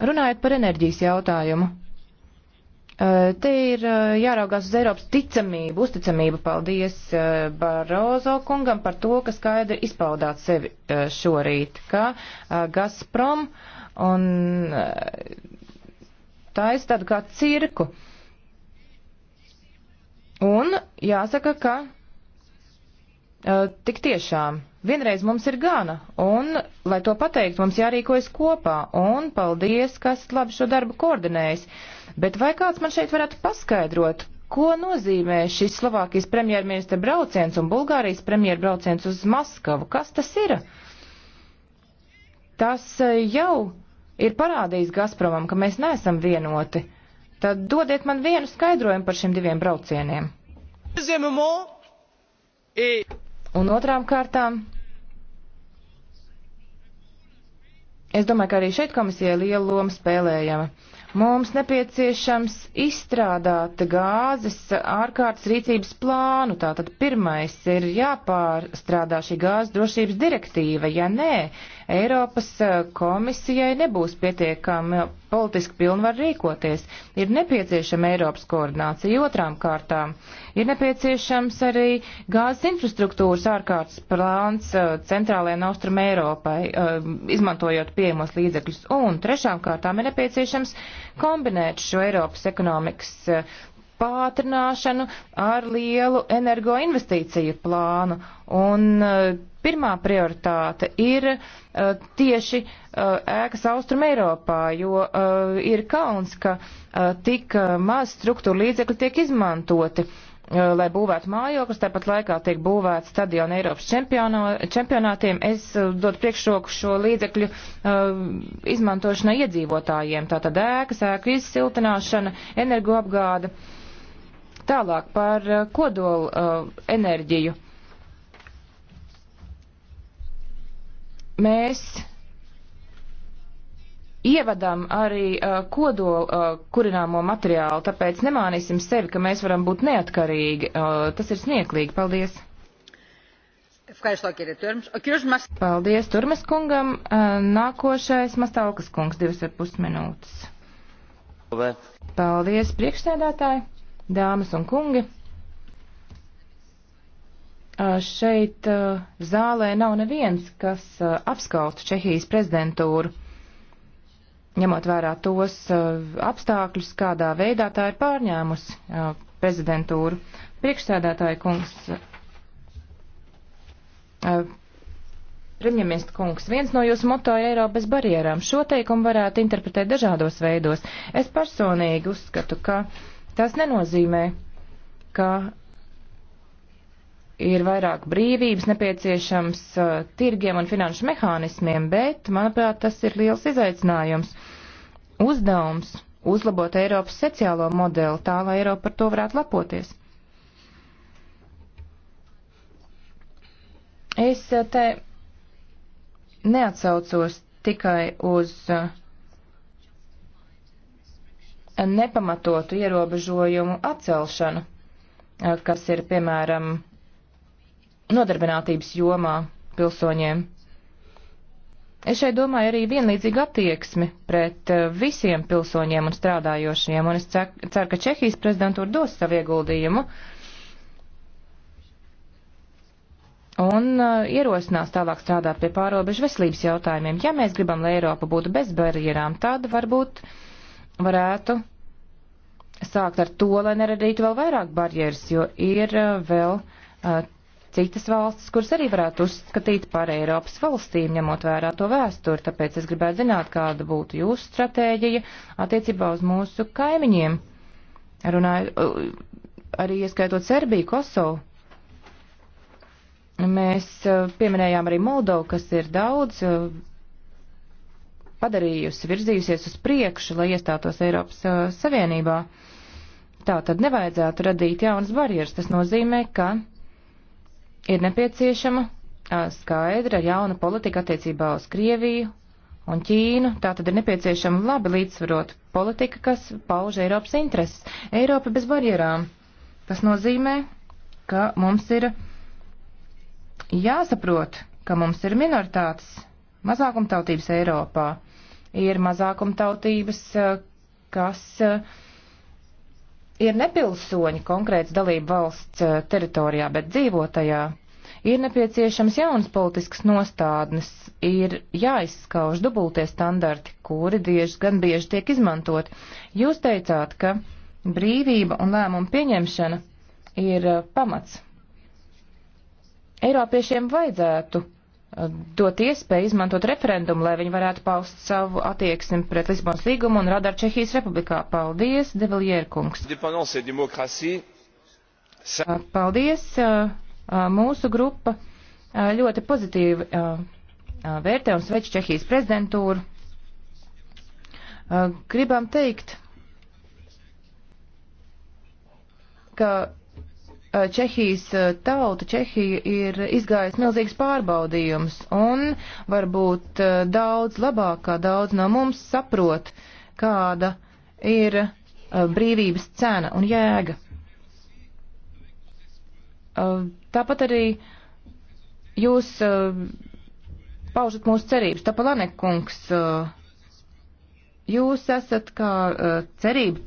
Runājot par enerģijas jautājumu. Eh, te ir eh, jāraugās uz Eiropas ticamību, uzticamību. Paldies eh, Barozo kungam par to, ka skaidri izpaudāt sevi šorīt, ka Gazprom un taisa tādu kā cirku. Un jāsaka, ka tik tiešām. Vienreiz mums ir gana, un, lai to pateikt, mums jārīkojas kopā, un paldies, kas labi šo darbu koordinējis. Bet vai kāds man šeit varētu paskaidrot, ko nozīmē šis Slovākijas premjerministra brauciens un Bulgārijas premjera brauciens uz Maskavu? Kas tas ir? Tas jau ir parādījis Gazpromam, ka mēs neesam vienoti. Tad dodiet man vienu skaidrojumu par šiem diviem braucieniem. Ziemamo, e... Un otrām kārtām, es domāju, ka arī šeit komisijai liela loma spēlējama. Mums nepieciešams izstrādāt gāzes ārkārtas rīcības plānu. Tātad pirmais ir jāpārstrādā šī gāzes drošības direktīva. Ja nē, Eiropas eh, komisijai nebūs pietiekami politiski pilnvar rīkoties. Ir nepieciešama Eiropas koordinācija otrām kārtām. Ir nepieciešams arī gāzes infrastruktūras ārkārtas plāns eh, centrālajai un austrum Eiropai, eh, izmantojot pieejamos līdzekļus. Un trešām kārtām ir nepieciešams kombinēt šo Eiropas ekonomikas pātrināšanu ar lielu energoinvestīciju plānu. Un eh, pirmā prioritāte ir eh, tieši eh, ēkas austrum Eiropā, jo ir kauns, ka tik maz struktūra līdzekļu tiek izmantoti lai būvētu mājokļus, tāpat laikā tiek būvēta stadiona Eiropas čempionātiem. Es dotu priekšroku šo līdzekļu uh, izmantošanai iedzīvotājiem, tātad ēkas, ēku izsiltināšana, energoapgāde. Uh, Tālāk par eh, kodolu eh, enerģiju. Mēs ievadam arī uh, kodolu uh, kurināmo materiālu, tāpēc nemānīsim sevi, ka mēs varam būt neatkarīgi. Uh, tas ir smieklīgi. Paldies! Paldies Turmes kungam. Uh, nākošais Mastalkas kungs, divas ar pus minūtes. Paldies, priekšsēdētāji! dāmas un kungi. Šeit zālē nav neviens, kas apskautu Čehijas prezidentūru, ņemot vērā tos apstākļus, kādā veidā tā ir pārņēmusi prezidentūru. Priekšsēdētāja kungs, premjerministra kungs, viens no jūsu moto ir Eiropa bez barjerām. Šo teikumu varētu interpretēt dažādos veidos. Es personīgi uzskatu, ka Tas nenozīmē, ka ir vairāk brīvības nepieciešams uh, tirgiem un finanšu mehānismiem, bet, manuprāt, tas ir liels izaicinājums. Uzdevums uzlabot Eiropas sociālo modeli tā, lai Eiropa par to varētu lepoties. Es uh, te neatsaucos tikai uz uh, nepamatotu ierobežojumu atcelšanu, eh, kas ir, piemēram, nodarbinātības jomā pilsoņiem. Es šeit domāju arī vienlīdzīgu attieksmi pret eh, visiem pilsoņiem un strādājošiem, un es ceru, ka Čehijas prezidentūra dos savu ieguldījumu un eh, ierosinās tālāk strādāt pie pārobežu veselības jautājumiem. Ja mēs gribam, lai Eiropa būtu bez barjerām, tad varbūt. Uh, varētu sākt ar to, lai neradītu vēl vairāk barjeras, jo ir uh, vēl uh, citas valstis, kuras arī varētu uzskatīt par Eiropas valstīm, ņemot vērā to vēsturi. Tāpēc es gribētu zināt, kāda būtu jūsu stratēģija attiecībā uz mūsu kaimiņiem. Runāju uh, arī ieskaitot Serbiju, Kosovu. Mēs uh, pieminējām arī Moldovu, kas ir daudz uh, padarījusi, virzījusies uz priekšu, lai iestātos Eiropas uh, Savienībā. Tā tad nevajadzētu radīt jaunas barjeras. Tas nozīmē, ka ir nepieciešama uh, skaidra jauna politika attiecībā uz Krieviju un Ķīnu. Tā tad ir nepieciešama labi līdzsvarot politika, kas pauž Eiropas intereses. Eiropa bez barjerām. Tas nozīmē, ka mums ir jāsaprot, ka mums ir minoritātes mazākumtautības Eiropā ir mazākumtautības, eh, kas eh, ir nepilsoņi konkrēts dalību valsts eh, teritorijā, bet dzīvo tajā. Ir nepieciešams jauns politisks nostādnes, ir jāizskauž dubultie standarti, kuri diež, gan bieži tiek izmantot. Jūs teicāt, ka brīvība un lēmumu pieņemšana ir pamats. Eiropiešiem vajadzētu Eh, dot iespēju izmantot referendumu, lai viņi varētu paust savu attieksmi pret Lisbonas līgumu un radar Čehijas republikā. Paldies, Deviljērkungs. Eh, paldies, eh, mūsu grupa ļoti pozitīvi vērtē un sveic Čehijas prezidentūru. Gribam teikt, ka Eh, Čehijas eh, tauta, Čehija ir izgājusi milzīgs pārbaudījums, un varbūt eh, daudz labākā, daudz no mums saprot, kāda ir brīvības cena un jēga. Tāpat arī jūs paužat mūsu cerības. Tāpat Lanekungs, jūs esat kā cerība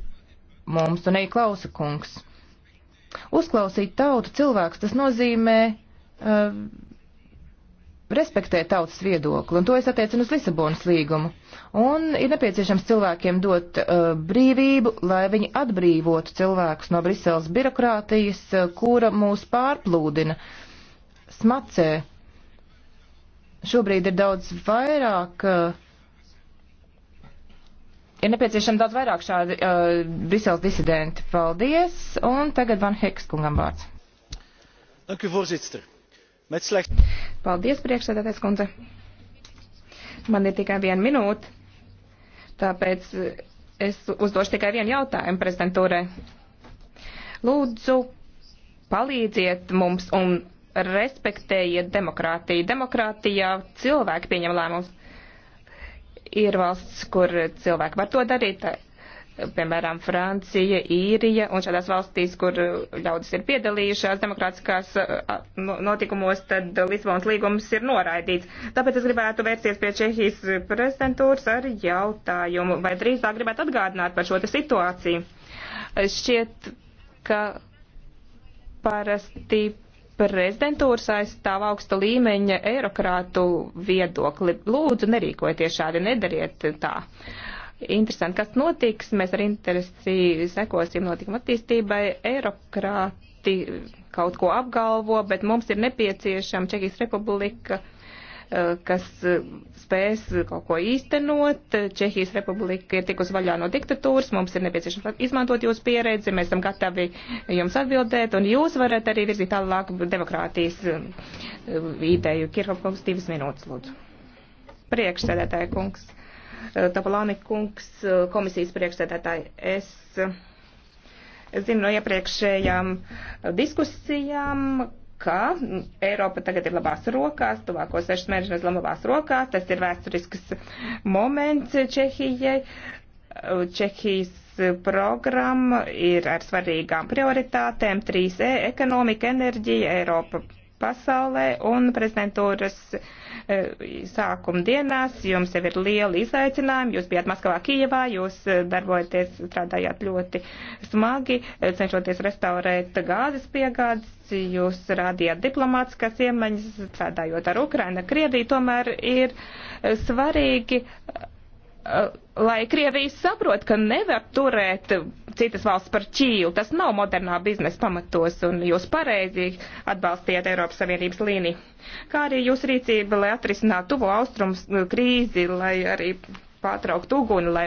mums un ej klausa kungs. Uzklausīt tautu cilvēks, tas nozīmē uh, respektēt tautas viedokli, un to es attiecinu uz Lisabonas līgumu. Un ir nepieciešams cilvēkiem dot uh, brīvību, lai viņi atbrīvotu cilvēkus no Briseles birokrātijas, uh, kura mūs pārplūdina, smacē. Šobrīd ir daudz vairāk uh, ir nepieciešama daudz vairāk šādi uh, Briseles disidenti. Paldies, un tagad Van Heks kungam vārds. Paldies, priekšsēdētājs kundze. Man ir tikai viena minūte, tāpēc es uzdošu tikai vienu jautājumu prezidentūrai. Lūdzu, palīdziet mums un respektējiet demokrātiju. Demokrātijā cilvēki pieņem lēmumus Ir valsts, kur cilvēki var to darīt, piemēram, Francija, Īrija, un šādās valstīs, kur ļaudis ir piedalījušās demokrātiskās notikumos, tad Lisbonas līgums ir noraidīts. Tāpēc es gribētu vērsties pie Čehijas prezidentūras ar jautājumu, vai drīzāk gribētu atgādināt par šo te situāciju. Šķiet, ka parasti prezidentūras aizstāv augsta līmeņa eirokrātu viedokli. Lūdzu, nerīkojieties šādi, nedariet tā. Interesanti, kas notiks. Mēs ar interesi sekosim notikuma attīstībai. Eirokrāti kaut ko apgalvo, bet mums ir nepieciešama Čehijas republika Eh, kas eh, spēs kaut ko īstenot. Čehijas republika ir tikus vaļā no diktatūras, mums ir nepieciešams izmantot jūsu pieredzi, mēs esam gatavi jums atbildēt, un jūs varat arī virzīt tālāk demokrātijas eh, ideju. Kirkovkungs, divas minūtes, lūdzu. Priekšsēdētāja kungs, Topolānika kungs, komisijas priekšsēdētāja, es. Es zinu no iepriekšējām diskusijām, ka Eiropa tagad ir labās rokās, tuvāko sešas mēnešus mēs labās rokās, tas ir vēsturisks moments Čehijai. Čehijas programma ir ar svarīgām prioritātēm 3E - ekonomika, enerģija, Eiropa pasaulē un prezidentūras e, sākuma dienās. Jums jau ir liela izaicinājuma, jūs bijāt Maskavā, Kijevā, jūs e, darbojaties, strādājāt ļoti smagi, e, cenšoties restaurēt gāzes piegādes, jūs rādījāt diplomātiskas iemaņas, strādājot ar Ukraina, Krieviju, tomēr ir svarīgi lai Krievija saprot, ka nevar turēt citas valsts par ķīlu. Tas nav modernā biznesa pamatos, un jūs pareizi atbalstījāt Eiropas Savienības līniju. Kā arī jūsu rīcība, lai atrisinātu tuvo austrums krīzi, lai arī pārtraukt uguni, lai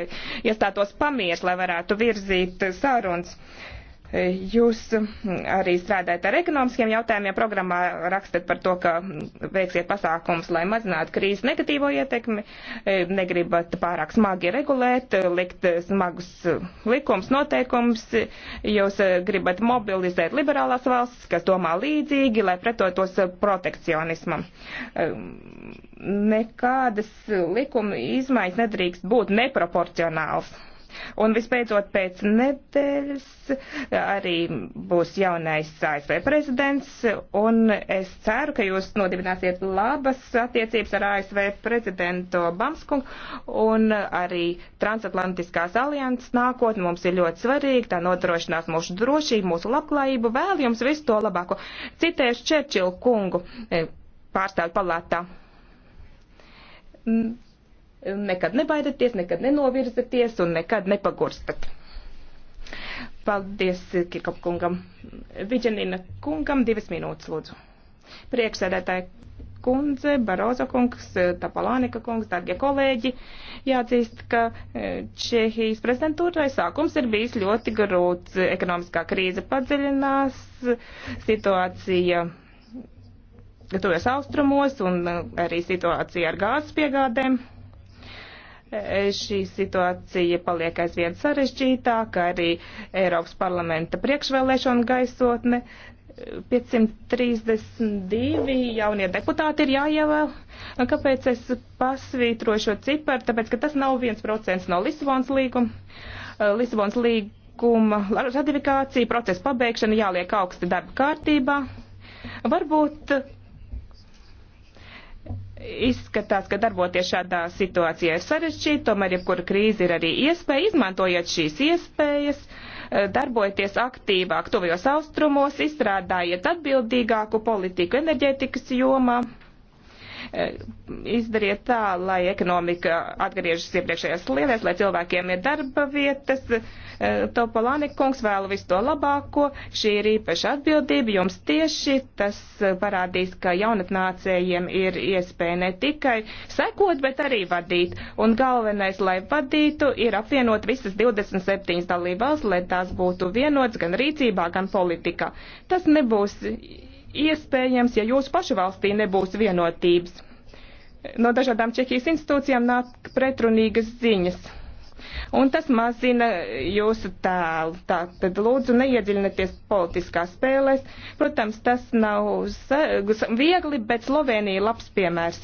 iestātos pamieris, lai varētu virzīt sarunas. Uh, Jūs arī strādājat ar ekonomiskiem jautājumiem, programmā rakstat par to, ka veiksiet pasākums, lai mazinātu krīzes negatīvo ietekmi, e, negribat pārāk smagi regulēt, likt smagus likums, noteikums, jūs gribat mobilizēt liberālās valsts, kas domā līdzīgi, lai pretotos protekcionismam. E, nekādas likuma izmaiņas nedrīkst būt neproporcionāls Un visbeidzot, pēc nedēļas arī būs jaunais ASV prezidents, un es ceru, ka jūs nodibināsiet labas attiecības ar ASV prezidentu Bamskungu, un arī transatlantiskās alianses nākotne mums ir ļoti svarīga, tā nodrošinās mūsu drošību, mūsu labklājību, vēl jums visu to labāko. Citēšu Čerčilu kungu pārstāvju palātā Nekad nebaidieties, nekad nenovirzieties un nekad nepagurstat. Paldies Kirkap kungam. Viģenina kungam divas minūtes lūdzu. Priekšsēdētāji kundze, Barozo kungs, Tapalānika kungs, dārgie kolēģi, jāatzīst, ka e, Čehijas prezidentūrai sākums ir bijis ļoti grūts. Ekonomiskā krīze padziļinās, situācija tuvies austrumos un e, arī situācija ar gāzes piegādēm. E, šī situācija paliek aizvien sarežģītāka, arī Eiropas parlamenta priekšvēlēšana gaisotne. 532 jaunie deputāti ir jāievēl. Kāpēc es pasvītroju šo ciparu? Tāpēc, ka tas nav 1% no Lisabons līguma. E, Lisabons līguma ratifikācija, procesa pabeigšana jāliek augsti darba kārtībā. Varbūt izskatās, ka darboties šādā situācijā ir sarežģīti, tomēr jebkura krīze ir arī iespēja. Izmantojiet šīs iespējas, eh, darbojieties aktīvāk tuvajos austrumos, izstrādājiet atbildīgāku politiku enerģētikas jomā. E, izdariet tā, lai ekonomika atgriežas iepriekšējās sliedēs, lai cilvēkiem ir darba vietas. E, Topolāni kungs vēlu visu to labāko. Šī ir īpaša atbildība jums tieši. Tas parādīs, ka jaunatnācējiem ir iespēja ne tikai sekot, bet arī vadīt. Un galvenais, lai vadītu, ir apvienot visas 27 dalībvalsts, lai tās būtu vienotas gan rīcībā, gan politikā. Tas nebūs iespējams, ja jūsu pašu valstī nebūs vienotības. No dažādām Čehijas institūcijām nāk pretrunīgas ziņas. Un tas mazina jūsu tēlu. Tā tad lūdzu neiedziļinieties politiskās spēlēs. Protams, tas nav viegli, bet Slovenija labs piemērs.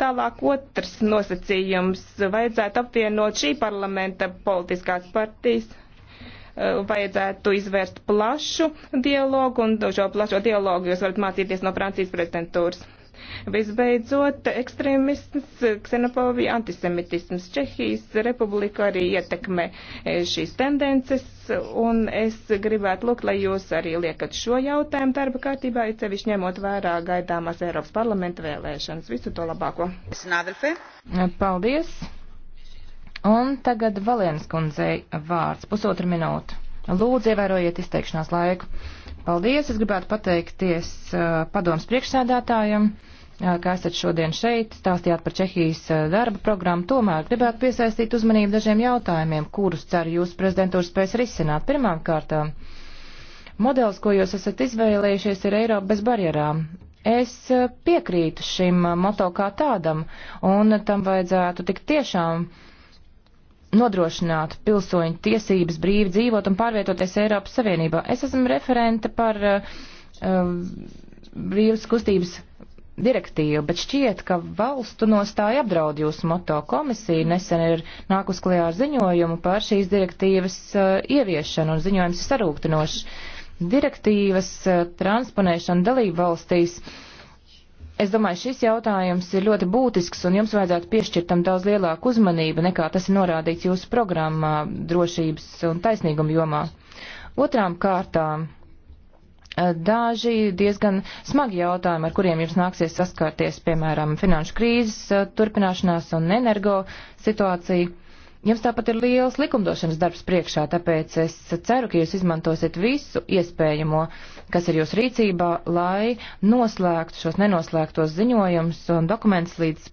Tālāk otrs nosacījums. Vajadzētu apvienot šī parlamenta politiskās partijas Eh, vajadzētu izvērst plašu dialogu, un šo plašo dialogu jūs varat mācīties no Francijas prezidentūras. Visbeidzot, ekstrēmisms, ksenofobija, antisemitisms Čehijas republika arī ietekmē eh, šīs tendences, un es gribētu lūgt, lai jūs arī liekat šo jautājumu darba kārtībā, it sevišķi ņemot vērā gaidāmās Eiropas parlamenta vēlēšanas. Visu to labāko. Paldies! Un tagad Valienas kundzei vārds pusotra minūte. Lūdzu, ievērojiet izteikšanās laiku. Paldies! Es gribētu pateikties uh, padoms priekšsēdētājam, uh, ka esat šodien šeit, stāstījāt par Čehijas uh, darba programmu. Tomēr gribētu piesaistīt uzmanību dažiem jautājumiem, kurus ceru jūs prezidentūra spēs risināt. Pirmām kārtām, uh, modelis, ko jūs esat izvēlējušies, ir Eiropa bez barjerām. Es uh, piekrītu šim uh, moto kā tādam, un tam vajadzētu tik tiešām uh, nodrošināt pilsoņu tiesības brīvi dzīvot un pārvietoties Eiropas Savienībā. Es esmu referente par uh, brīvas kustības direktīvu, bet šķiet, ka valstu nostāja apdraud jūsu moto. Komisija nesen ir nākus klajā ar ziņojumu par šīs direktīvas uh, ieviešanu un ziņojums ir sarūktinošs. Direktīvas uh, transponēšana dalību valstīs uh, Es domāju, šis jautājums ir ļoti būtisks un jums vajadzētu piešķirt tam daudz lielāku uzmanību nekā tas ir norādīts jūsu programmā drošības un taisnīguma jomā. Otrām kārtām eh, daži diezgan smagi jautājumi, ar kuriem jums nāksies saskārties, piemēram, finanšu krīzes eh, turpināšanās un energo situācija. Jums tāpat ir liels likumdošanas darbs priekšā, tāpēc es ceru, ka jūs izmantosiet visu iespējamo, kas ir jūs rīcībā, lai noslēgtu šos nenoslēgtos ziņojumus un dokumentus līdz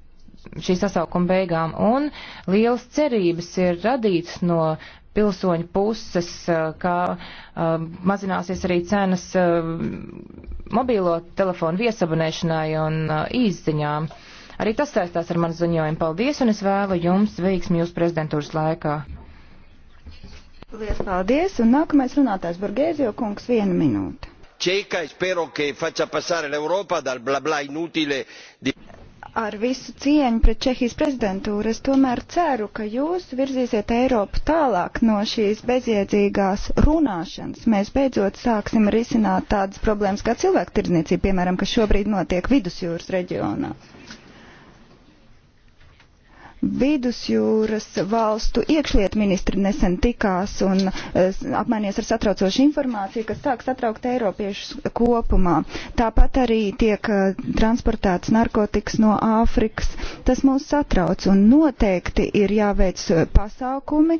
šī sasaukuma beigām. Un liels cerības ir radīts no pilsoņu puses, kā uh, mazināsies arī cenas uh, mobīlo telefonu viesabunēšanai un uh, īsziņām. Uh, Arī tas saistās ar manu ziņojumu. Paldies, un es vēlu jums veiksmi jūsu prezidentūras laikā. Lielas paldies, un nākamais runātājs Borgēzio kungs viena minūte. Cieca e spero che faccia passare l'Europa dal bla bla inutile di ar visu cieņu pret Čehijas prezidentūru, es tomēr ceru, ka jūs virzīsiet Eiropu tālāk no šīs bezjēdzīgās runāšanas. Mēs beidzot sāksim risināt tādas problēmas kā cilvēku tirdzniecība, piemēram, kas šobrīd notiek vidusjūras reģionā. Vidusjūras valstu iekšlietu ministri nesen tikās un eh, apmainies ar satraucošu informāciju, kas sāk satraukt eiropiešus kopumā. Tāpat arī tiek eh, transportēts narkotikas no Āfrikas. Tas mūs satrauc un noteikti ir jāveic eh, pasākumi,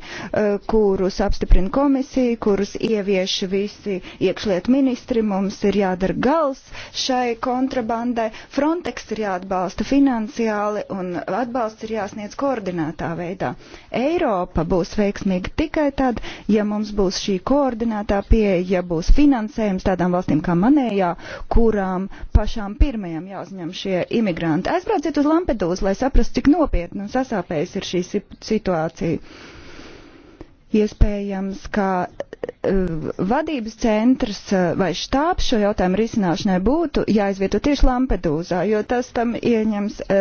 kurus apstiprina komisija, kurus ievieš visi iekšlietu ministri. Mums ir jādara gals šai kontrabandai. Frontex ir jāatbalsta finansiāli un atbalsts ir jāsniedz koordinētā veidā. Eiropa būs veiksmīga tikai tad, ja mums būs šī koordinētā pieeja, ja būs finansējums tādām valstīm kā manējā, kurām pašām pirmajām jāuzņem šie imigranti. Aizbrauciet uz Lampedūzu, lai saprastu, cik nopietna un sasāpējusi ir šī situācija. Iespējams, ka e, vadības centrs e, vai štābs šo jautājumu risināšanai būtu jāizvieto tieši Lampedūzā, jo tas tam ieņems e,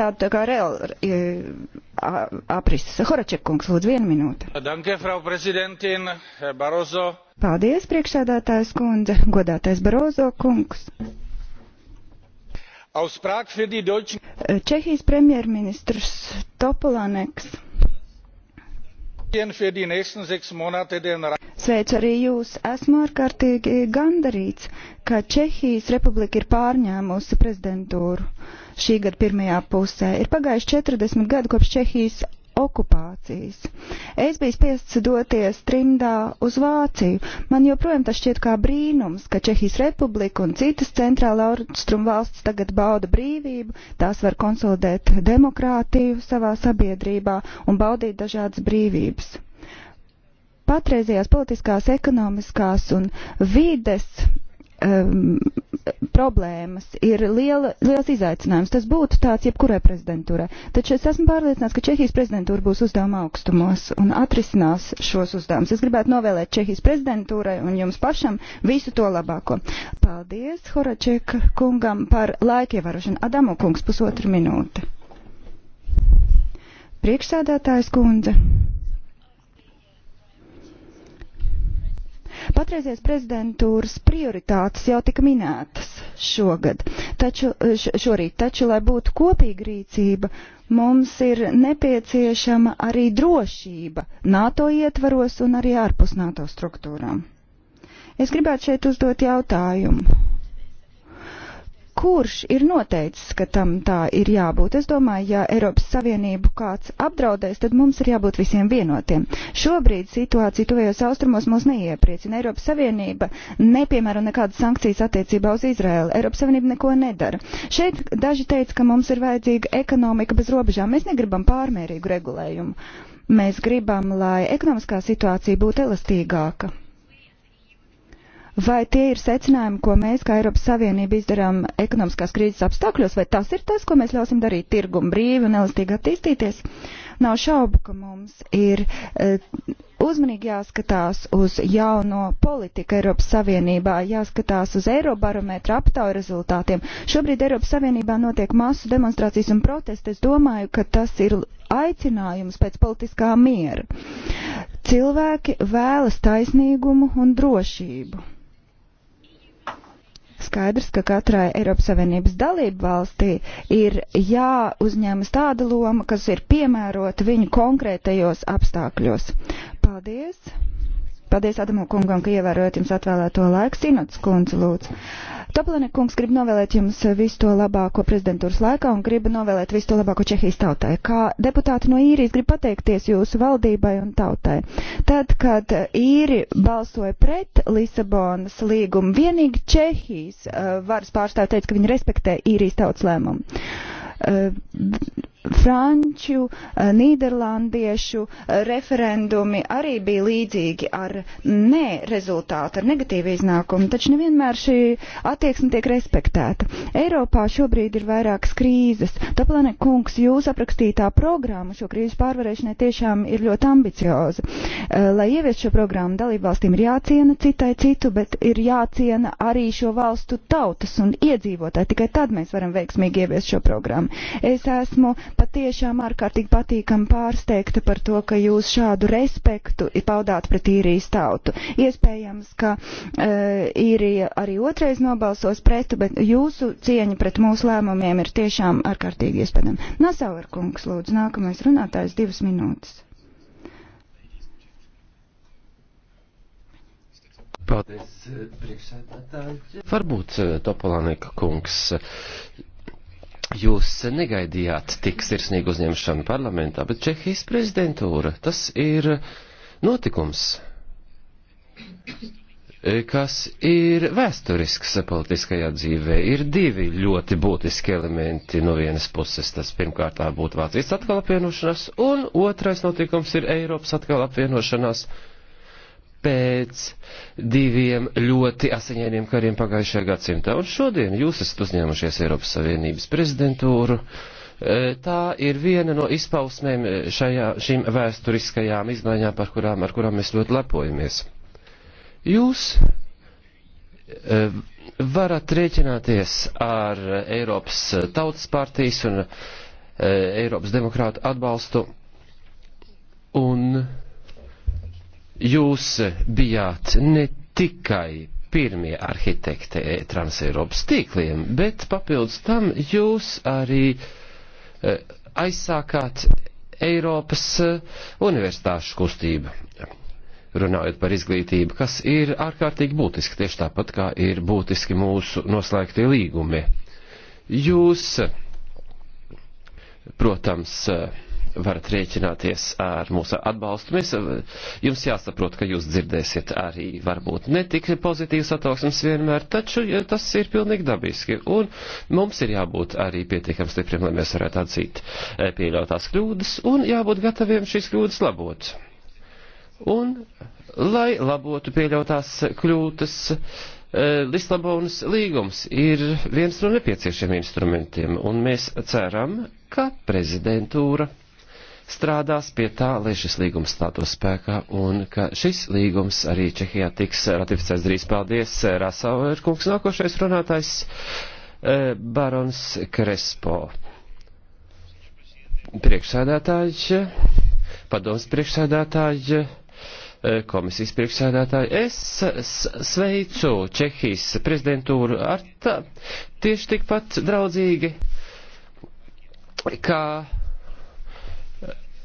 tādu tā kā reāli aprises. Horačekungs, lūdzu, vienu minūti. Danke, Frau Prezidentin, Barozo. Paldies, priekšsēdētājs kundze, godātais Barozo kungs. Čehijas premjerministrs Topolāneks Sveicu arī jūs. Esmu ārkārtīgi gandarīts, ka Čehijas republika ir pārņēmusi prezidentūru šī gada pirmajā pusē. Ir pagājuši 40 gadi kopš Čehijas okupācijas. Es biju spiests doties trimdā uz Vāciju. Man joprojām tas šķiet kā brīnums, ka Čehijas republika un citas centrāla austrum valsts tagad bauda brīvību, tās var konsolidēt demokrātiju savā sabiedrībā un baudīt dažādas brīvības patreizējās politiskās, ekonomiskās un vides um, problēmas, ir liela, liels izaicinājums. Tas būtu tāds jebkurai prezidentūrai. Taču es esmu pārliecināts, ka Čehijas prezidentūra būs uzdevuma augstumos un atrisinās šos uzdevumus. Es gribētu novēlēt Čehijas prezidentūrai un jums pašam visu to labāko. Paldies Horaček kungam par laika ievarošanu. Adamu kungs, pusotru minūti. Priekšsēdētājs kundze. Patreizies prezidentūras prioritātes jau tika minētas šogad, taču, eh, šorīt, taču, lai būtu kopīga rīcība, mums ir nepieciešama arī drošība NATO ietvaros un arī ārpus NATO struktūrām. Es gribētu šeit uzdot jautājumu kurš ir noteicis, ka tam tā ir jābūt. Es domāju, ja Eiropas Savienību kāds apdraudēs, tad mums ir jābūt visiem vienotiem. Šobrīd situācija tuvējos austrumos mūs neiepriecina. Eiropas Savienība nepiemēro nekādas sankcijas attiecībā uz Izraēlu. Eiropas Savienība neko nedara. Šeit daži teica, ka mums ir vajadzīga ekonomika bez robežām. Mēs negribam pārmērīgu regulējumu. Mēs gribam, lai ekonomiskā situācija būtu elastīgāka. Vai tie ir secinājumi, ko mēs kā Eiropas Savienība izdarām ekonomiskās krīzes apstākļos, vai tas ir tas, ko mēs ļausim darīt tirgumu brīvi un elastīgi attīstīties? Nav šaubu, ka mums ir eh, uzmanīgi jāskatās uz jauno politiku Eiropas Savienībā, jāskatās uz Eirobarometra aptauju rezultātiem. Šobrīd Eiropas Savienībā notiek masu demonstrācijas un protesti. Es domāju, ka tas ir aicinājums pēc politiskā miera. Cilvēki vēlas taisnīgumu un drošību skaidrs, ka katrai Eiropas Savienības dalību valstī ir jāuzņemas tāda loma, kas ir piemērota viņu konkrētajos apstākļos. Paldies! Paldies Adamu kungam, ka ievērojat jums atvēlēto laiku. Sinots kundze, lūdzu. Toplanek kungs grib novēlēt jums visu to labāko prezidentūras laikā un grib novēlēt visu to labāko Čehijas tautai. Kā deputāti no īrijas grib pateikties jūsu valdībai un tautai. Tad, kad īri balsoja pret Lisabonas līgumu, vienīgi Čehijas uh, varas pārstāvi teica, ka viņi respektē īrijas tautas lēmumu. Uh, Franču, eh, Nīderlandiešu eh, referendumi arī bija līdzīgi ar nē rezultātu, ar negatīvu iznākumu, taču nevienmēr šī attieksme tiek respektēta. Eiropā šobrīd ir vairākas krīzes. Taplane kungs, jūs aprakstītā programma šo krīžu pārvarēšanai tiešām ir ļoti ambicioza. Eh, lai ieviest šo programmu, dalībvalstīm ir jāciena citai citu, bet ir jāciena arī šo valstu tautas un iedzīvotāji. Tikai tad mēs varam veiksmīgi ieviest šo programmu. Es esmu patiešām ārkārtīgi patīkami pārsteigta par to, ka jūs šādu respektu paudāt pret īrijas tautu. Iespējams, ka uh, īrija arī otrais nobalsos pret, bet jūsu cieņa pret mūsu lēmumiem ir tiešām ārkārtīgi iespējama. Nasauer kungs, lūdzu, nākamais runātājs divas minūtes. Paldies, priekšsēdētāji. Varbūt e, Topolānika kungs Jūs negaidījāt tik sirsnīgu uzņemšanu parlamentā, bet Čehijas prezidentūra tas ir notikums, kas ir vēsturisks politiskajā dzīvē. Ir divi ļoti būtiski elementi no vienas puses. Tas pirmkārt būtu Vācijas atkal apvienošanās, un otrais notikums ir Eiropas atkal apvienošanās pēc diviem ļoti asiņainiem kariem pagājušajā gadsimtā. Un šodien jūs esat uzņēmušies Eiropas Savienības prezidentūru. E, tā ir viena no izpausmēm šajā, šīm vēsturiskajām izmaiņām, par kurām, ar kurām mēs ļoti lepojamies. Jūs e, varat rēķināties ar Eiropas tautas partijas un e, Eiropas demokrātu atbalstu un jūs bijāt ne tikai pirmie arhitekti Transeiropas tīkliem, bet papildus tam jūs arī eh, aizsākāt Eiropas eh, universitāšu kustību, runājot par izglītību, kas ir ārkārtīgi būtiski, tieši tāpat kā ir būtiski mūsu noslēgtie līgumi. Jūs, eh, protams, varat rēķināties ar mūsu atbalstu. Mēs, eh, jums jāsaprot, ka jūs dzirdēsiet arī varbūt netik pozitīvas atsauksmes vienmēr, taču ja, tas ir pilnīgi dabiski. Un mums ir jābūt arī pietiekam stipriem, lai mēs varētu atzīt eh, pieļautās kļūdas un jābūt gataviem šīs kļūdas labot. Un, lai labotu pieļautās kļūdas, eh, Lisabonas līgums ir viens no nepieciešamiem instrumentiem, un mēs ceram, ka prezidentūra strādās pie tā, lai šis līgums stātos spēkā un ka šis līgums arī Čehijā tiks ratificēts drīz. Paldies, eh, Rasauer kungs, nākošais runātājs eh, Barons Krespo. Priekšsēdētāji, padoms priekšsēdētāji eh, komisijas priekšsēdētāji. Es sveicu Čehijas prezidentūru ar tā, tieši tikpat draudzīgi, kā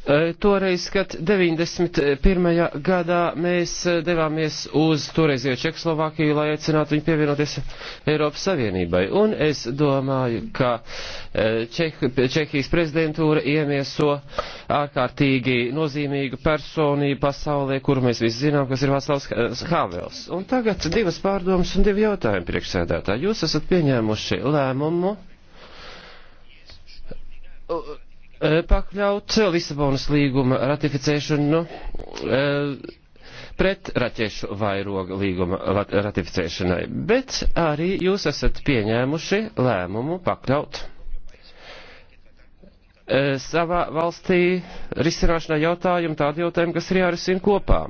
E, toreiz, kad 91. gadā mēs e, devāmies uz toreizējo Čekoslovākiju, lai aicinātu viņu pievienoties Eiropas Savienībai. Un es domāju, ka e, Čeh, Čehijas prezidentūra iemieso ārkārtīgi nozīmīgu personību pasaulē, kuru mēs visi zinām, kas ir Vāclavs Havels. Un tagad divas pārdomas un divi jautājumi priekšsēdētāji. Jūs esat pieņēmuši lēmumu Eh, pakļaut Lisabonas līguma ratificēšanu eh, pret raķešu vairoga līguma ratificēšanai, bet arī jūs esat pieņēmuši lēmumu pakļaut eh, savā valstī risināšanai jautājumu tādu jautājumu, kas ir jārisina kopā.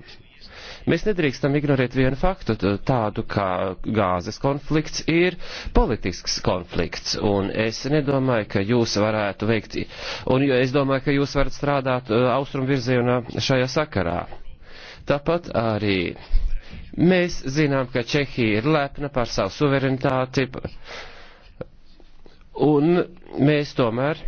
Mēs nedrīkstam ignorēt vienu faktu, tādu kā gāzes konflikts ir politisks konflikts, un es nedomāju, ka jūs varētu veikt, un es domāju, ka jūs varat strādāt uh, austrumu virzienā šajā sakarā. Tāpat arī mēs zinām, ka Čehija ir lepna par savu suverenitāti, un mēs tomēr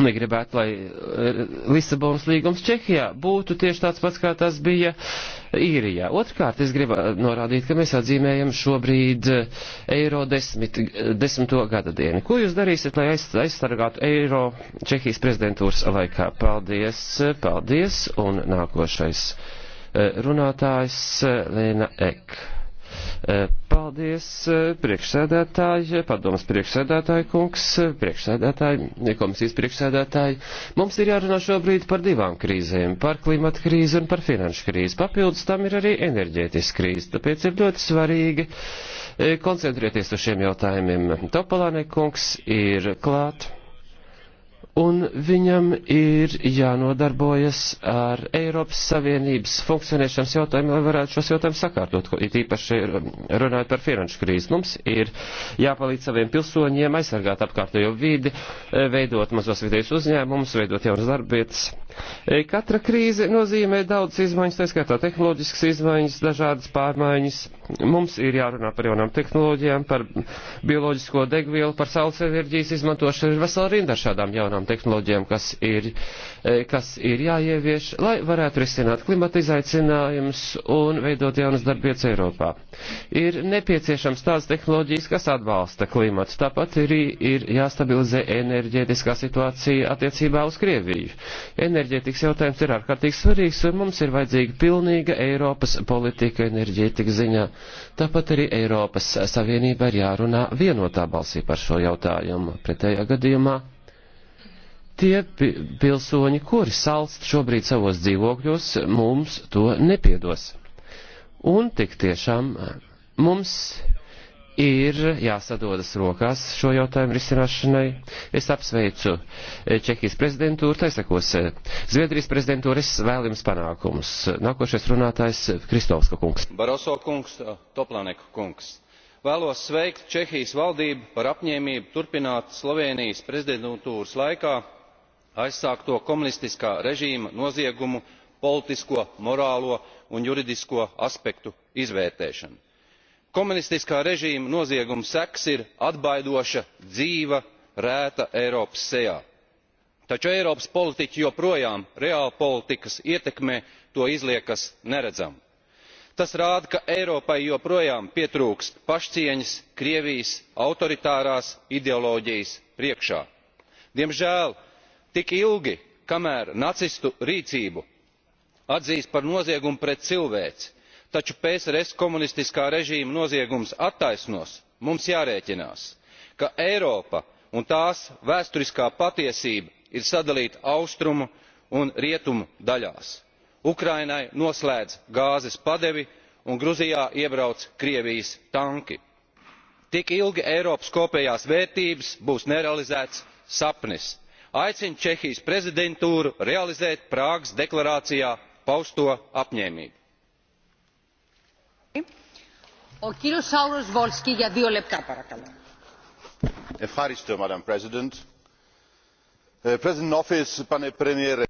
negribētu, lai uh, Lisabonas līgums Čehijā būtu tieši tāds pats, kā tas bija uh, īrijā. Otrkārt, es gribu eh, norādīt, ka mēs atzīmējam šobrīd eh, eiro desmit, eh, desmito gada dienu. Ko jūs darīsiet, lai aizsargātu eiro Čehijas prezidentūras laikā? Paldies, paldies, un nākošais runātājs Lēna Ek. Eh, paldies, eh, priekšsēdētāji, padomas priekšsēdētāji kungs, eh, priekšsēdētāji, komisijas priekšsēdētāji. Mums ir jārunā šobrīd par divām krīzēm - par klimata krīzi un par finanšu krīzi. Papildus tam ir arī enerģētiska krīze, tāpēc ir ļoti svarīgi koncentrēties uz šiem jautājumiem. Topolāne kungs ir klāt un viņam ir jānodarbojas ar Eiropas Savienības funkcionēšanas jautājumiem, lai varētu šos jautājumus sakārtot, it īpaši runājot par finanšu krīzi. Mums ir jāpalīdz saviem pilsoņiem aizsargāt apkārtējo vidi, veidot mazos vidējus uzņēmumus, veidot jaunas darbvietas. Katra krīze nozīmē daudz izmaiņas, tā skaitā tehnoloģiskas izmaiņas, dažādas pārmaiņas. Mums ir jārunā par jaunām tehnoloģijām, par bioloģisko degvielu, par saules enerģijas izmantošanu, ir vesela rinda ar šādām jaunām tehnoloģijām, kas ir, e, kas ir jāievieš, lai varētu risināt klimata izaicinājumus un veidot jaunas darbietas Eiropā. Ir nepieciešams tās tehnoloģijas, kas atbalsta klimatu. Tāpat arī ir jāstabilizē enerģētiskā situācija attiecībā uz Krieviju. Enerģētikas jautājums ir ārkārtīgi svarīgs, un mums ir vajadzīga pilnīga Eiropas politika enerģētikas ziņā. Tāpat arī Eiropas Savienība ir jārunā vienotā balsī par šo jautājumu. Pretējā gadījumā Tie pilsoņi, kuri salst šobrīd savos dzīvokļos, mums to nepiedos. Un tik tiešām mums ir jāsadodas rokās šo jautājumu risināšanai. Es apsveicu eh, Čehijas prezidentūru, tai sekos eh, Zviedrijas prezidentūru, es vēlu jums panākumus. Nākošais runātājs eh, Kristovska kungs. Baroso kungs, Toplaneku kungs. Vēlos sveikt Čehijas valdību par apņēmību turpināt Slovenijas prezidentūras laikā aizsākto komunistiskā režīma noziegumu politisko morālo un juridisko aspektu izvērtēšanu. komunistiskā režīma noziegumu sekas ir atbaidoša dzīva rēta eiropas sejā taču eiropas politiķi joprojām reālpolitikas ietekmē to izliekas neredzam. tas rāda ka eiropai joprojām pietrūkst pašcieņas krievijas autoritārās ideoloģijas priekšā. diemžēl tik ilgi kamēr nacistu rīcību atzīst par noziegumu pret cilvēci taču psrs komunistiskā režīma noziegumus attaisnos mums jārēķinās ka eiropa un tās vēsturiskā patiesība ir sadalīta austrumu un rietumu daļās ukrainai noslēdz gāzes padevi un gruzijā iebrauc krievijas tanki. tik ilgi eiropas kopējās vērtības būs nerealizēts sapnis aicina čehijas prezidentūru realizēt prāgas deklarācijā pausto apņēmību. madam president president in office pane premjere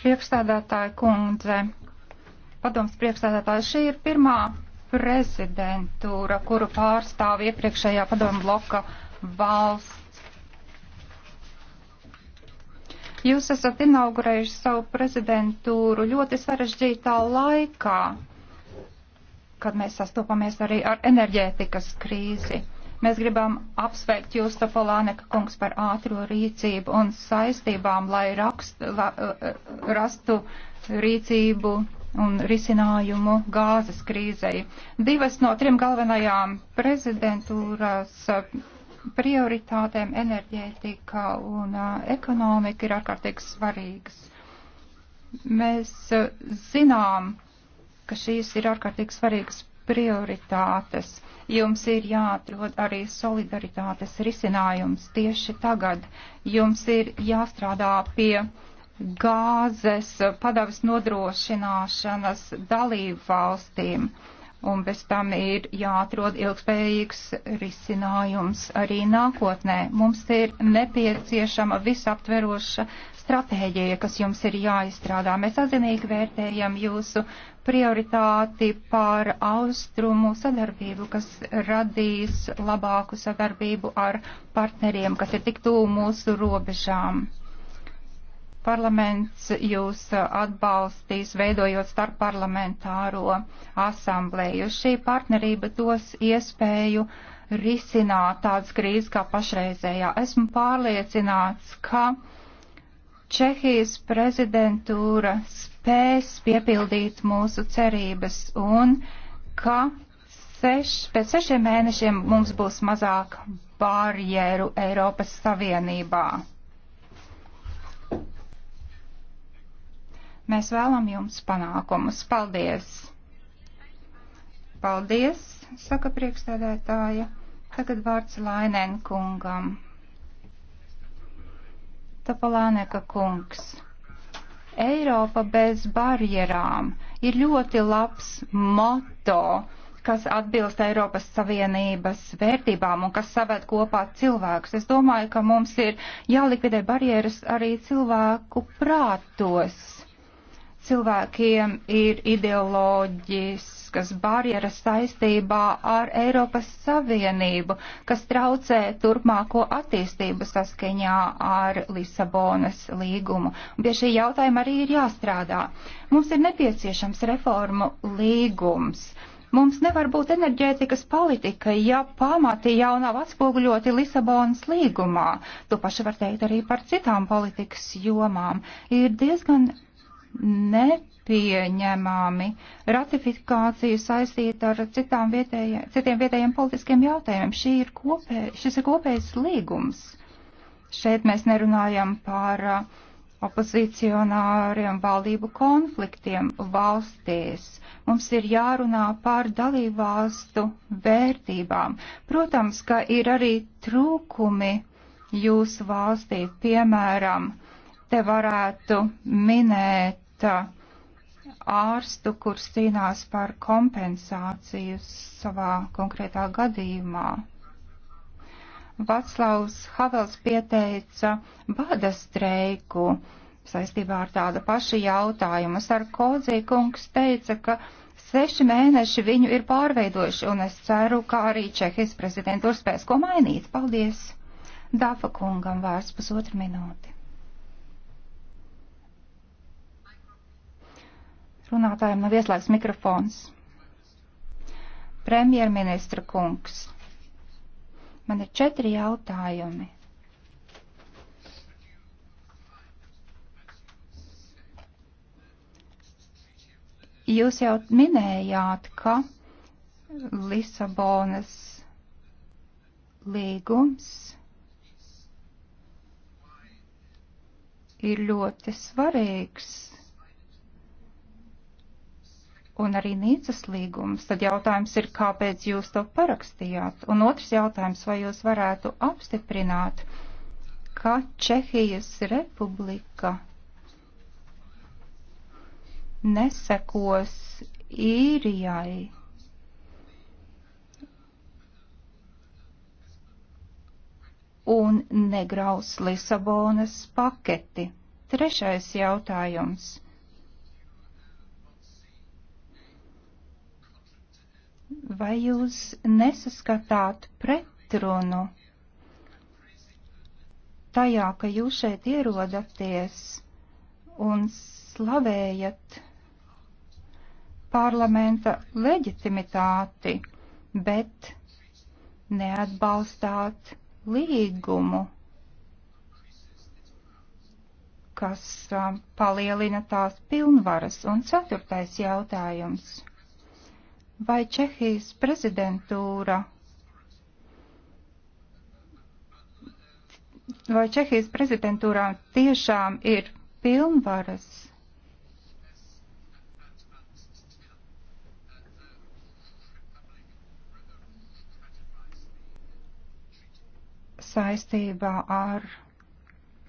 priekšsēdētāja kundze padomes priekšsēdētāja šī ir pirmā prezidentūra kuru pārstāv iepriekšējā padomu bloka valsts Jūs esat inaugurējuši savu prezidentūru ļoti sarežģītā laikā, kad mēs sastopamies arī ar enerģētikas krīzi. Mēs gribam apsveikt jūs, Topolāneka kungs, par ātro rīcību un saistībām, lai rakst, la, eh, rastu rīcību un risinājumu gāzes krīzei. Divas no trim galvenajām prezidentūras prioritātēm enerģētika un ekonomika ir ārkārtīgi svarīgas. Mēs zinām, ka šīs ir ārkārtīgi svarīgas prioritātes. Jums ir jāatrod arī solidaritātes risinājums tieši tagad. Jums ir jāstrādā pie gāzes padavis nodrošināšanas dalību valstīm. Uh, un bez tam ir jāatrod ilgspējīgs risinājums arī nākotnē. Mums ir nepieciešama visaptveroša stratēģija, kas jums ir jāizstrādā. Mēs atzinīgi vērtējam jūsu prioritāti par austrumu sadarbību, kas radīs labāku sadarbību ar partneriem, kas ir tik tūlu mūsu robežām. Parlaments jūs atbalstīs, veidojot starpparlamentāro asamblēju. Šī partnerība dos iespēju risināt tādas krīzes kā pašreizējā. Esmu pārliecināts, ka Čehijas prezidentūra spēs piepildīt mūsu cerības un ka seš, pēc sešiem mēnešiem mums būs mazāk barjeru Eiropas Savienībā. Mēs vēlam jums panākumus. Paldies! Paldies, saka priekšstādētāja. Tagad vārds Lainēn kungam. Tapalāneka kungs. Eiropa bez barjerām ir ļoti labs moto, kas atbilst Eiropas Savienības vērtībām un kas saved kopā cilvēkus. Es domāju, ka mums ir jālikvidē barjeras arī cilvēku prātos cilvēkiem ir ideoloģiskas barjeras saistībā ar Eiropas Savienību, kas traucē turpmāko attīstību saskaņā ar Lisabonas līgumu. Un pie šī jautājuma arī ir jāstrādā. Mums ir nepieciešams reformu līgums. Mums nevar būt enerģētikas politika, ja pamati jau nav atspoguļoti Lisabonas līgumā. To pašu var teikt arī par citām politikas jomām. Ir diezgan nepieņemami ratifikācija saistīta ar citām vietēja, citiem vietējiem politiskiem jautājumiem. Šī ir kopē, šis ir kopējs līgums. Šeit mēs nerunājam par uh, opozicionāriem valdību konfliktiem valstīs. Mums ir jārunā par dalībvalstu vērtībām. Protams, ka ir arī trūkumi jūsu valstī, piemēram, uh, Te varētu minēt uh, ārstu, kurš cīnās par kompensāciju savā konkrētā gadījumā. Vaclavs Havels pieteica bada streiku saistībā ar tādu pašu jautājumu. Sarkozī kungs teica, ka seši mēneši viņu ir pārveidojuši, un es ceru, ka arī Čehijas prezidentūra spēs ko mainīt. Paldies! Dafa kungam vārds pusotru minūti. Runātājiem nav ieslēgts mikrofons. Premjerministra kungs, man ir četri jautājumi. Jūs jau minējāt, ka Lisabonas līgums ir ļoti svarīgs un arī Nīcas līgums, tad jautājums ir, kāpēc jūs to parakstījāt? Un otrs jautājums, vai jūs varētu apstiprināt, ka Čehijas republika nesekos īrijai? un negraus Lisabonas paketi. Trešais jautājums. vai jūs nesaskatāt pretrunu tajā, ka jūs šeit ierodaties un slavējat parlamenta leģitimitāti, bet neatbalstāt līgumu, kas um, palielina tās pilnvaras. Un ceturtais jautājums vai Čehijas prezidentūra vai Čehijas prezidentūrā tiešām ir pilnvaras saistībā ar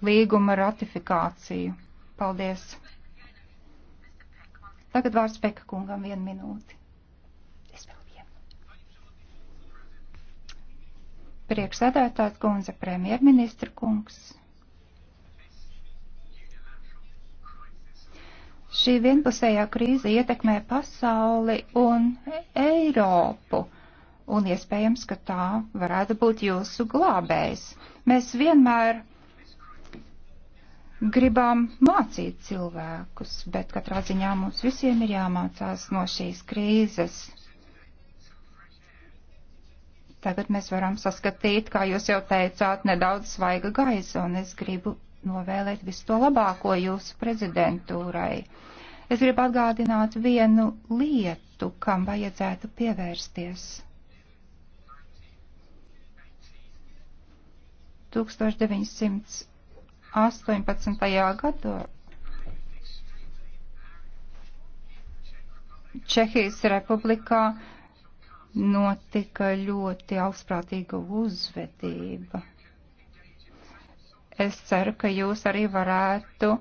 līguma ratifikāciju. Paldies! Tagad vārds Peka kungam vienu minūti. Priekšsēdētājs kundze, premjerministra kungs. Šī vienpusējā krīze ietekmē pasauli un Eiropu, un iespējams, ka tā varētu būt jūsu glābējs. Mēs vienmēr gribam mācīt cilvēkus, bet katrā ziņā mums visiem ir jāmācās no šīs krīzes. Tagad mēs varam saskatīt, kā jūs jau teicāt, nedaudz svaiga gaisa, un es gribu novēlēt visu to labāko jūsu prezidentūrai. Es gribu atgādināt vienu lietu, kam vajadzētu pievērsties. 1918. gadā Čehijas republikā notika ļoti augstprātīga uzvedība. Es ceru, ka jūs arī varētu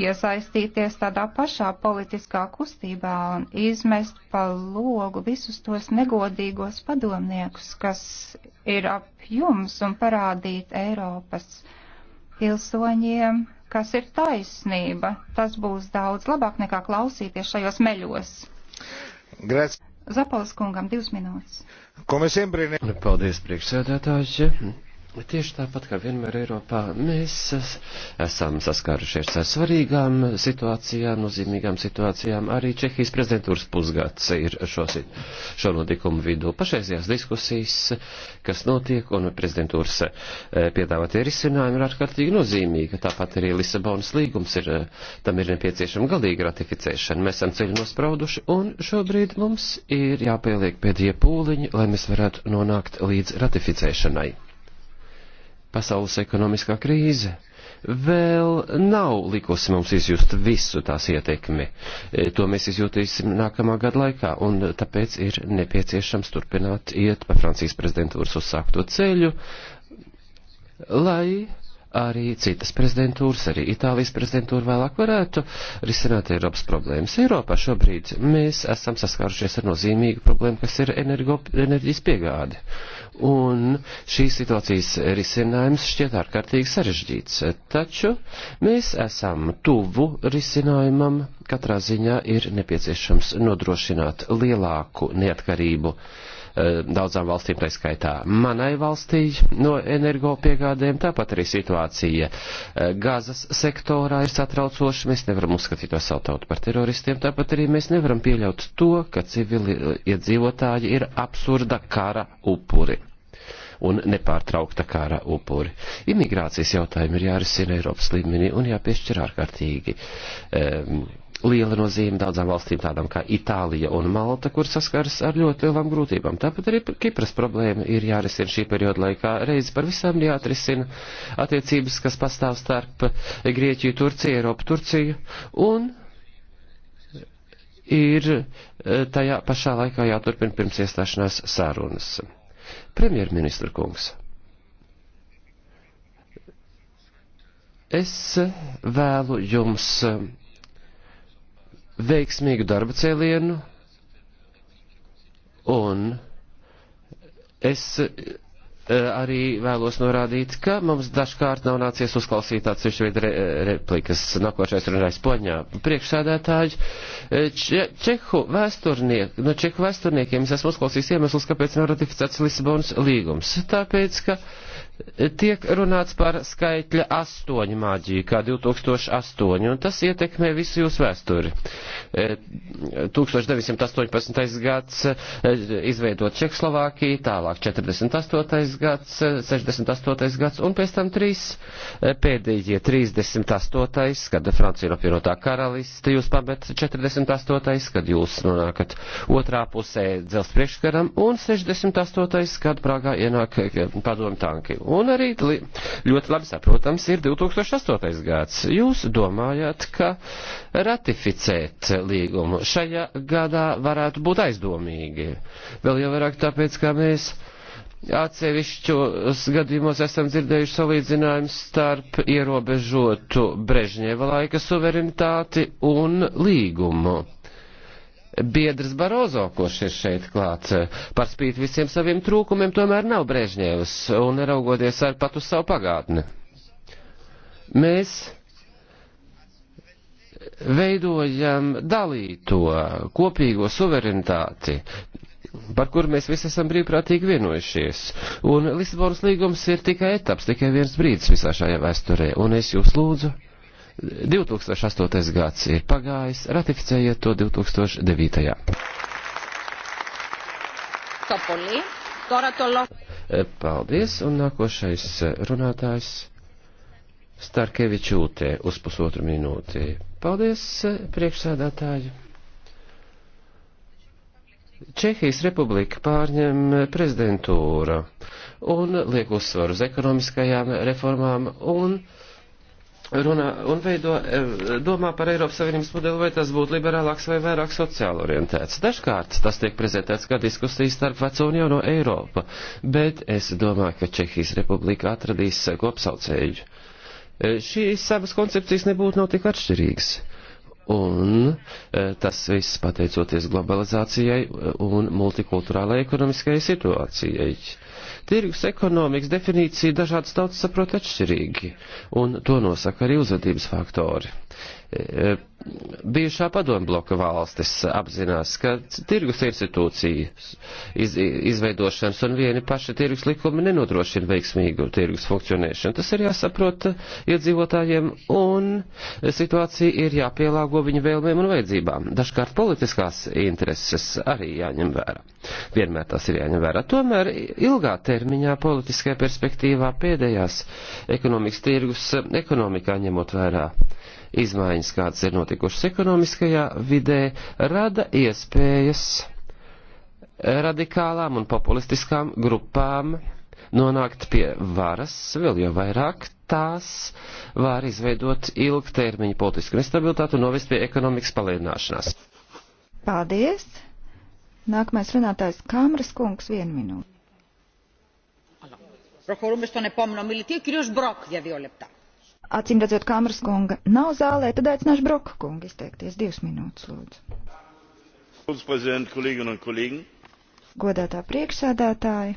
iesaistīties tādā pašā politiskā kustībā un izmest pa logu visus tos negodīgos padomniekus, kas ir ap jums un parādīt Eiropas pilsoņiem, kas ir taisnība. Tas būs daudz labāk nekā klausīties šajos meļos. Grēc. Zapalas kungam divas minūtes. Paldies, priekšsēdētāji. Tieši tāpat kā vienmēr Eiropā, mēs esam saskārušies ar svarīgām situācijām, nozīmīgām situācijām. Arī Čehijas prezidentūras pusgads ir šo, šo notikumu vidū. Pašreizajās diskusijas, kas notiek, un prezidentūras e, piedāvātie risinājumi ir ārkārtīgi nozīmīgi. Tāpat arī Lisabonas līgums ir, e, tam ir nepieciešama galīga ratificēšana. Mēs esam ceļu nosprauduši, un šobrīd mums ir jāpieliek pēdējie pūliņi, lai mēs varētu nonākt līdz ratificēšanai pasaules ekonomiskā krīze vēl nav likusi mums izjust visu tās ietekmi. E, to mēs izjūtīsim nākamā gada laikā, un tāpēc ir nepieciešams turpināt iet pa Francijas prezidentūras uzsākto ceļu, lai arī citas prezidentūras, arī Itālijas prezidentūra vēlāk varētu risināt Eiropas problēmas. Eiropā šobrīd mēs esam saskārušies ar nozīmīgu problēmu, kas ir energo, enerģijas piegāde. Un šīs situācijas risinājums šķiet ārkārtīgi sarežģīts, taču mēs esam tuvu risinājumam, katrā ziņā ir nepieciešams nodrošināt lielāku neatkarību Eh, daudzām valstīm, tā skaitā manai valstī no energopiegādēm. Tāpat arī situācija eh, gazas sektorā ir satraucoša. Mēs nevaram uzskatīt to savu tautu par teroristiem. Tāpat arī mēs nevaram pieļaut to, ka civili iedzīvotāji ir absurda kara upuri un nepārtraukta kara upuri. Imigrācijas jautājumi ir jārisina Eiropas līmenī un jāpiešķir ārkārtīgi. Um, liela nozīme daudzām valstīm, tādām kā Itālija un Malta, kur saskaras ar ļoti lielām grūtībām. Tāpat arī Kipras problēma ir jārisina šī perioda laikā. Reizi par visām jāatrisina attiecības, kas pastāv starp Grieķiju, Turciju, Eiropu, Turciju un ir e, tajā pašā laikā jāturpina pirms iestāšanās sārunas. Premjerministra kungs. Es vēlu jums veiksmīgu darba cēlienu, un es eh, arī vēlos norādīt, ka mums dažkārt nav nācies uzklausīt tāds višķveida re replikas nākošais runājs poņā. Priekšsēdētāji, eh, če čehu, vēsturniek, no čehu vēsturniekiem es esmu uzklausījis iemeslus, kāpēc nav ratificēts Lisabonas līgums. Tāpēc, ka tiek runāts par skaitļa astoņu maģiju, kā 2008, un tas ietekmē visu jūsu vēsturi. 1918. E, gads e, izveidot Čekslovākiju, tālāk 48. gads, 68. E, gads, un pēc tam trīs pēdējie 38. kad Francija ir apvienotā karaliste, jūs pamet 48. kad jūs nonākat otrā pusē dzels priekškaram, un 68. kad Prāgā ienāk padomu tanki Un arī li, ļoti labi saprotams ir 2008. gads. Jūs domājat, ka ratificēt līgumu šajā gadā varētu būt aizdomīgi. Vēl jau vairāk tāpēc, ka mēs atsevišķos gadījumos esam dzirdējuši salīdzinājumus starp ierobežotu Brežņeva laika suverenitāti un līgumu biedrs Barozo, kurš ir šeit klāts, par spīti visiem saviem trūkumiem, tomēr nav Brežņēvs un neraugoties ar pat uz savu pagātni. Mēs veidojam dalīto kopīgo suverenitāti, par kur mēs visi esam brīvprātīgi vienojušies. Un Lisabonas līgums ir tikai etaps, tikai viens brīdis visā šajā vēsturē. Un es jūs lūdzu 2008. gads ir pagājis, ratificējiet to 2009. Eh, paldies, un nākošais eh, runātājs Starkevičūtē uz pusotru minūti. Paldies, eh, priekšsēdētāji! Čehijas republika pārņem prezidentūra un liek uzsvaru uz ekonomiskajām reformām un uh, runā un veido, e, domā par Eiropas Savienības modeli, vai tas būtu liberālāks vai vairāk sociāli orientēts. Dažkārt tas tiek prezentēts kā diskusijas starp veco un jauno Eiropu, bet es domāju, ka Čehijas republika atradīs kopsaucēju. E, šīs abas koncepcijas nebūtu nav tik atšķirīgas. Un e, tas viss pateicoties globalizācijai un multikulturālajai ekonomiskajai situācijai. Tirgus ekonomikas definīcija dažādas tautas saprot atšķirīgi, un to nosaka arī uzvedības faktori. E, e, bijušā padombloka valstis apzinās, ka tirgus institūcijas iz, izveidošanas un vieni paši tirgus likumi nenodrošina veiksmīgu tirgus funkcionēšanu. Tas ir jāsaprot iedzīvotājiem un situācija ir jāpielāgo viņu vēlmēm un vajadzībām. Dažkārt politiskās intereses arī jāņem vērā. Vienmēr tas ir jāņem vērā. Tomēr ilgā termiņā politiskajā perspektīvā pēdējās ekonomikas tirgus ekonomikā ņemot vērā izmaiņas, kādas ir notikušas ekonomiskajā vidē, rada iespējas radikālām un populistiskām grupām nonākt pie varas, vēl jau vairāk tās var izveidot ilgtermiņa politisku nestabilitātu un novest pie ekonomikas palielināšanās. Paldies! Nākamais runātājs Kāmras kungs vienu minūti. Προχωρούμε στον επόμενο μιλητή, ο κύριος Μπροκ για δύο λεπτά. Acīm redzot, kameras kunga nav zālē, tad aicināšu Broka kungu izteikties. Divas minūtes, lūdzu. Godātā priekšsēdētāji,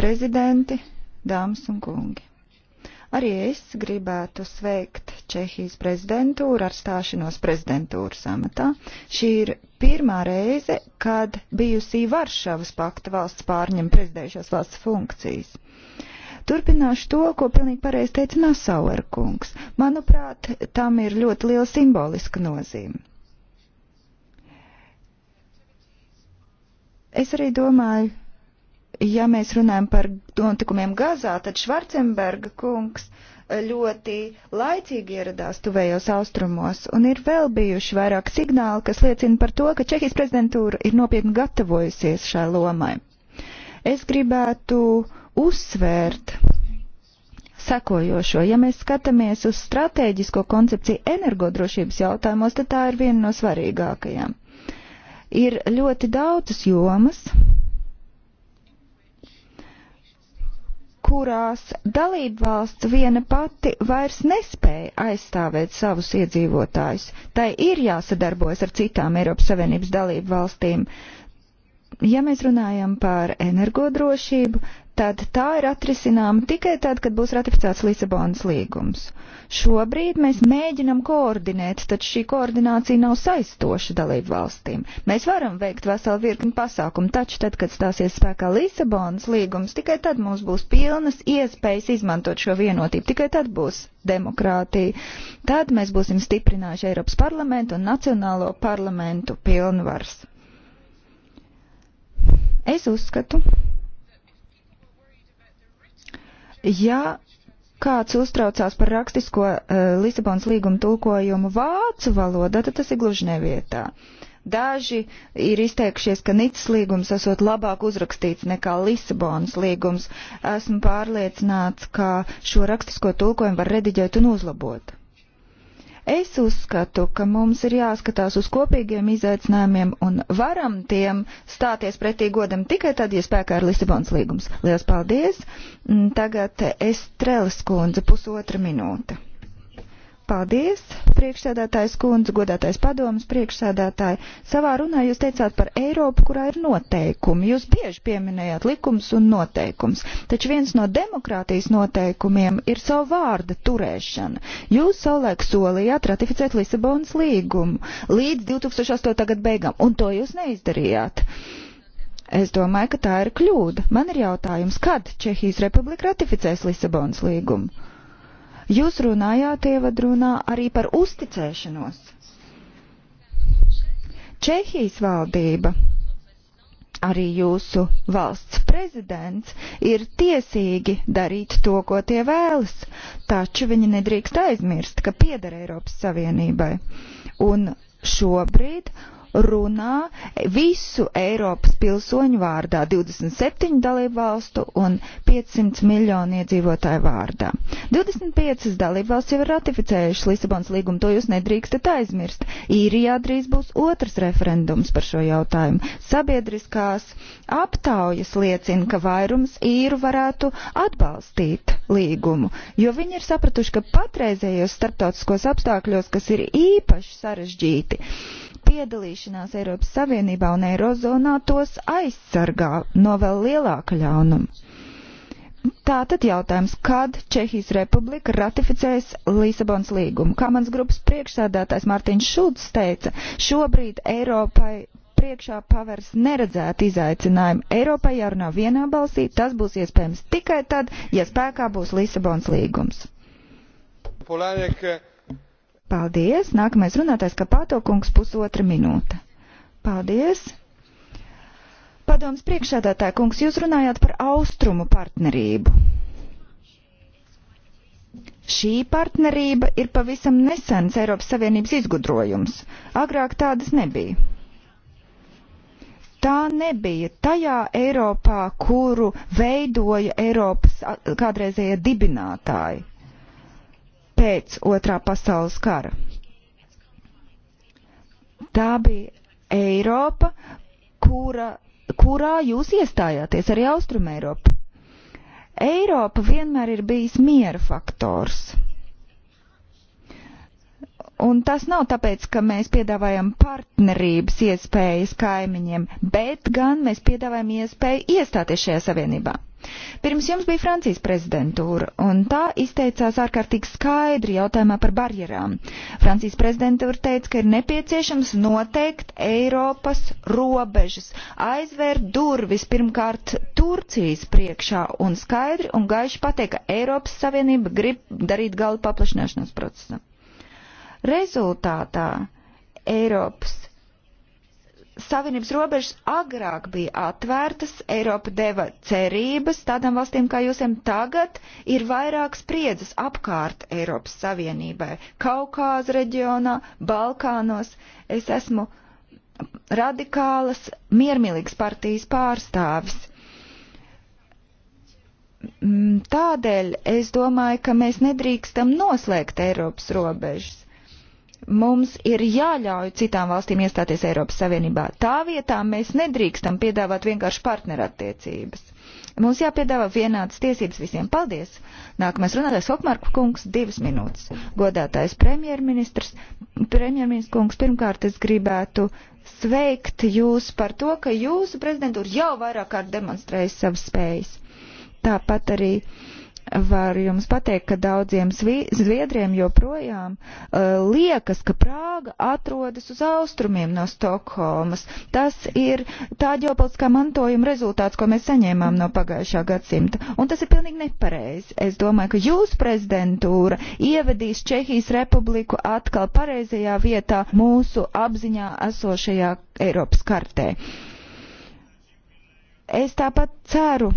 prezidenti, dāmas un kungi. Arī es gribētu sveikt Čehijas prezidentūru ar stāšanos prezidentūras amatā. Šī ir pirmā reize, kad bijusī Varšavas pakta valsts pārņem prezidējušās valsts funkcijas. Turpināšu to, ko pilnīgi pareizi teica Nasauer kungs. Manuprāt, tam ir ļoti liela simboliska nozīme. Es arī domāju, ja mēs runājam par notikumiem Gazā, tad Švarcemberga kungs ļoti laicīgi ieradās tuvējos austrumos, un ir vēl bijuši vairāk signāli, kas liecina par to, ka Čehijas prezidentūra ir nopietni gatavojusies šai lomai. Es gribētu uzsvērt sekojošo. Ja mēs skatāmies uz strateģisko koncepciju energodrošības jautājumos, tad tā ir viena no svarīgākajām. Ir ļoti daudzas jomas, kurās dalība valsts viena pati vairs nespēja aizstāvēt savus iedzīvotājus. Tai ir jāsadarbojas ar citām Eiropas Savienības dalību valstīm. Ja mēs runājam par energodrošību, tad tā ir atrisināma tikai tad, kad būs ratificēts Lisabonas līgums. Šobrīd mēs mēģinam koordinēt, taču šī koordinācija nav saistoša dalību valstīm. Mēs varam veikt veselu virkni pasākumu, taču tad, kad stāsies spēkā Lisabonas līgums, tikai tad mums būs pilnas iespējas izmantot šo vienotību, tikai tad būs demokrātija. Tad mēs būsim stiprinājuši Eiropas parlamentu un Nacionālo parlamentu pilnvars. Es uzskatu, ja kāds uztraucās par rakstisko uh, Lisabonas līguma tulkojumu vācu valodā, tad tas ir gluži nevietā. Daži ir izteikušies, ka Nicas līgums esot labāk uzrakstīts nekā Lisabonas līgums. Esmu pārliecināts, ka šo rakstisko tulkojumu var rediģēt un uzlabot. Es uzskatu, ka mums ir jāskatās uz kopīgiem izaicinājumiem un varam tiem stāties pretī godam tikai tad, ja spēkā ir Lisabons līgums. Lielas paldies! Tagad Estrelas kundze pusotra minūte. Paldies, priekšsēdētājs kundze, godātais padomas priekšsēdētāji. Savā runā jūs teicāt par Eiropu, kurā ir noteikumi. Jūs bieži pieminējāt likums un noteikums, taču viens no demokrātijas noteikumiem ir savu vārdu turēšana. Jūs savulaik solījāt ratificēt Lisabonas līgumu līdz 2008. gada beigām, un to jūs neizdarījāt. Es domāju, ka tā ir kļūda. Man ir jautājums, kad Čehijas republika ratificēs Lisabonas līgumu? Jūs runājāt ievadrunā arī par uzticēšanos. Čehijas valdība, arī jūsu valsts prezidents, ir tiesīgi darīt to, ko tie vēlas, taču viņi nedrīkst aizmirst, ka pieder Eiropas Savienībai. Un šobrīd runā visu Eiropas pilsoņu vārdā, 27 dalību valstu un 500 miljonu iedzīvotāju vārdā. 25 dalību valsts jau ir ratificējušas Lisabonas līgumu, to jūs nedrīkstat aizmirst. Īrijā drīz būs otrs referendums par šo jautājumu. Sabiedriskās aptaujas liecina, ka vairums īru varētu atbalstīt līgumu, jo viņi ir sapratuši, ka patreizējos starptautiskos apstākļos, kas ir īpaši sarežģīti, piedalīšanās Eiropas Savienībā un Eirozonā tos aizsargā no vēl lielāka ļaunuma. Tātad jautājums, kad Čehijas republika ratificēs Lisabons līgumu? Kā mans grupas priekšsēdētājs Mārtiņš Šulcs teica, šobrīd Eiropai priekšā pavērs neredzētu izaicinājumu. Eiropai jārunā vienā balsī, tas būs iespējams tikai tad, ja spēkā būs Lisabons līgums. Polāniek, Paldies! Nākamais runātājs Kapāto kungs pusotra minūte. Paldies! Padoms priekšsēdētāja kungs, jūs runājāt par austrumu partnerību. Šī partnerība ir pavisam nesens Eiropas Savienības izgudrojums. Agrāk tādas nebija. Tā nebija tajā Eiropā, kuru veidoja Eiropas kādreizējie dibinātāji pēc otrā pasaules kara. Tā bija Eiropa, kura, kurā jūs iestājāties, arī Austrum Eiropa. Eiropa vienmēr ir bijis miera faktors Un tas nav tāpēc, ka mēs piedāvājam partnerības iespējas kaimiņiem, bet gan mēs piedāvājam iespēju iestāties šajā savienībā. Pirms jums bija Francijas prezidentūra, un tā izteicās ārkārtīgi skaidri jautājumā par barjerām. Francijas prezidentūra teica, ka ir nepieciešams noteikt Eiropas robežas, aizvērt durvis pirmkārt Turcijas priekšā un skaidri un gaiši pateikt, ka Eiropas Savienība grib darīt galu paplašināšanas procesam. Rezultātā Eiropas Savienības robežas agrāk bija atvērtas, Eiropa deva cerības tādām valstīm kā jūsiem. Tagad ir vairāk spriedzes apkārt Eiropas Savienībai, Kaukāza reģionā, Balkānos. Es esmu radikālas, miermīlīgas partijas pārstāvis. Mm, tādēļ es domāju, ka mēs nedrīkstam noslēgt Eiropas robežas Mums ir jāļauj citām valstīm iestāties Eiropas Savienībā. Tā vietā mēs nedrīkstam piedāvāt vienkārši partnerattiecības. Mums jāpiedāvā vienādas tiesības visiem. Paldies! Nākamais runātājs Hokmārku kungs, divas minūtes. Godātais premjerministrs, premjerministrs kungs, pirmkārt es gribētu sveikt jūs par to, ka jūsu prezidentūra jau vairāk kārt demonstrējas savas spējas. Tāpat arī uh, Varu jums pateikt, ka daudziem zviedriem joprojām uh, liekas, ka Prāga atrodas uz austrumiem no Stokholmas. Tas ir tā ģeopolitiskā mantojuma rezultāts, ko mēs saņēmām no pagājušā gadsimta. Un tas ir pilnīgi nepareizi. Es domāju, ka jūsu prezidentūra ievedīs Čehijas republiku atkal pareizajā vietā mūsu apziņā esošajā Eiropas kartē. Es tāpat ceru,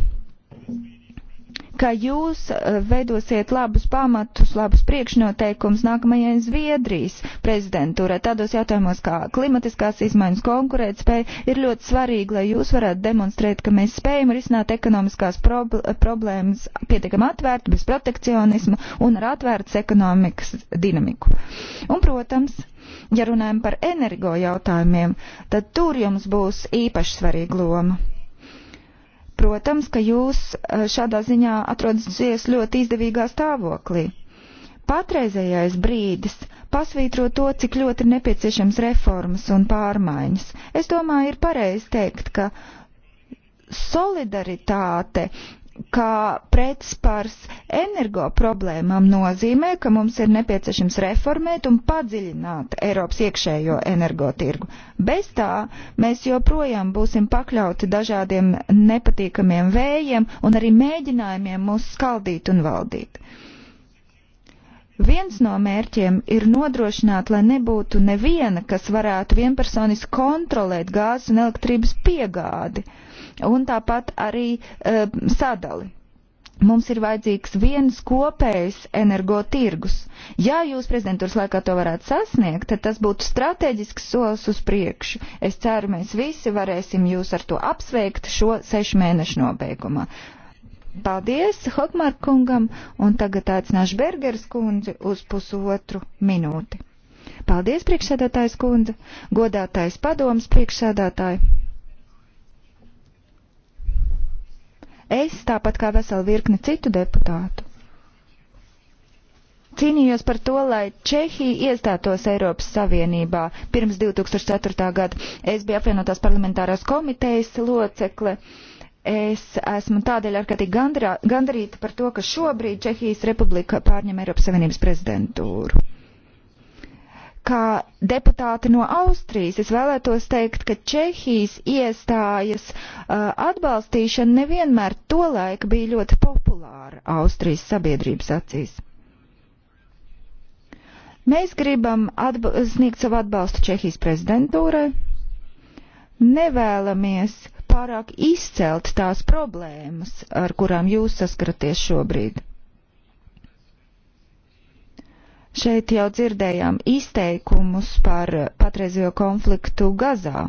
ka jūs eh, veidosiet labus pamatus, labus priekšnoteikums nākamajai Zviedrijas prezidentūrai. Tādos jautājumos kā klimatiskās izmaiņas konkurētspēja ir ļoti svarīgi, lai jūs varētu demonstrēt, ka mēs spējam risināt ekonomiskās prob problēmas pietiekam atvērti, bez protekcionisma un ar atvērtas ekonomikas dinamiku. Un, protams, ja runājam par energo jautājumiem, tad tur jums būs īpaši svarīga loma Protams, ka jūs eh, šādā ziņā atrodaties ļoti izdevīgā stāvoklī. Patreizējais brīdis pasvītro to, cik ļoti ir nepieciešams reformas un pārmaiņas. Es domāju, ir pareizi teikt, ka solidaritāte kā pretspars energo problēmām nozīmē, ka mums ir nepieciešams reformēt un padziļināt Eiropas iekšējo energotirgu. Bez tā mēs joprojām būsim pakļauti dažādiem nepatīkamiem vējiem un arī mēģinājumiem mūs skaldīt un valdīt. Viens no mērķiem ir nodrošināt, lai nebūtu neviena, kas varētu vienpersoniski kontrolēt gāzes un elektrības piegādi. Uh, un tāpat arī uh, sadali. Mums ir vajadzīgs viens kopējs energotirgus. Ja jūs prezidentūras laikā to varētu sasniegt, tad tas būtu strateģisks solis uz priekšu. Es ceru, mēs visi varēsim jūs ar to apsveikt šo sešu mēnešu nobeigumā. Paldies Hokmar kungam, un tagad aicināšu Bergeras kundzi uz pusotru minūti. Paldies, priekšsēdētājs kundze, godātais padoms priekšsēdētāji. Es, tāpat kā vesela virkne citu deputātu, cīnījos par to, lai Čehija iestātos Eiropas Savienībā pirms 2004. gada. Es biju apvienotās parlamentārās komitejas locekle. Es esmu tādēļ ārkārtīgi gandarīta par to, ka šobrīd Čehijas republika pārņem Eiropas Savienības prezidentūru kā deputāti no Austrijas, es vēlētos teikt, ka Čehijas iestājas uh, atbalstīšana nevienmēr tolaik bija ļoti populāra Austrijas sabiedrības acīs. Mēs gribam sniegt savu atbalstu Čehijas prezidentūrai, nevēlamies pārāk izcelt tās problēmas, ar kurām jūs saskaraties šobrīd Šeit jau dzirdējām izteikumus par patreizējo konfliktu Gazā.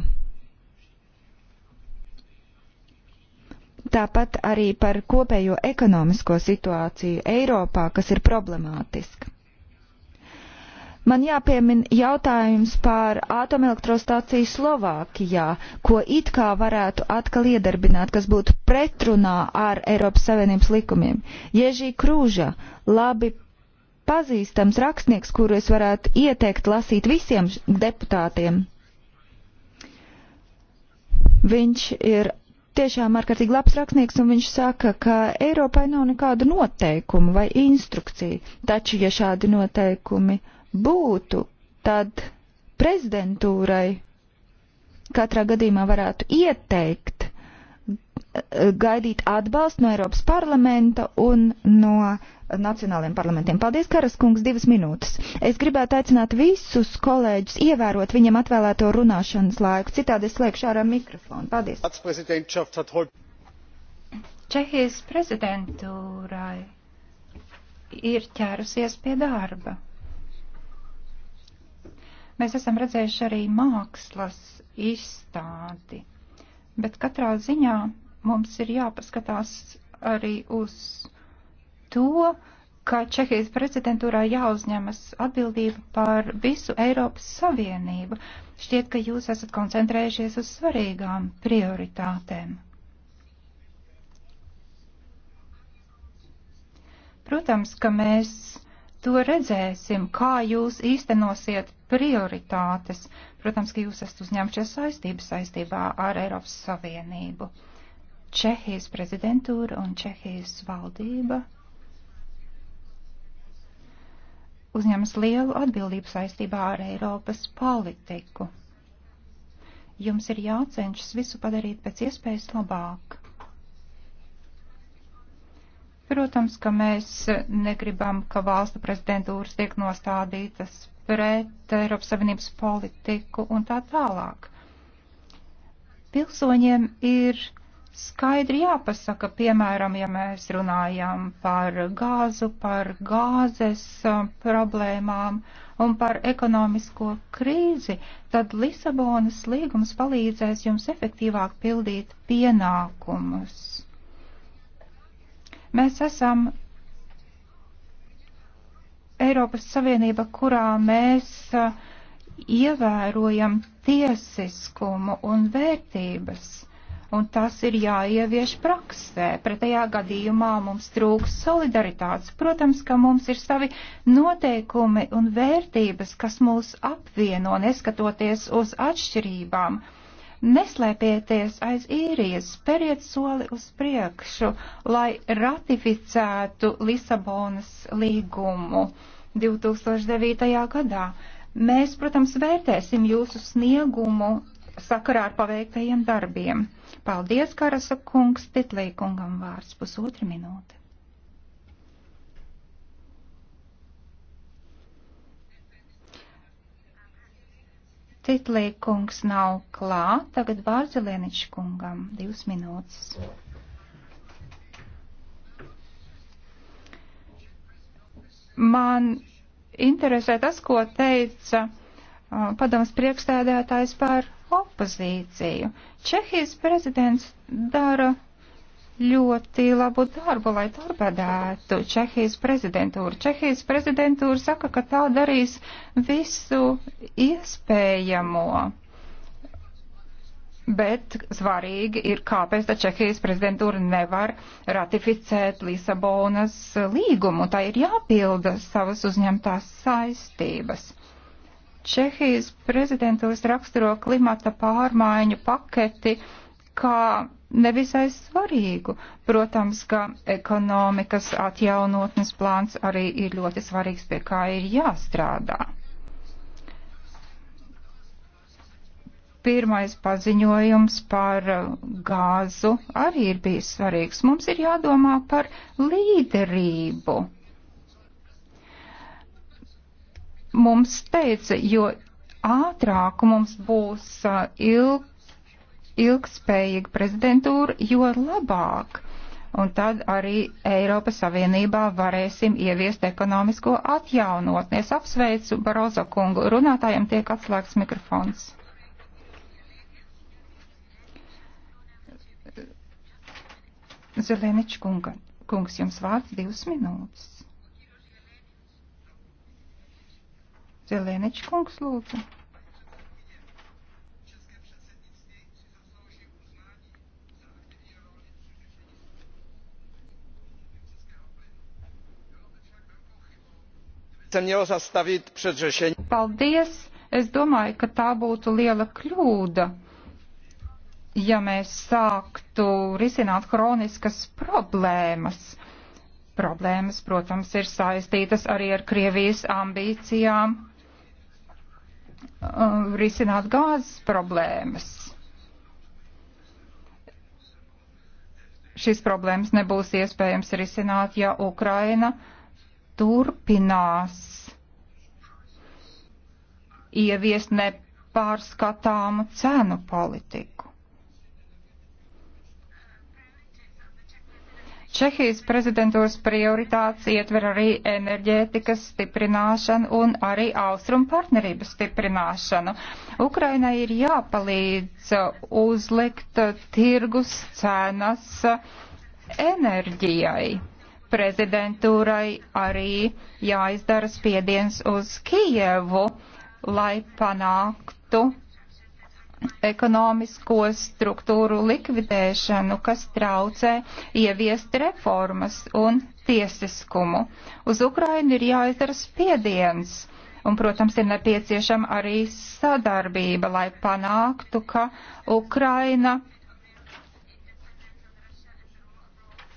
Tāpat arī par kopējo ekonomisko situāciju Eiropā, kas ir problemātiska. Man jāpiemina jautājums par atomelektrostāciju Slovākijā, ko it kā varētu atkal iedarbināt, kas būtu pretrunā ar Eiropas Savienības likumiem. Ježī Krūža labi pazīstams rakstnieks, kuru es varētu ieteikt lasīt visiem deputātiem. Viņš ir tiešām ārkārtīgi labs rakstnieks, un viņš saka, ka Eiropai nav nekādu noteikumu vai instrukciju. Taču, ja šādi noteikumi būtu, tad prezidentūrai katrā gadījumā varētu ieteikt eh, eh, gaidīt atbalstu no Eiropas parlamenta un no nacionāliem parlamentiem. Paldies, Karas kungs, divas minūtes. Es gribētu aicināt visus kolēģus ievērot viņam atvēlēto runāšanas laiku, citādi es slēgšu ārā mikrofonu. Paldies. Čehijas prezidentūrai ir ķērusies pie darba. Mēs esam redzējuši arī mākslas izstādi, bet katrā ziņā mums ir jāpaskatās arī uz to, ka Čehijas prezidentūrā jāuzņemas atbildība par visu Eiropas Savienību. Šķiet, ka jūs esat koncentrējušies uz svarīgām prioritātēm. Protams, ka mēs to redzēsim, kā jūs īstenosiet prioritātes. Protams, ka jūs esat uzņemšies saistības saistībā ar Eiropas Savienību. Čehijas prezidentūra un Čehijas valdība uzņemas lielu atbildību saistībā ar Eiropas politiku. Jums ir jācenšas visu padarīt pēc iespējas labāk. Protams, ka mēs negribam, ka valstu prezidentūras tiek nostādītas pret Eiropas Savienības politiku un tā tālāk. Pilsoņiem ir skaidri jāpasaka, piemēram, ja mēs runājam par gāzu, par gāzes uh, problēmām un par ekonomisko krīzi, tad Lisabonas līgums palīdzēs jums efektīvāk pildīt pienākumus. Mēs esam Eiropas Savienība, kurā mēs uh, ievērojam tiesiskumu un vērtības un tas ir jāievieš praksē. Pretējā gadījumā mums trūks solidaritātes. Protams, ka mums ir savi noteikumi un vērtības, kas mūs apvieno, neskatoties uz atšķirībām. Neslēpieties aiz īrijas, speriet soli uz priekšu, lai ratificētu Lisabonas līgumu 2009. gadā. Mēs, protams, vērtēsim jūsu sniegumu sakarā ar paveiktajiem darbiem. Paldies, Karasa kungs, Titlī kungam vārds pusotra minūte. Titlī kungs nav klāt, tagad vārds Lieniņš kungam divas minūtes. Man interesē tas, ko teica uh, padoms priekšstādētājs par opozīciju. Čehijas prezidents dara ļoti labu darbu, lai torpedētu Čehijas prezidentūru. Čehijas prezidentūra saka, ka tā darīs visu iespējamo. Bet svarīgi ir, kāpēc tā Čehijas prezidentūra nevar ratificēt Lisabonas līgumu. Tā ir jāpilda savas uzņemtās saistības. Čehijas prezidentūras raksturo klimata pārmaiņu paketi kā nevisai svarīgu. Protams, ka ekonomikas atjaunotnes plāns arī ir ļoti svarīgs, pie kā ir jāstrādā. Pirmais paziņojums par gāzu arī ir bijis svarīgs. Mums ir jādomā par līderību mums teica, jo ātrāk mums būs uh, ilg, ilgspējīga prezidentūra, jo labāk. Un tad arī Eiropas Savienībā varēsim ieviest ekonomisko atjaunotni. Es apsveicu Barozo kungu. Runātājiem tiek atslēgts mikrofons. Zeleniča kunga. Kungs, jums vārds divas minūtes. Zeleniča kungs lūdzu. Paldies! Es domāju, ka tā būtu liela kļūda, ja mēs sāktu risināt hroniskas problēmas. Problēmas, protams, ir saistītas arī ar Krievijas ambīcijām Uh, risināt gāzes problēmas. Šis problēmas nebūs iespējams risināt, ja Ukraina turpinās ieviest nepārskatāmu cenu politiku. Čehijas prezidentūras prioritātes ietver arī enerģētikas stiprināšanu un arī austrumu partnerību stiprināšanu. Ukrainai ir jāpalīdz uzlikt tirgus cenas enerģijai. Prezidentūrai arī jāizdara spiediens uz Kijevu, lai panāktu ekonomisko struktūru likvidēšanu, kas traucē ieviest reformas un tiesiskumu. Uz Ukrainu ir jāizdara spiediens. Un, protams, ir nepieciešama arī sadarbība, lai panāktu, ka Ukraina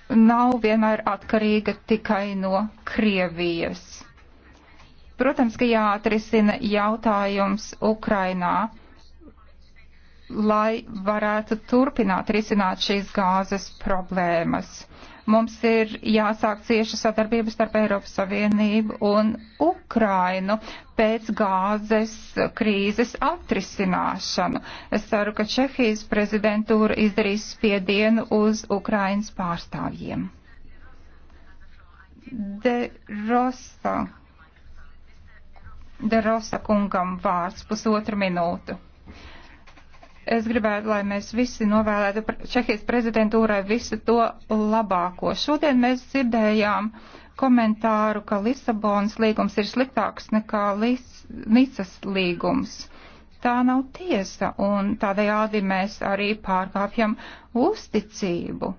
nav vienmēr atkarīga tikai no Krievijas. Protams, ka jāatrisina jautājums Ukrainā lai varētu turpināt risināt šīs gāzes problēmas. Mums ir jāsāk cieša sadarbība starp Eiropas Savienību un Ukrainu pēc gāzes krīzes atrisināšanu. Es ceru, ka Čehijas prezidentūra izdarīs spiedienu uz Ukrainas pārstāvjiem. De Rosa. De Rosa kungam vārds pusotru minūtu. Es gribētu, lai mēs visi novēlētu Čehijas prezidentūrai visu to labāko. Šodien mēs dzirdējām komentāru, ka Lisabonas līgums ir sliktāks nekā Lis Nicas līgums. Tā nav tiesa, un tādējādi mēs arī pārkāpjam uzticību.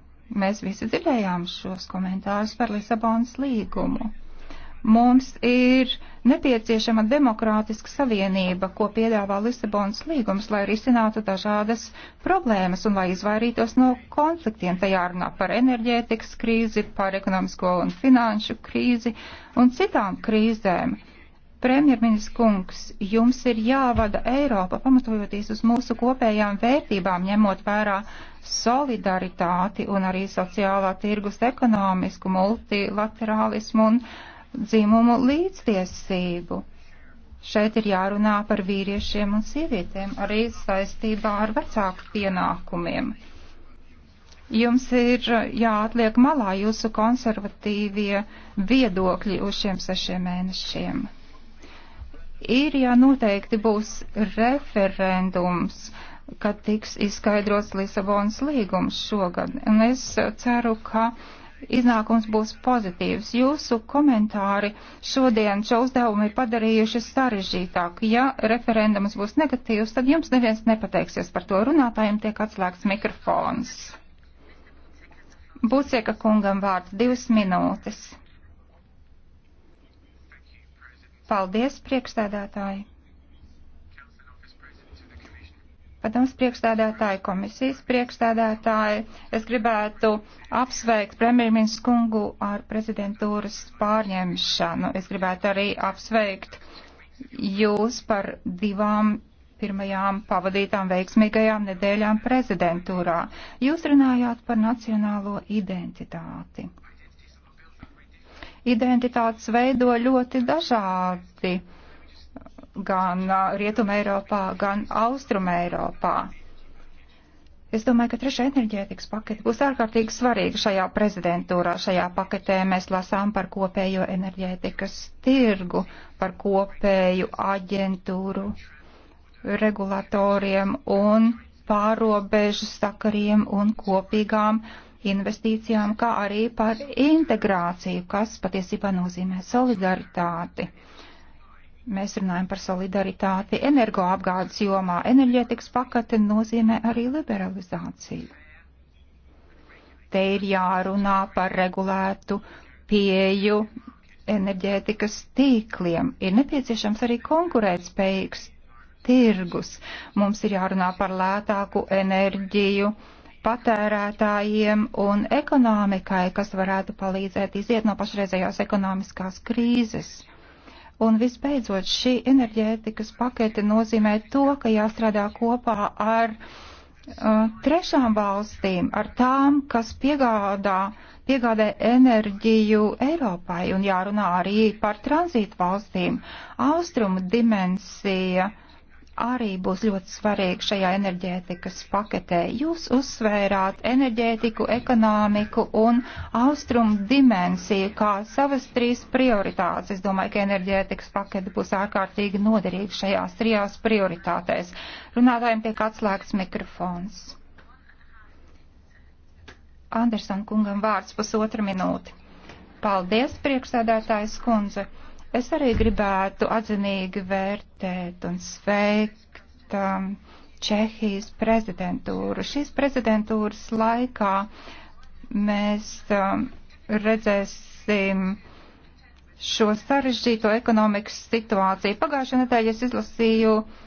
Mēs visi dzirdējām šos komentārus par Lisabonas līgumu. Mums ir nepieciešama demokrātiska savienība, ko piedāvā Lisabonas līgums, lai risinātu dažādas problēmas un lai izvairītos no konfliktiem. Tajā runā par enerģētikas krīzi, par ekonomisko un finanšu krīzi un citām krīzēm. Premjerministrs kungs, jums ir jāvada Eiropa pamatojoties uz mūsu kopējām vērtībām, ņemot vērā solidaritāti un arī sociālā tirgus ekonomisku multilaterālismu un uh, dzimumu līdztiesību. Šeit ir jārunā par vīriešiem un sievietēm, arī saistībā ar vecāku pienākumiem. Jums ir jāatliek malā jūsu konservatīvie viedokļi uz šiem sešiem mēnešiem. Īrijā ja noteikti būs referendums, kad tiks izskaidrots Lisabonas līgums šogad, un es ceru, ka uh, iznākums būs pozitīvs. Jūsu komentāri šodien šo uzdevumu ir padarījuši sarežģītāku. Ja referendums būs negatīvs, tad jums neviens nepateiksies par to. Runātājiem tiek atslēgts mikrofons. Būsieka kungam vārds divas minūtes. Paldies, priekšstādātāji! Patams priekšstādātāji, komisijas priekšstādātāji, es gribētu apsveikt premjerministru kungu ar prezidentūras pārņemšanu. Es gribētu arī apsveikt jūs par divām pirmajām pavadītām veiksmīgajām nedēļām prezidentūrā. Jūs runājāt par nacionālo identitāti. Identitātes veido ļoti dažādi gan Rietuma Eiropā, gan Austruma Eiropā. Es domāju, ka trešā enerģētikas pakete būs ārkārtīgi svarīga šajā prezidentūrā. Šajā paketē mēs lasām par kopējo enerģētikas tirgu, par kopēju aģentūru, regulatoriem un pārobežu sakariem un kopīgām investīcijām, kā arī par integrāciju, kas patiesībā nozīmē solidaritāti. Mēs runājam par solidaritāti energoapgādes jomā. Enerģētikas pakate nozīmē arī liberalizāciju. Te ir jārunā par regulētu pieju enerģētikas tīkliem. Ir nepieciešams arī konkurētspējīgs tirgus. Mums ir jārunā par lētāku enerģiju patērētājiem un ekonomikai, kas varētu palīdzēt iziet no pašreizējās ekonomiskās krīzes Un visbeidzot, šī enerģētikas pakete nozīmē to, ka jāstrādā kopā ar uh, trešām valstīm, ar tām, kas piegādā, piegādē enerģiju Eiropai, un jārunā arī par tranzītu valstīm. Austrumu dimensija uh, arī būs ļoti svarīgi šajā enerģētikas paketē. Jūs uzsvērāt enerģētiku, ekonomiku un austrumu dimensiju kā savas trīs prioritātes. Es domāju, ka enerģētikas pakete būs ārkārtīgi noderīga šajās trijās prioritātēs. Runātājiem tiek atslēgts mikrofons. Andersam kungam vārds pusotra minūte. Paldies, priekšsēdētājs kundze. Es arī gribētu atzinīgi vērtēt un sveikt um, Čehijas prezidentūru. Šīs prezidentūras laikā mēs um, redzēsim šo sarežģīto ekonomikas situāciju. Pagājušajā nedēļā es izlasīju uh,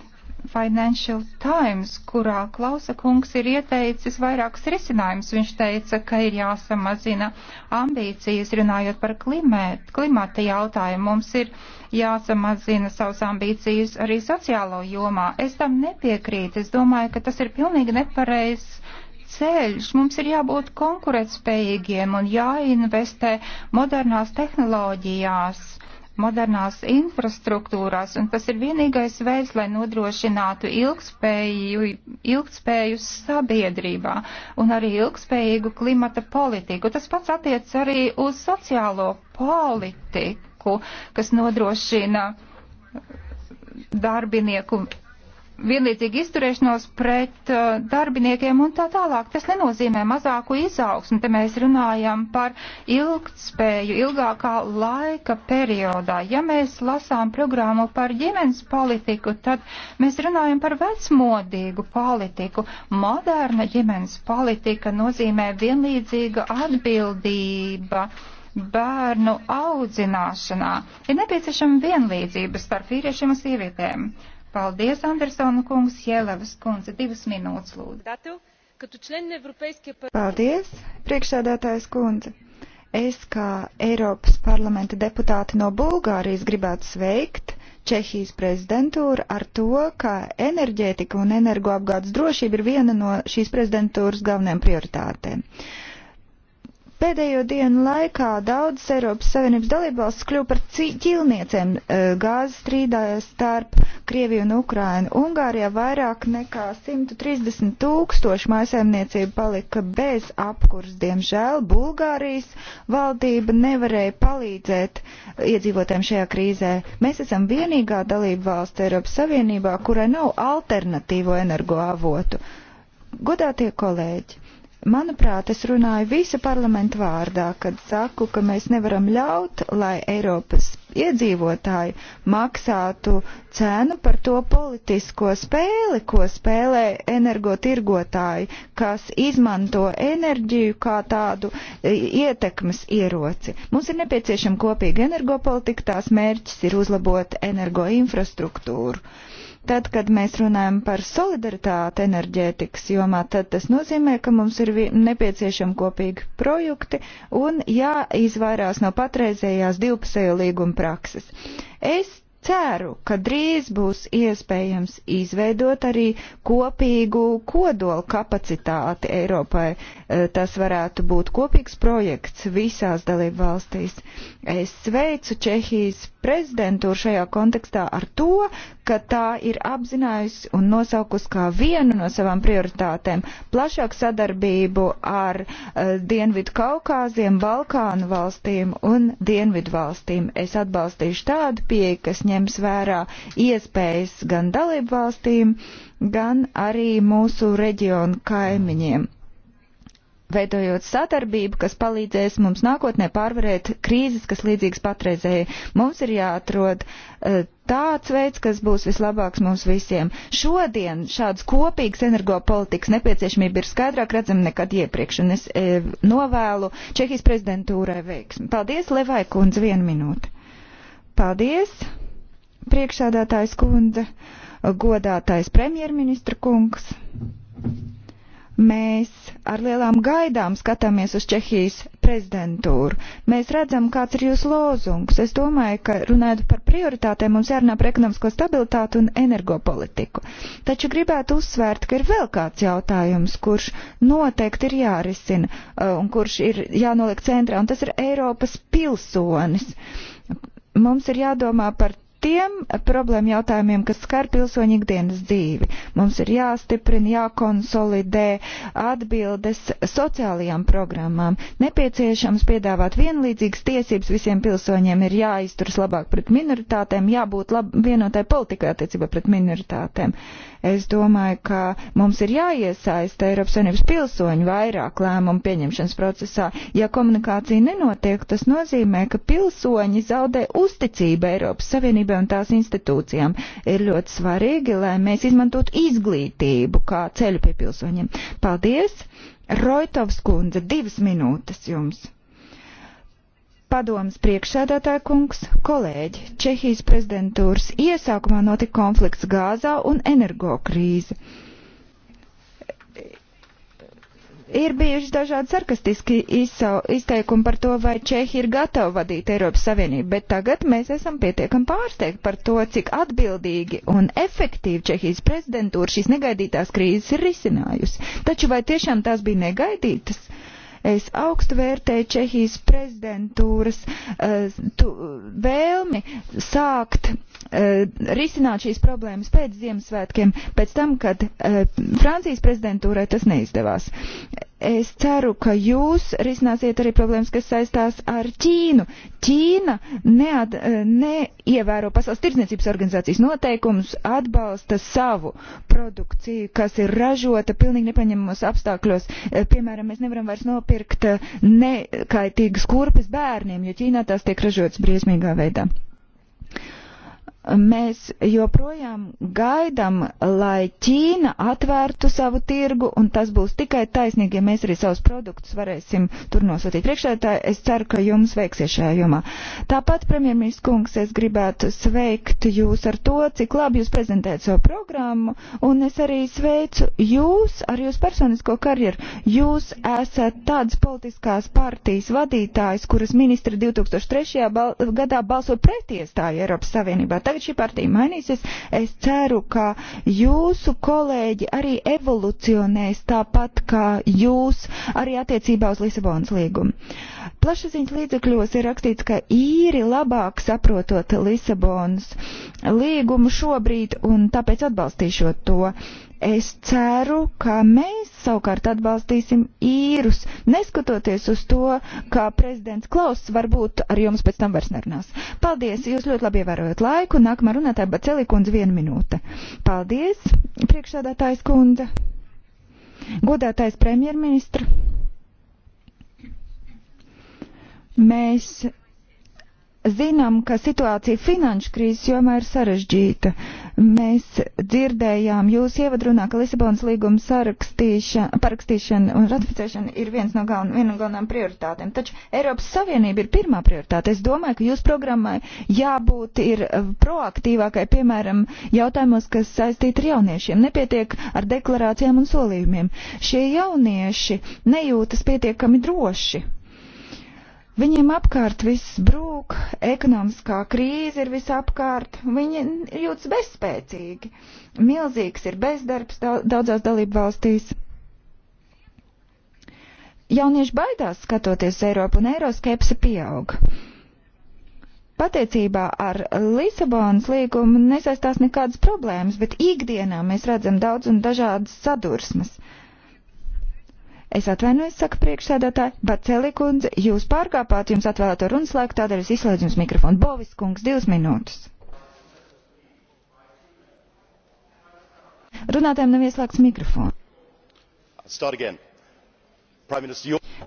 Financial Times, kurā Klausa kungs ir ieteicis vairākus risinājumus. Viņš teica, ka ir jāsamazina ambīcijas, runājot par klimēt, klimata jautājumu. Mums ir jāsamazina savas ambīcijas arī sociālo jomā. Es tam nepiekrītu. Es domāju, ka tas ir pilnīgi nepareizs ceļš. Mums ir jābūt konkurētspējīgiem un jāinvestē modernās tehnoloģijās modernās infrastruktūrās, un tas ir vienīgais veids, lai nodrošinātu ilgspēju, ilgspēju sabiedrībā un arī ilgspējīgu klimata politiku. Tas pats attiec arī uz sociālo politiku, kas nodrošina darbinieku vienlīdzīgu izturēšanos pret uh, darbiniekiem un tā tālāk. Tas nenozīmē mazāku izaugsmu. Te mēs runājam par ilgtspēju ilgākā laika periodā. Ja mēs lasām programmu par ģimenes politiku, tad mēs runājam par vecmodīgu politiku. Moderna ģimenes politika nozīmē vienlīdzīga atbildība bērnu audzināšanā. Ir nepieciešama vienlīdzība starp vīriešiem un sievietēm. Uh, Paldies, Andersona kungs, Jēlevas kundze, divas minūtes lūdzu. Paldies, priekšsēdētājs kundze. Es kā Eiropas parlamenta deputāti no Bulgārijas gribētu sveikt Čehijas prezidentūru ar to, ka enerģētika un energoapgādes drošība ir viena no šīs prezidentūras galvenajām prioritātēm. Uh, Pēdējo dienu laikā daudzas Eiropas Savienības dalībvalstis kļuva par ķilniecēm eh, gāzes strīdā starp Krieviju un Ukrainu. Ungārijā vairāk nekā 130 tūkstoši mājasēmniecību palika bez apkurs. Diemžēl Bulgārijas valdība nevarēja palīdzēt iedzīvotēm šajā krīzē. Mēs esam vienīgā dalībvalsts Eiropas Savienībā, kurai nav alternatīvo energoavotu. Godātie kolēģi! Manuprāt, es runāju visu parlamentu vārdā, kad saku, ka mēs nevaram ļaut, lai Eiropas iedzīvotāji maksātu cenu par to politisko spēli, ko spēlē energotirgotāji, kas izmanto enerģiju kā tādu e, ietekmes ieroci. Mums ir nepieciešama kopīga energopolitika, tās mērķis ir uzlabot energoinfrastruktūru. infrastruktūru Tad, kad mēs runājam par solidaritāti enerģētikas jomā, tad tas nozīmē, ka mums ir nepieciešami kopīgi projekti un jāizvairās no patreizējās divpusējo līguma prakses. Es ceru, ka drīz būs iespējams izveidot arī kopīgu kodolu kapacitāti Eiropai. Eh, tas varētu būt kopīgs projekts visās dalību valstīs. Es sveicu Čehijas prezidentūru šajā kontekstā ar to, ka tā ir apzinājusi un nosaukusi kā vienu no savām prioritātēm plašāku sadarbību ar uh, Dienvidu Kaukāziem, Balkānu valstīm un Dienvidu valstīm. Es atbalstīšu tādu pieeju, kas ņems vērā iespējas gan dalību valstīm, gan arī mūsu reģionu kaimiņiem veidojot sadarbību, kas palīdzēs mums nākotnē pārvarēt krīzes, kas līdzīgas patreizēji. Mums ir jāatrod eh, tāds veids, kas būs vislabāks mums visiem. Šodien šāds kopīgs energopolitikas nepieciešamība ir skaidrāk redzama nekad iepriekš, un es e, novēlu Čehijas prezidentūrai veiksmi. Paldies, Levai kundze, vienu minūti. Paldies! priekšsēdētājs kundze, godātais premjerministra kungs. Mēs ar lielām gaidām skatāmies uz Čehijas prezidentūru. Mēs redzam, kāds ir jūsu lozungs. Es domāju, ka runājot par prioritātēm, mums jārunā par ekonomisko stabilitātu un energopolitiku. Taču gribētu uzsvērt, ka ir vēl kāds jautājums, kurš noteikti ir jārisina uh, un kurš ir jānoliek centrā, un tas ir Eiropas pilsonis. Mums ir jādomā par tiem problēmu jautājumiem, kas skar pilsoņu ikdienas dzīvi. Mums ir jāstiprina, jākonsolidē atbildes sociālajām programmām. Nepieciešams piedāvāt vienlīdzīgas tiesības visiem pilsoņiem, ir jāizturas labāk pret minoritātēm, jābūt lab, vienotai politikai attiecībā pret minoritātēm. Es domāju, ka mums ir jāiesaista Eiropas Savienības pilsoņu vairāk lēmumu pieņemšanas procesā. Ja komunikācija nenotiek, tas nozīmē, ka pilsoņi zaudē uzticību Eiropas Savienībai Savienībai un tās institūcijām. Ir ļoti svarīgi, lai mēs izmantotu izglītību kā ceļu pie pilsoņiem. Paldies! Roitovs kundze, divas minūtes jums. Padomas priekšsēdētāja kungs, kolēģi, Čehijas prezidentūras iesākumā notika konflikts Gāzā un energokrīze. krīze Ir bijuši dažādi sarkastiski izteikumi par to, vai Čehija ir gatava vadīt Eiropas Savienību, bet tagad mēs esam pietiekami pārsteigti par to, cik atbildīgi un efektīvi Čehijas prezidentūra šīs negaidītās krīzes ir risinājusi. Taču vai tiešām tās bija negaidītas? Uh, Es augstu vērtēju Čehijas prezidentūras eh, tu, vēlmi sākt eh, risināt šīs problēmas pēc Ziemassvētkiem, pēc tam, kad eh, Francijas prezidentūrai tas neizdevās. Es ceru, ka jūs risināsiet arī problēmas, kas saistās ar Ķīnu. Ķīna neat, eh, neievēro pasaules tirdzniecības organizācijas noteikumus, atbalsta savu produkciju, kas ir ražota pilnīgi nepaņemamos apstākļos. Eh, piemēram, mēs nevaram vairs nopirkt eh, nekaitīgas kurpes bērniem, jo Ķīnā tās tiek ražotas briesmīgā veidā. Uh, Mēs joprojām gaidām, lai Ķīna atvērtu savu tirgu, un tas būs tikai taisnīgi, ja mēs arī savus produktus varēsim tur nosūtīt. Priekšētāji, es ceru, ka jums veiksies šajā jomā. Tāpat, premjerministrs kungs, es gribētu sveikt jūs ar to, cik labi jūs prezentējat savu programmu, un es arī sveicu jūs ar jūsu personisko karjeru. Jūs esat tāds politiskās partijas vadītājs, kuras ministri 2003. Bal gadā balso pretiestāju Eiropas Savienībā. Tagad tagad šī partija mainīsies. Es ceru, ka jūsu kolēģi arī evolucionēs tāpat kā jūs arī attiecībā uz Lisabonas līgumu. Plašsaziņas līdzekļos ir rakstīts, ka īri labāk saprotot Lisabonas līgumu šobrīd un tāpēc atbalstīšot to. Uh, Es ceru, ka mēs savukārt atbalstīsim īrus, neskatoties uz to, ka prezidents Klauss varbūt ar jums pēc tam vairs nerunās. Paldies, jūs ļoti labi ievērojat laiku. Nākamā runātāja Bacelī kundze viena minūte. Paldies, priekšsādātājs kundze. Godātais premjerministra. Mēs zinām, ka situācija finanšu krīzes jomā ir sarežģīta. Uh, Mēs dzirdējām jūs ievadrunā, ka Lisabonas līguma parakstīšana un ratificēšana ir viens no galven, viena no galvenām prioritātēm. Taču Eiropas Savienība ir pirmā prioritāte. Es domāju, ka jūs programmai jābūt ir eh, proaktīvākai, piemēram, jautājumos, kas saistīti ar jauniešiem. Nepietiek ar deklarācijām un solījumiem. Šie jaunieši nejūtas pietiekami droši. Viņiem apkārt viss brūk, ekonomiskā krīze ir visapkārt, viņi jūtas bezspēcīgi. Milzīgs ir bezdarbs daudzās dalību valstīs. Jaunieši baidās skatoties Eiropu un Eiroskepse pieaug. Patiecībā ar Lisabonas līgumu nesaistās nekādas problēmas, bet ikdienā mēs redzam daudz un dažādas sadursmes. Uh, Es atvainojos, saka priekšsēdētāji, bet Celikundze, jūs pārkāpāt jums atvēlēto runas laiku, tādēļ es izslēdzu jums mikrofonu. Bovis kungs, divas minūtes. Runātājiem nav ieslēgts mikrofons. Start again.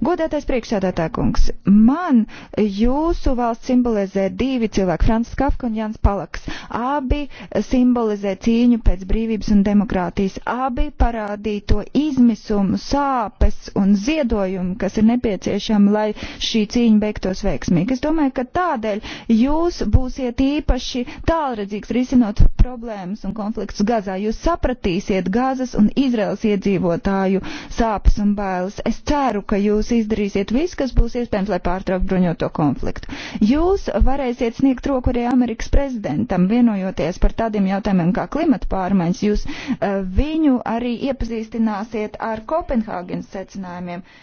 Godātais priekšsēdētā kungs, man jūsu valsts simbolizē divi cilvēki, Francis Kafka un Jans Palaks. Abi simbolizē cīņu pēc brīvības un demokrātijas. Abi parādīja to izmisumu, sāpes un ziedojumu, kas ir nepieciešama, lai šī cīņa beigtos veiksmīgi. Es domāju, ka tādēļ jūs būsiet īpaši tālredzīgs risinot problēmas un konfliktus Gazā. Jūs sapratīsiet Gazas un Izraels iedzīvotāju sāpes un bailes. Es ceru, ka jūs izdarīsiet visu, kas būs iespējams, lai pārtrauktu bruņoto konfliktu. Jūs varēsiet sniegt roku arī Amerikas prezidentam, vienojoties par tādiem jautājumiem kā klimata pārmaiņas. Jūs uh, viņu arī iepazīstināsiet ar Kopenhāgenes secinājumiem. Uh,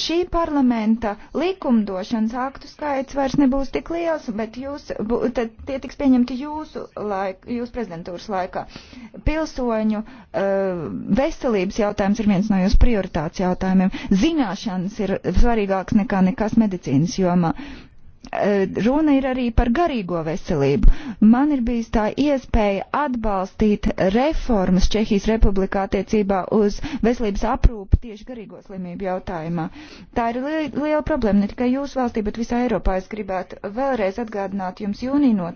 šī parlamenta likumdošanas aktu skaits vairs nebūs tik liels, bet jūs, tad tie tiks pieņemti jūsu laik, jūsu prezidentūras laikā. Pilsoņu uh, veselības jautājums ir viens no jūsu prioritāts jautājumiem. Zināšanas ir svarīgāks nekā nekas medicīnas jomā. Eh, runa ir arī par garīgo veselību. Man ir bijis tā iespēja atbalstīt reformas Čehijas republikā attiecībā uz veselības aprūpu tieši garīgo slimību jautājumā. Tā ir li liela problēma ne tikai jūsu valstī, bet visā Eiropā. Es gribētu vēlreiz atgādināt jums jūnija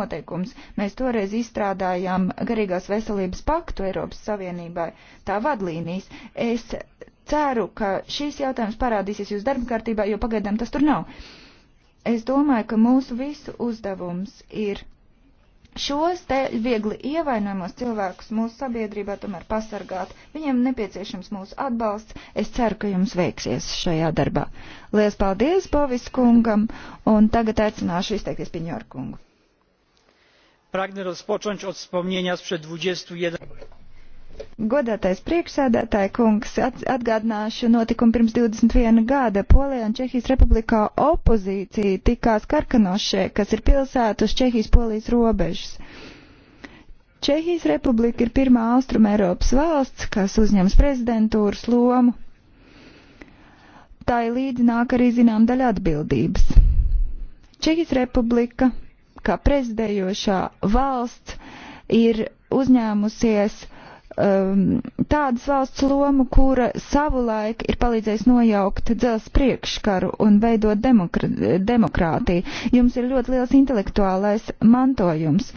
noteikums. Mēs toreiz izstrādājām garīgās veselības paktu Eiropas Savienībai, tā vadlīnijas. Es ceru, ka šīs jautājums parādīsies jūsu darba kārtībā, jo pagaidām tas tur nav. Es domāju, ka mūsu visu uzdevums ir šos te viegli ievainojamos cilvēkus mūsu sabiedrībā tomēr pasargāt. Viņiem nepieciešams mūsu atbalsts. Es ceru, ka jums veiksies šajā darbā. Lielas paldies Bovis kungam, un tagad aicināšu izteikties Piņor kungu. Pragnę rozpocząć od wspomnienia sprzed 21 lat. Godātais priekšsēdētāja kungs, atgādināšu notikumu pirms 21 gada. Polijā un Čehijas republikā opozīcija tikās Karkanošē, kas ir pilsēta uz Čehijas-Polijas robežas. Čehijas republika ir pirmā austruma Eiropas valsts, kas uzņems prezidentūras lomu. Tā ir līdzi nāk arī zinām daļa atbildības. Čehijas republika, kā prezidējošā valsts, ir uzņēmusies um, tādas valsts lomu, kura savulaik ir palīdzējusi nojaukt dzels priekškaru un veidot demokra demokrātiju. Jums ir ļoti liels intelektuālais mantojums.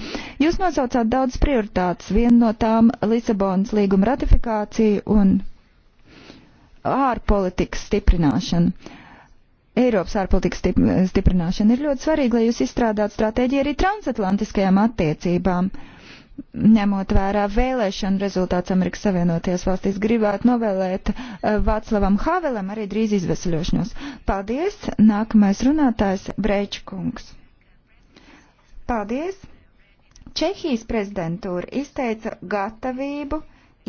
Jūs nosaucāt daudz prioritātes, viena no tām Lisabonas līguma ratifikācija un ārpolitikas stiprināšana. Eiropas ārpolitikas stip stiprināšana ir ļoti svarīga, lai jūs izstrādātu stratēģiju arī transatlantiskajām attiecībām. Uh, ņemot vērā vēlēšanu rezultāts Amerikas Savienotajās valstīs, gribētu novēlēt eh, Vāclavam Havelam arī drīz izvesļošanos. Paldies! Nākamais runātājs Breičkungs. Paldies! Čehijas prezidentūra izteica gatavību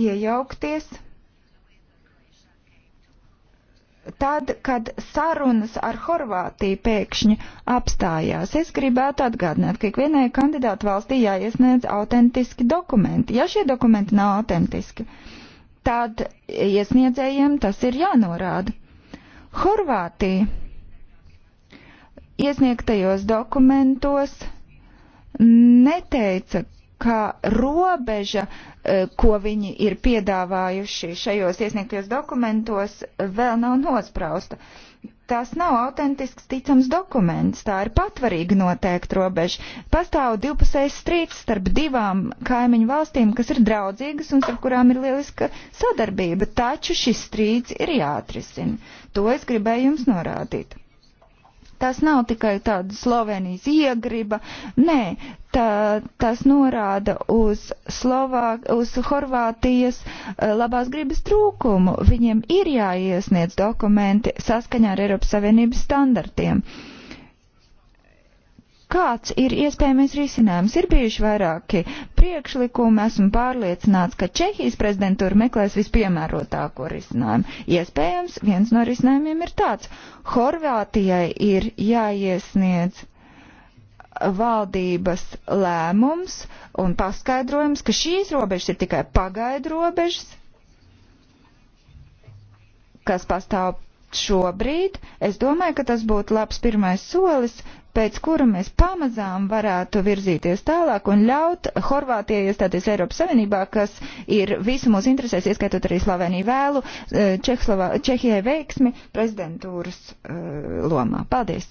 iejaukties tad, kad sarunas ar Horvātiju pēkšņi apstājās, es gribētu atgādināt, ka ikvienai kandidātu valstī jāiesniedz autentiski dokumenti. Ja šie dokumenti nav autentiski, tad iesniedzējiem tas ir jānorāda. Horvātija iesniegtajos dokumentos neteica, ka robeža, e, ko viņi ir piedāvājuši šajos iesniegtajos dokumentos, vēl nav nosprausta. Tas nav autentisks, ticams dokuments, tā ir patvarīga noteikta robeža. Pastāv divpusējs strīds starp divām kaimiņu valstīm, kas ir draudzīgas un starp kurām ir lieliska sadarbība, taču šis strīds ir jāatrisina. To es gribēju jums norādīt. Tas nav tikai tāda Slovenijas iegriba, nē, tā, tas norāda uz, Slovāk, uz Horvātijas eh, labās gribas trūkumu. Viņiem ir jāiesniedz dokumenti saskaņā ar Eiropas Savienības standartiem. Uh, Kāds ir iespējamais risinājums? Ir bijuši vairāki priekšlikumi, esmu pārliecināts, ka Čehijas prezidentūra meklēs vispiemērotāko risinājumu. Iespējams, viens no risinājumiem ir tāds. Horvātijai ir jāiesniedz valdības lēmums un paskaidrojums, ka šīs robežas ir tikai pagaidu robežas, kas pastāv šobrīd, es domāju, ka tas būtu labs pirmais solis, pēc kura mēs pamazām varētu virzīties tālāk un ļaut Horvātijai iestāties Eiropas Savienībā, kas ir visu mūsu interesēs, ieskaitot arī Sloveniju vēlu, eh, Čehslavā, Čehijai veiksmi prezidentūras uh, lomā. Paldies!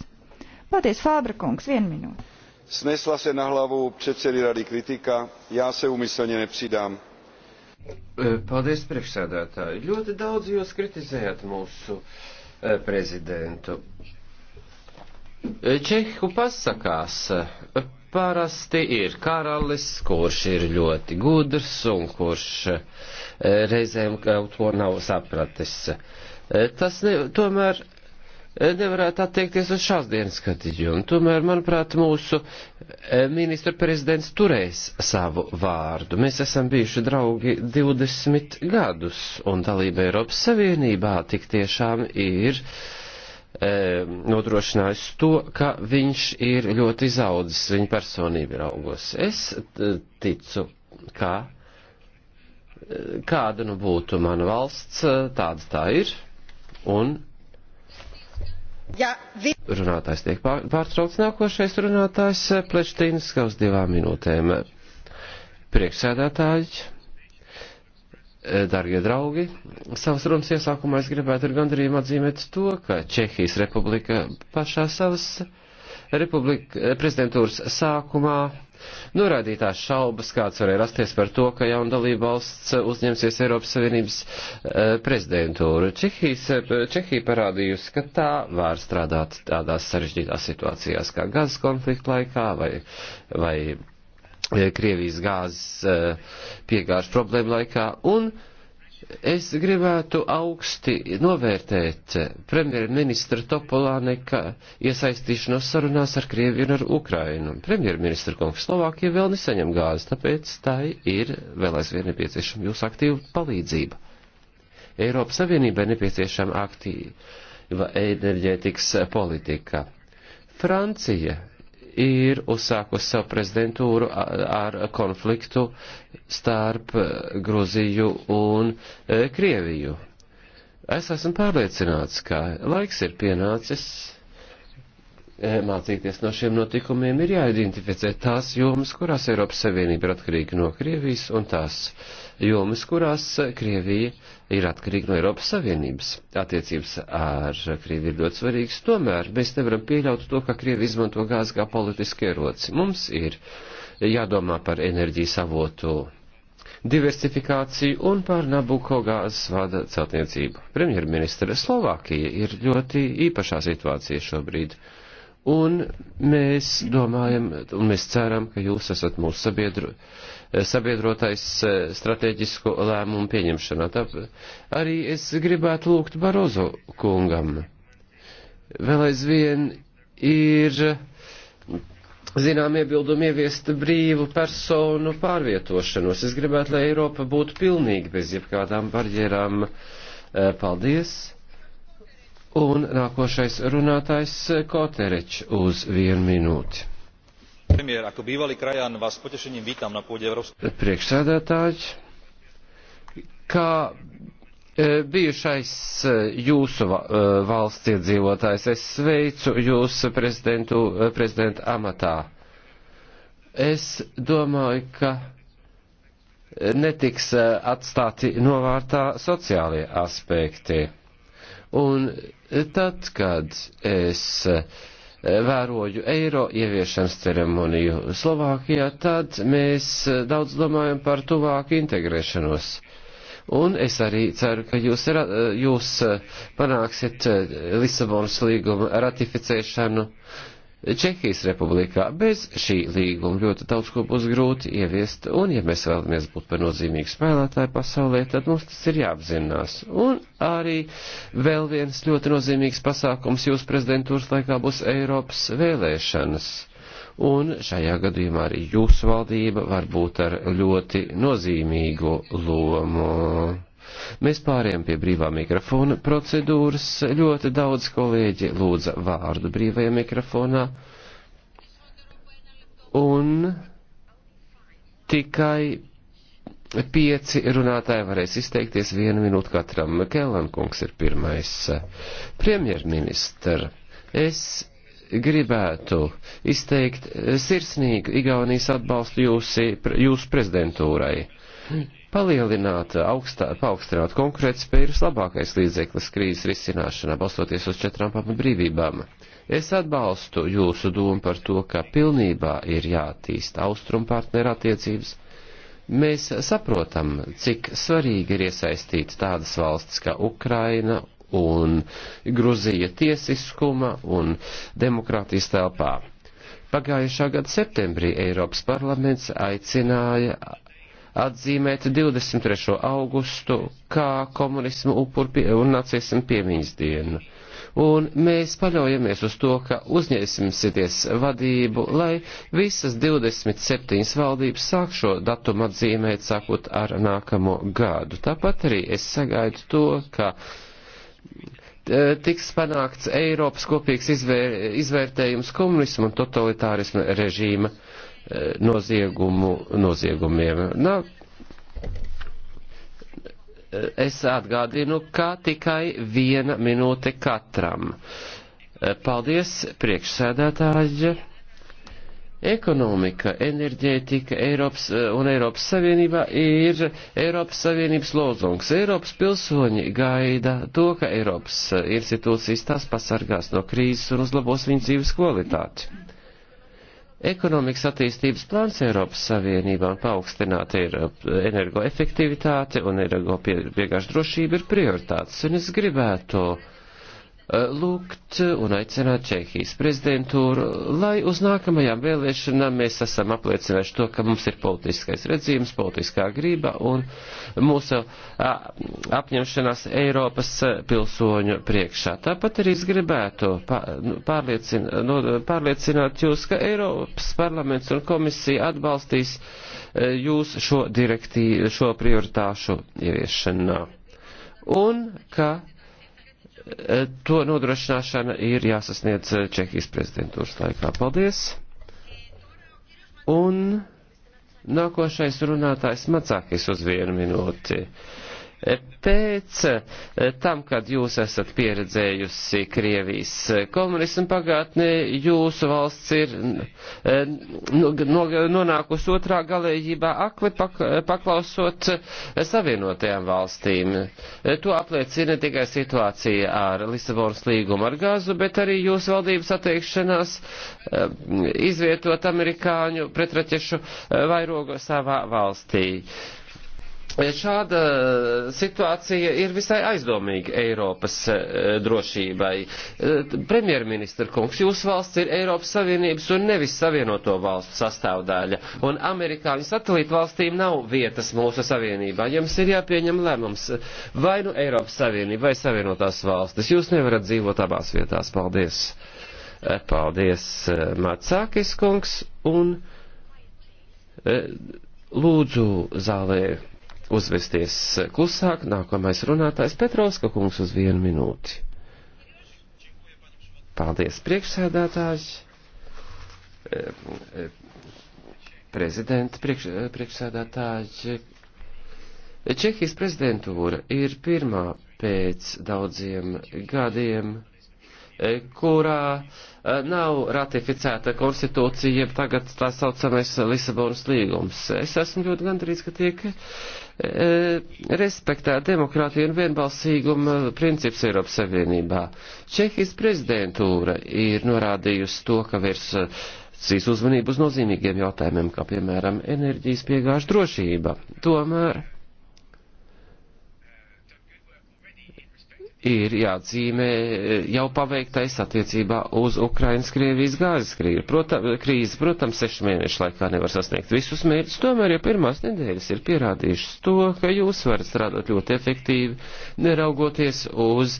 Paldies, Fābra kungs, vienu minūti. Snesla se na hlavu předsedy rady kritika, já se umyslně nepřidám Paldies, priekšsēdētāji. Ļoti daudz jūs kritizējat mūsu prezidentu. Čehu pasakās parasti ir karalis, kurš ir ļoti gudrs un kurš reizēm kaut ko nav sapratis. Tas ne, tomēr nevarētu attiekties uz šās dienas skatījumu. Tomēr, manuprāt, mūsu eh, ministra prezidents turēs savu vārdu. Mēs esam bijuši draugi 20 gadus, un dalība Eiropas Savienībā tik tiešām ir e, eh, nodrošinājis to, ka viņš ir ļoti izaudzis, viņa personība ir augos. Es eh, ticu, ka kāda nu būtu mana valsts, tāda tā ir, un Ja, vi... Runātājs tiek pārtraukts nākošais runātājs Plečtīnas, ka uz divām minūtēm. Priekšsēdētāji, darbie draugi, savas runas iesākumā es gribētu ar gandarījumu atzīmēt to, ka Čehijas republika pašā savas republika, prezidentūras sākumā norādītās šaubas, kāds varēja rasties par to, ka jauna dalība valsts uzņemsies Eiropas Savienības e, prezidentūru. Čehijas, e, Čehija parādījusi, ka tā var strādāt tādās sarežģītās situācijās kā gazas konflikta laikā vai, vai e, Krievijas gāzes piegāžu problēmu laikā, un Es gribētu augsti novērtēt premjerministra Topolāneka iesaistīšanos sarunās ar Krieviju un ar Ukrainu. Premjerministra kungs Slovākija vēl nesaņem gāzi, tāpēc tai ir vēl aizvien nepieciešama jūsu aktīva palīdzība. Eiropas Savienībai nepieciešama aktīva enerģētikas politika. Francija ir uzsākusi savu prezidentūru ar konfliktu starp e, Gruziju un e, Krieviju. Es esmu pārliecināts, ka laiks ir pienācis e, mācīties no šiem notikumiem, ir jāidentificē tās jomas, kurās Eiropas Savienība ir atkarīga no Krievijas, un tās jomas, kurās Krievija ir atkarīgi no Eiropas Savienības. Attiecības ar Krievi ir ļoti svarīgas, tomēr mēs nevaram pieļaut to, ka Krievi izmanto gāzi kā politiski ieroci. Mums ir jādomā par enerģijas avotu diversifikāciju un par Nabuko gāzes vada celtniecību. Premjerministra Slovākija ir ļoti īpašā situācija šobrīd. Un mēs domājam, un mēs ceram, ka jūs esat mūsu sabiedru, uh, sabiedrotais eh, strateģisko lēmumu pieņemšanā. Tāpēc arī es gribētu lūgt Barozo kungam. Vēl aizvien ir zinām iebildumi ieviest brīvu personu pārvietošanos. Es gribētu, lai Eiropa būtu pilnīgi bez jebkādām barjerām. Eh, paldies! Un nākošais runātājs eh, Kotereč uz vienu minūti. Premjer, ako bivali krajan, vas potešenim vitam na pūģi Eiropas. Priekšsēdētājs, kā e, Bijušais jūsu e, valsts iedzīvotājs, es sveicu jūs prezidentu, e, prezidenta amatā. Es domāju, ka netiks atstāti novārtā sociālie aspekti. Un tad, kad es uh, vēroju eiro ieviešanas ceremoniju Slovākijā, tad mēs eh, daudz domājam par tuvāku integrēšanos. Un es arī ceru, ka jūs, jūs eh, panāksiet eh, Lisabonas līguma ratificēšanu Čehijas republikā bez šī līguma ļoti daudz ko būs grūti ieviest, un ja mēs vēlamies būt par nozīmīgu spēlētāju pasaulē, tad mums tas ir jāapzinās. Un arī vēl viens ļoti nozīmīgs pasākums jūsu prezidentūras laikā būs Eiropas vēlēšanas un šajā gadījumā arī jūsu valdība var būt ar ļoti nozīmīgu lomu. Mēs pāriem pie brīvā mikrofona procedūras. Ļoti daudz kolēģi lūdza vārdu brīvajā mikrofonā. Un tikai pieci runātāji varēs izteikties vienu minūtu katram. Kellankungs ir pirmais premjerministra. Es gribētu izteikt sirsnīgu Igaunijas atbalstu jūsi, jūsu prezidentūrai. Palielināt, augstā, paaugstināt konkurētspēju ir labākais līdzeklis krīzes risināšanā, balstoties uz četrām pamatbrīvībām. Es atbalstu jūsu domu par to, ka pilnībā ir jātīsta austrumu partneru attiecības. Mēs saprotam, cik svarīgi ir iesaistīt tādas valstis kā Ukraina un Gruzija tiesiskuma un demokrātijas telpā. Pagājušā gada septembrī Eiropas parlaments aicināja atzīmēt 23. augustu kā komunismu upuru pie, un nacismu piemiņas dienu. Un mēs paļaujamies uz to, ka uzņēsimsities vadību, lai visas 27 valdības sāk šo datumu atzīmēt sākot ar nākamo gadu. Tāpat arī es sagaidu to, ka tiks panākts Eiropas kopīgs izvēr, izvērtējums komunismu un totalitārismu režīma uh, Eh, noziegumu, noziegumiem. Nā, eh, es atgādinu, kā tikai viena minūte katram. Eh, paldies, priekšsēdētāji. Ekonomika, enerģētika Eiropas un Eiropas Savienībā ir Eiropas Savienības lozungs. Eiropas pilsoņi gaida to, ka Eiropas institūcijas tās pasargās no krīzes un uzlabos viņu dzīves kvalitāti. Ekonomikas attīstības plāns Eiropas Savienībām paaugstināt ir eh, energoefektivitāte un energo pie, piegāžu drošība ir prioritātes, un es gribētu uh, Eh, lūgt un aicināt Čehijas prezidentūru, lai uz nākamajām vēlēšanām mēs esam apliecinājuši to, ka mums ir politiskais redzījums, politiskā grība un mūsu eh, apņemšanās Eiropas eh, pilsoņu priekšā. Tāpat arī es gribētu nu, nu, pārliecināt jūs, ka Eiropas parlaments un komisija atbalstīs jūs šo direktīvu, šo prioritāšu ieviešanā. Un ka to nodrošināšana ir jāsasniedz eh, Čehijas prezidentūras laikā. Paldies! Un nākošais runātājs Macākis uz vienu minūti. Pēc eh, tam, kad jūs esat pieredzējusi Krievijas eh, komunismu pagātnē, jūsu valsts ir eh, nonākusi otrā galējībā akli paklausot savienotajām valstīm. To apliecina ne tikai situācija ar Lisabonas līgumu ar gāzu, bet arī jūsu valdības attiekšanās izvietot amerikāņu pretraķešu vairogu savā valstī. Šāda situācija ir visai aizdomīga Eiropas e, drošībai. E, premjerministra kungs, jūsu valsts ir Eiropas Savienības un nevis Savienoto valstu sastāvdaļa, un amerikāņu satelītu valstīm nav vietas mūsu Savienībā. Jums ir jāpieņem lēmums vai nu Eiropas Savienība vai Savienotās valstis. Jūs nevarat dzīvot abās vietās. Paldies. E, paldies, Macākis kungs, un lūdzu zālē uzvesties klusāk. Nākamais runātājs Petrovska kungs uz vienu minūti. Paldies, priekšsēdētājs. Eh, eh, Prezidenta priekš, eh, priekšsēdētāji. Čehijas prezidentūra ir pirmā pēc daudziem gadiem E, kurā e, nav ratificēta konstitūcija, jeb tagad tā saucamais Lisabonas līgums. Es esmu ļoti gandrīz, ka tiek e, respektēta demokrātija un vienbalsīguma princips Eiropas Savienībā. Čehijas prezidentūra ir norādījusi to, ka virs e, cīs uzmanību uz nozīmīgiem jautājumiem, kā piemēram enerģijas piegāžu drošība. Tomēr ir jāatzīmē eh, jau paveiktais attiecībā uz Ukrainas Krievijas gāzes krīzi. Protam, krīzi, protams, sešu mēnešu laikā nevar sasniegt visus mērķus, tomēr jau pirmās nedēļas ir pierādījušas to, ka jūs varat strādāt ļoti efektīvi, neraugoties uz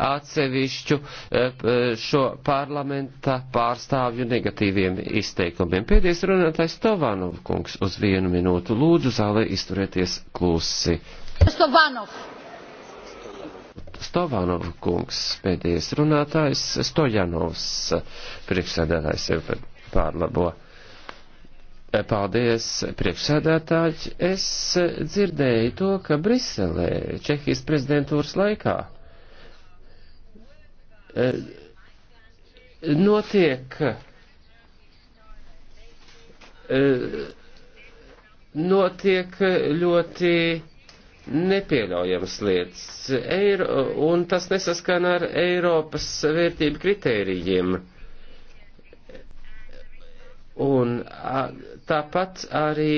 atsevišķu eh, šo parlamenta pārstāvju negatīviem izteikumiem. Pēdējais runātājs Tovānov kungs uz vienu minūtu lūdzu zālē izturēties klusi. Stovanov. Stovānov kungs, pēdējais runātājs, Stojanovs, priekšsēdētājs sev pārlabo. Paldies, priekšsēdētāji. Es dzirdēju to, ka Briselē, Čehijas prezidentūras laikā, e, notiek e, notiek ļoti nepieļaujamas lietas, Eiro, un tas nesaskana ar Eiropas vērtību kritērijiem. Un a, tāpat arī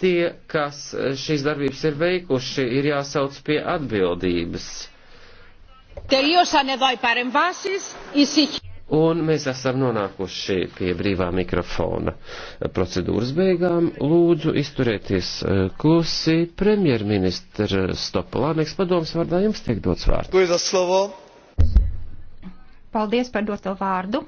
tie, kas šīs darbības ir veikuši, ir jāsauc pie atbildības. Τελείωσαν εδώ οι παρεμβάσεις. Η Un mēs esam nonākuši pie brīvā mikrofona procedūras beigām. Lūdzu, izturieties e, klusi. Premjerministra Stopolānieks padoms vārdā jums tiek dots vārds. Paldies par doto vārdu.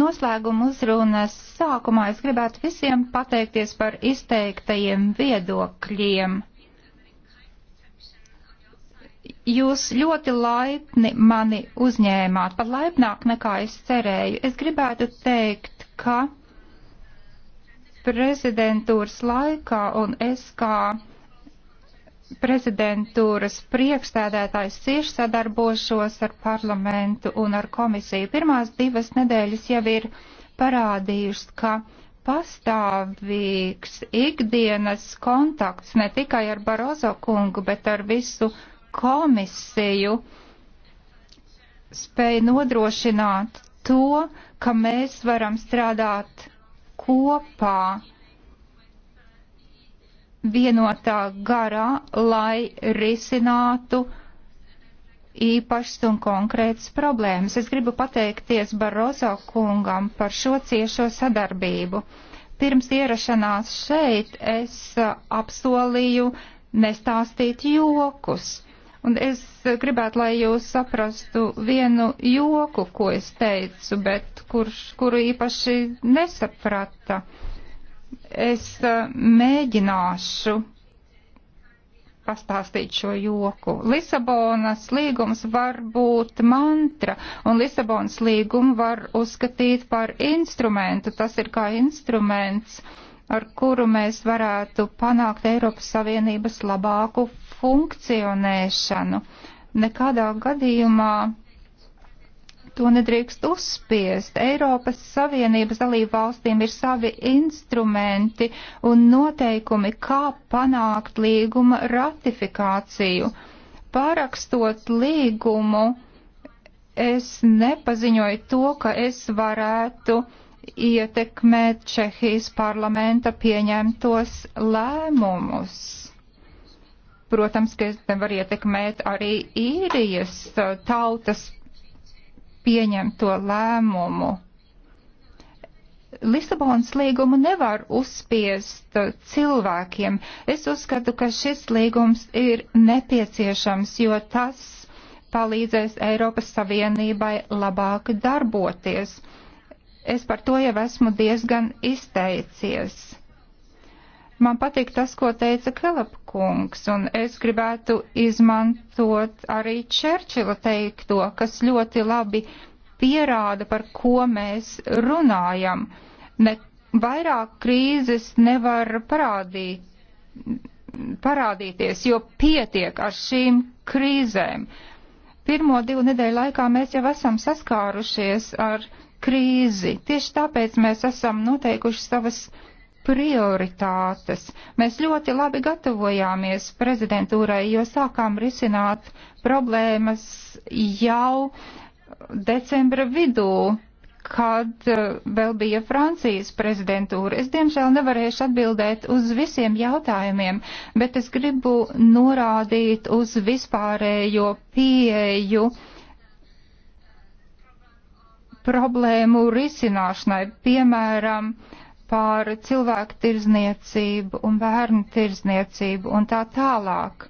Noslēguma uzrunas sākumā es gribētu visiem pateikties par izteiktajiem viedokļiem Jūs ļoti laipni mani uzņēmāt, pat laipnāk nekā es cerēju. Es gribētu teikt, ka prezidentūras laikā un es kā prezidentūras priekšstādētājs cieši sadarbošos ar parlamentu un ar komisiju. Pirmās divas nedēļas jau ir parādījušas, ka pastāvīgs ikdienas kontakts ne tikai ar Barozo kungu, bet ar visu komisiju spēja nodrošināt to, ka mēs varam strādāt kopā vienotā garā, lai risinātu īpašs un konkrētas problēmas. Es gribu pateikties Barozo kungam par šo ciešo sadarbību. Pirms ierašanās šeit es apsolīju nestāstīt jokus. Un es gribētu, lai jūs saprastu vienu joku, ko es teicu, bet kurš, kuru īpaši nesaprata. Es eh, mēģināšu pastāstīt šo joku. Lisabonas līgums var būt mantra, un Lisabonas līgumu var uzskatīt par instrumentu. Tas ir kā instruments, ar kuru mēs varētu panākt Eiropas Savienības labāku funkcionēšanu. Nekādā gadījumā to nedrīkst uzspiest. Eiropas Savienības dalību valstīm ir savi instrumenti un noteikumi, kā panākt līguma ratifikāciju. Pārakstot līgumu, es nepaziņoju to, ka es varētu ietekmēt Čehijas parlamenta pieņemtos lēmumus protams, ka var ietekmēt arī īrijas tautas pieņemto lēmumu. Lisabonas līgumu nevar uzspiest cilvēkiem. Es uzskatu, ka šis līgums ir nepieciešams, jo tas palīdzēs Eiropas Savienībai labāk darboties. Es par to jau esmu diezgan izteicies. Man patīk tas, ko teica Kelapkungs, un es gribētu izmantot arī Čerčila teikto, kas ļoti labi pierāda, par ko mēs runājam. Ne, vairāk krīzes nevar parādīt, parādīties, jo pietiek ar šīm krīzēm. Pirmo divu nedēļu laikā mēs jau esam saskārušies ar krīzi. Tieši tāpēc mēs esam noteikuši savas prioritātes. Mēs ļoti labi gatavojāmies prezidentūrai, jo sākām risināt problēmas jau decembra vidū, kad eh, vēl bija Francijas prezidentūra. Es diemžēl nevarēšu atbildēt uz visiem jautājumiem, bet es gribu norādīt uz vispārējo pieeju problēmu risināšanai, piemēram, uh, par cilvēku tirzniecību un bērnu tirzniecību un tā tālāk.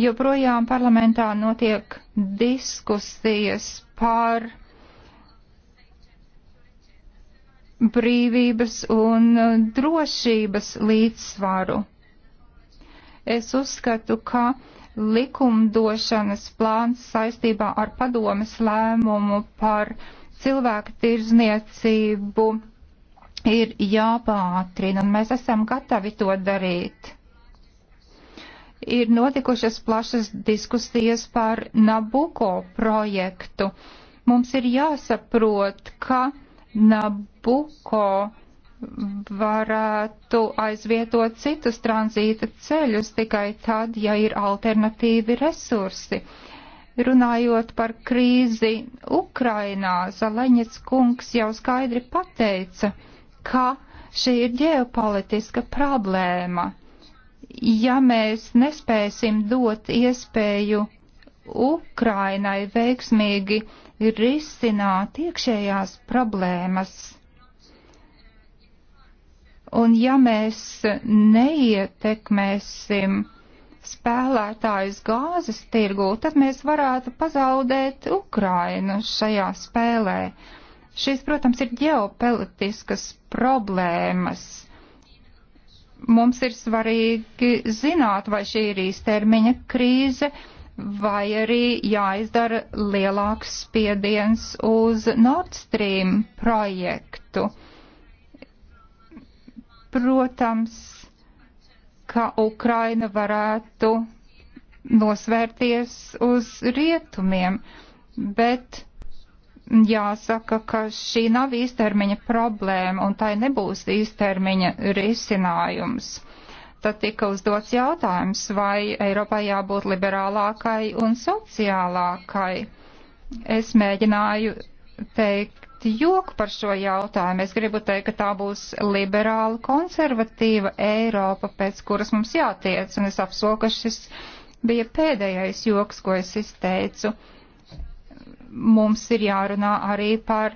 Joprojām parlamentā notiek diskusijas par brīvības un drošības līdzsvaru. Es uzskatu, ka likumdošanas plāns saistībā ar padomes lēmumu par cilvēku tirzniecību ir jāpātrina, un mēs esam gatavi to darīt. Ir notikušas plašas diskusijas par Nabuko projektu. Mums ir jāsaprot, ka Nabuko varētu aizvietot citus tranzīta ceļus tikai tad, ja ir alternatīvi resursi. Runājot par krīzi Ukrainā, Zaleņets kungs jau skaidri pateica, ka šī ir ģeopolitiska problēma. Ja mēs nespēsim dot iespēju Ukrainai veiksmīgi risināt iekšējās problēmas, un ja mēs neietekmēsim spēlētājus gāzes tirgū, tad mēs varētu pazaudēt Ukrainu šajā spēlē. Uh, Šīs, protams, ir ģeopolitiskas problēmas. Mums ir svarīgi zināt, vai šī ir īstermiņa krīze, vai arī jāizdara lielāks spiediens uz Nord Stream projektu. Protams, ka Ukraina varētu nosvērties uz rietumiem, bet jāsaka, ka šī nav īstermiņa problēma un tai nebūs īstermiņa risinājums. Tad tika uzdots jautājums, vai Eiropai jābūt liberālākai un sociālākai. Es mēģināju teikt joku par šo jautājumu. Es gribu teikt, ka tā būs liberāla, konservatīva Eiropa, pēc kuras mums jātiec, un es apsolu, ka šis bija pēdējais joks, ko es izteicu mums ir jārunā arī par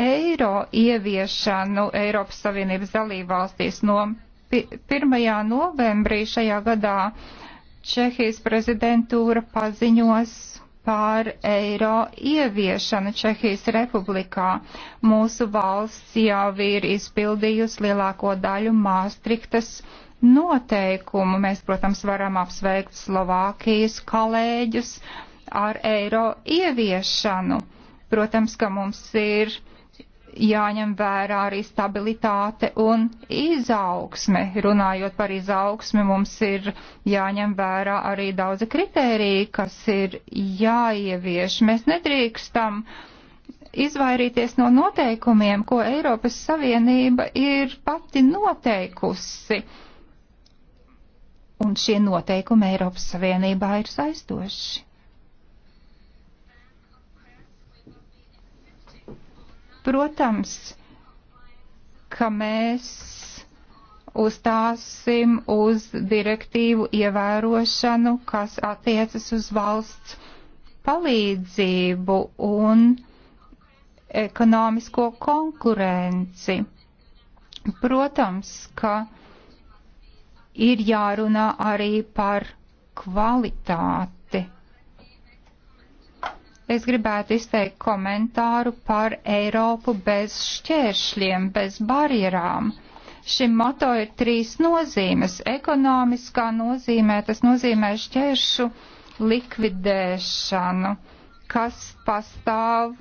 eiro ieviešanu Eiropas Savienības dalībvalstīs no 1. novembrī šajā gadā. Čehijas prezidentūra paziņos par eiro ieviešanu Čehijas republikā. Mūsu valsts jau ir izpildījusi lielāko daļu Māstriktas noteikumu. Mēs, protams, varam apsveikt Slovākijas kolēģus, ar eiro ieviešanu. Protams, ka mums ir jāņem vērā arī stabilitāte un izaugsme. Runājot par izaugsmi, mums ir jāņem vērā arī daudzi kritēriji, kas ir jāievieš. Mēs nedrīkstam izvairīties no noteikumiem, ko Eiropas Savienība ir pati noteikusi. Un šie noteikumi Eiropas Savienībā ir saistoši. Protams, ka mēs uzstāsim uz direktīvu ievērošanu, kas attiecas uz valsts palīdzību un ekonomisko konkurenci. Protams, ka ir jārunā arī par kvalitāti. Es gribētu izteikt komentāru par Eiropu bez šķēršļiem, bez barjerām. Šim moto ir trīs nozīmes. Ekonomiskā nozīmē tas nozīmē šķēršu likvidēšanu, kas pastāv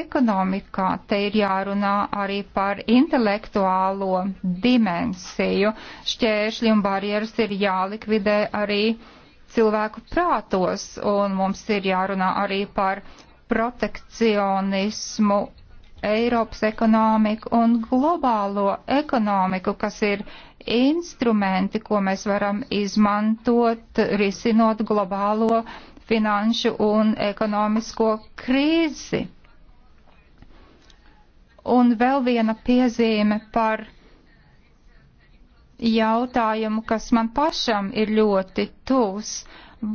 ekonomikā te ir jārunā arī par intelektuālo dimensiju. Šķēršļi un barjeras ir jālikvidē arī cilvēku prātos, un mums ir jārunā arī par protekcionismu, Eiropas ekonomiku un globālo ekonomiku, kas ir instrumenti, ko mēs varam izmantot, risinot globālo finanšu un ekonomisko krīzi. Un vēl viena piezīme par jautājumu, kas man pašam ir ļoti tuvs.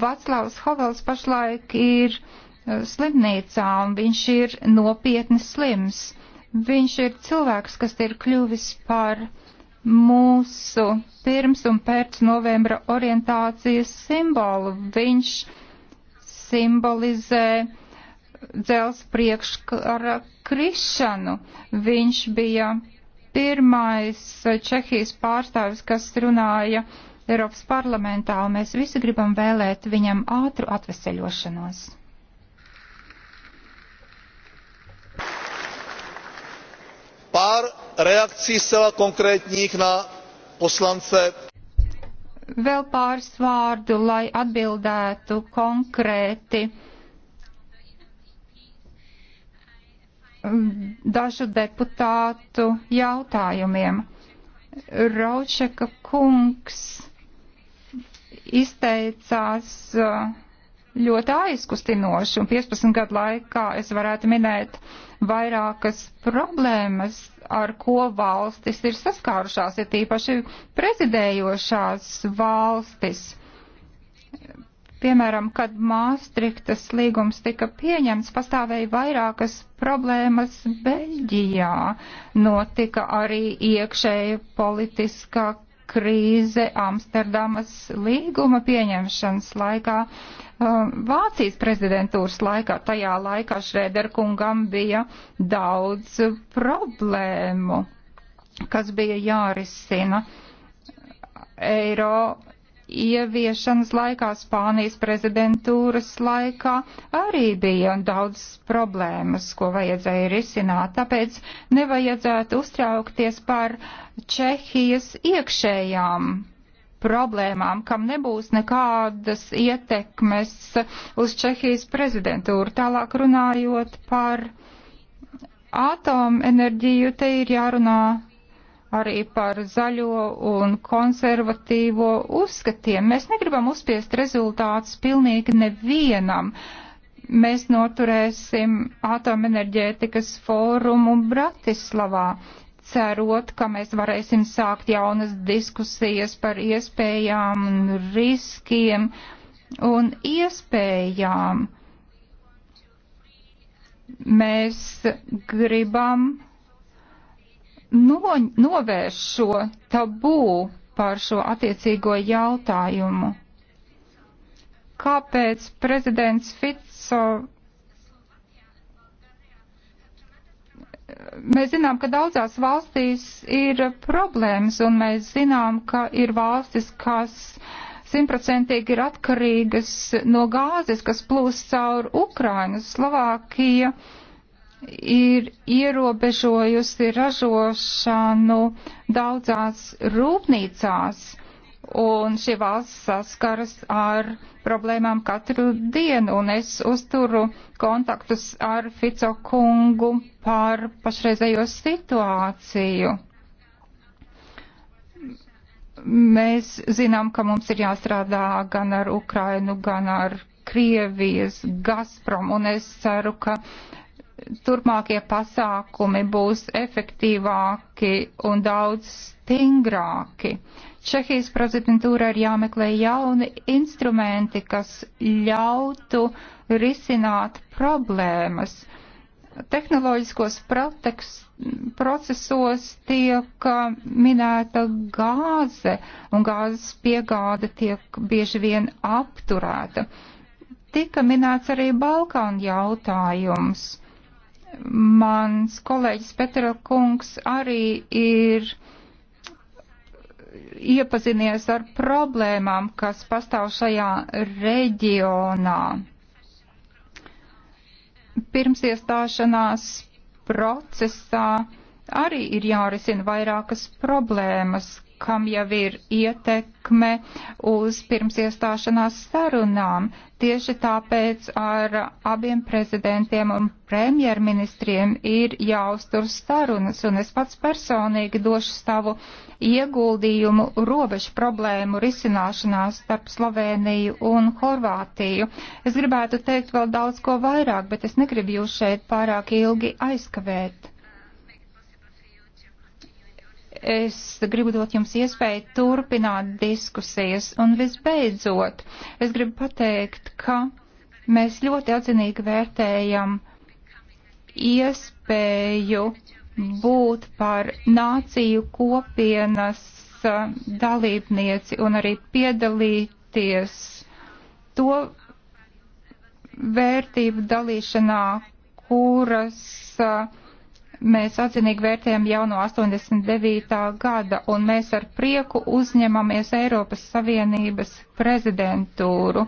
Vaclavs Hovels pašlaik ir uh, slimnīcā un viņš ir nopietni slims. Viņš ir cilvēks, kas ir kļuvis par mūsu pirms un pēc novembra orientācijas simbolu. Viņš simbolizē dzels priekškara krišanu. Viņš bija pirmais eh, Čehijas pārstāvis, kas runāja Eiropas parlamentā, un mēs visi gribam vēlēt viņam ātru atveseļošanos. Pár reakcí zcela konkrétních na poslance. Vēl pāris vārdu, lai atbildētu konkrēti Um, dažu deputātu jautājumiem. Raučeka kungs izteicās uh, ļoti aizkustinoši, un 15 gadu laikā es varētu minēt vairākas problēmas, ar ko valstis ir saskārušās, ir ja tīpaši prezidējošās valstis. Piemēram, kad Māstriktas līgums tika pieņemts, pastāvēja vairākas problēmas Beļģijā. Notika arī iekšēja politiskā krīze Amsterdamas līguma pieņemšanas laikā. Um, Vācijas prezidentūras laikā, tajā laikā Šrēderkungam bija daudz problēmu, kas bija jārisina. Eiro ieviešanas laikā, Spānijas prezidentūras laikā arī bija daudz problēmas, ko vajadzēja risināt, tāpēc nevajadzētu uztraukties par Čehijas iekšējām problēmām, kam nebūs nekādas ietekmes uz Čehijas prezidentūru. Tālāk runājot par atomenerģiju, te ir jārunā arī par zaļo un konservatīvo uzskatiem. Mēs negribam uzspiest rezultātus pilnīgi nevienam. Mēs noturēsim atomenerģētikas fórumu Bratislavā, cerot, ka mēs varēsim sākt jaunas diskusijas par iespējām un riskiem un iespējām. Mēs gribam no, novērš šo tabū par šo attiecīgo jautājumu. Kāpēc prezidents Fico. Mēs zinām, ka daudzās valstīs ir problēmas, un mēs zinām, ka ir valstis, kas simtprocentīgi ir atkarīgas no gāzes, kas plūst caur Ukrainu, Slovākiju ir ierobežojusi ražošanu daudzās rūpnīcās, un šī valsts saskaras ar problēmām katru dienu, un es uzturu kontaktus ar Fico kungu par pašreizējo situāciju mēs zinām, ka mums ir jāstrādā gan ar Ukrainu, gan ar Krievijas Gazprom, un es ceru, ka turpmākie pasākumi būs efektīvāki un daudz stingrāki. Čehijas prezidentūra ir jāmeklē jauni instrumenti, kas ļautu risināt problēmas. Tehnoloģiskos procesos tiek minēta gāze, un gāzes piegāde tiek bieži vien apturēta. Tika minēts arī Balkānu jautājums Mans kolēģis Petra Kungs arī ir iepazinies ar problēmām, kas pastāv šajā reģionā. Pirms iestāšanās procesā arī ir jārisina vairākas problēmas, kam jau ir ietekme uz pirms iestāšanās sarunām. Tieši tāpēc ar abiem prezidentiem un premjerministriem ir jāuztur sarunas, un es pats personīgi došu savu ieguldījumu robežu problēmu risināšanā starp Sloveniju un Horvātiju. Es gribētu teikt vēl daudz ko vairāk, bet es negribu jūs šeit pārāk ilgi aizkavēt es gribu dot jums iespēju turpināt diskusijas. Un visbeidzot, es gribu pateikt, ka mēs ļoti atzinīgi vērtējam iespēju būt par nāciju kopienas dalībnieci un arī piedalīties to vērtību dalīšanā, kuras uh, Mēs atzinīgi vērtējam jauno 89. gada un mēs ar prieku uzņemamies Eiropas Savienības prezidentūru.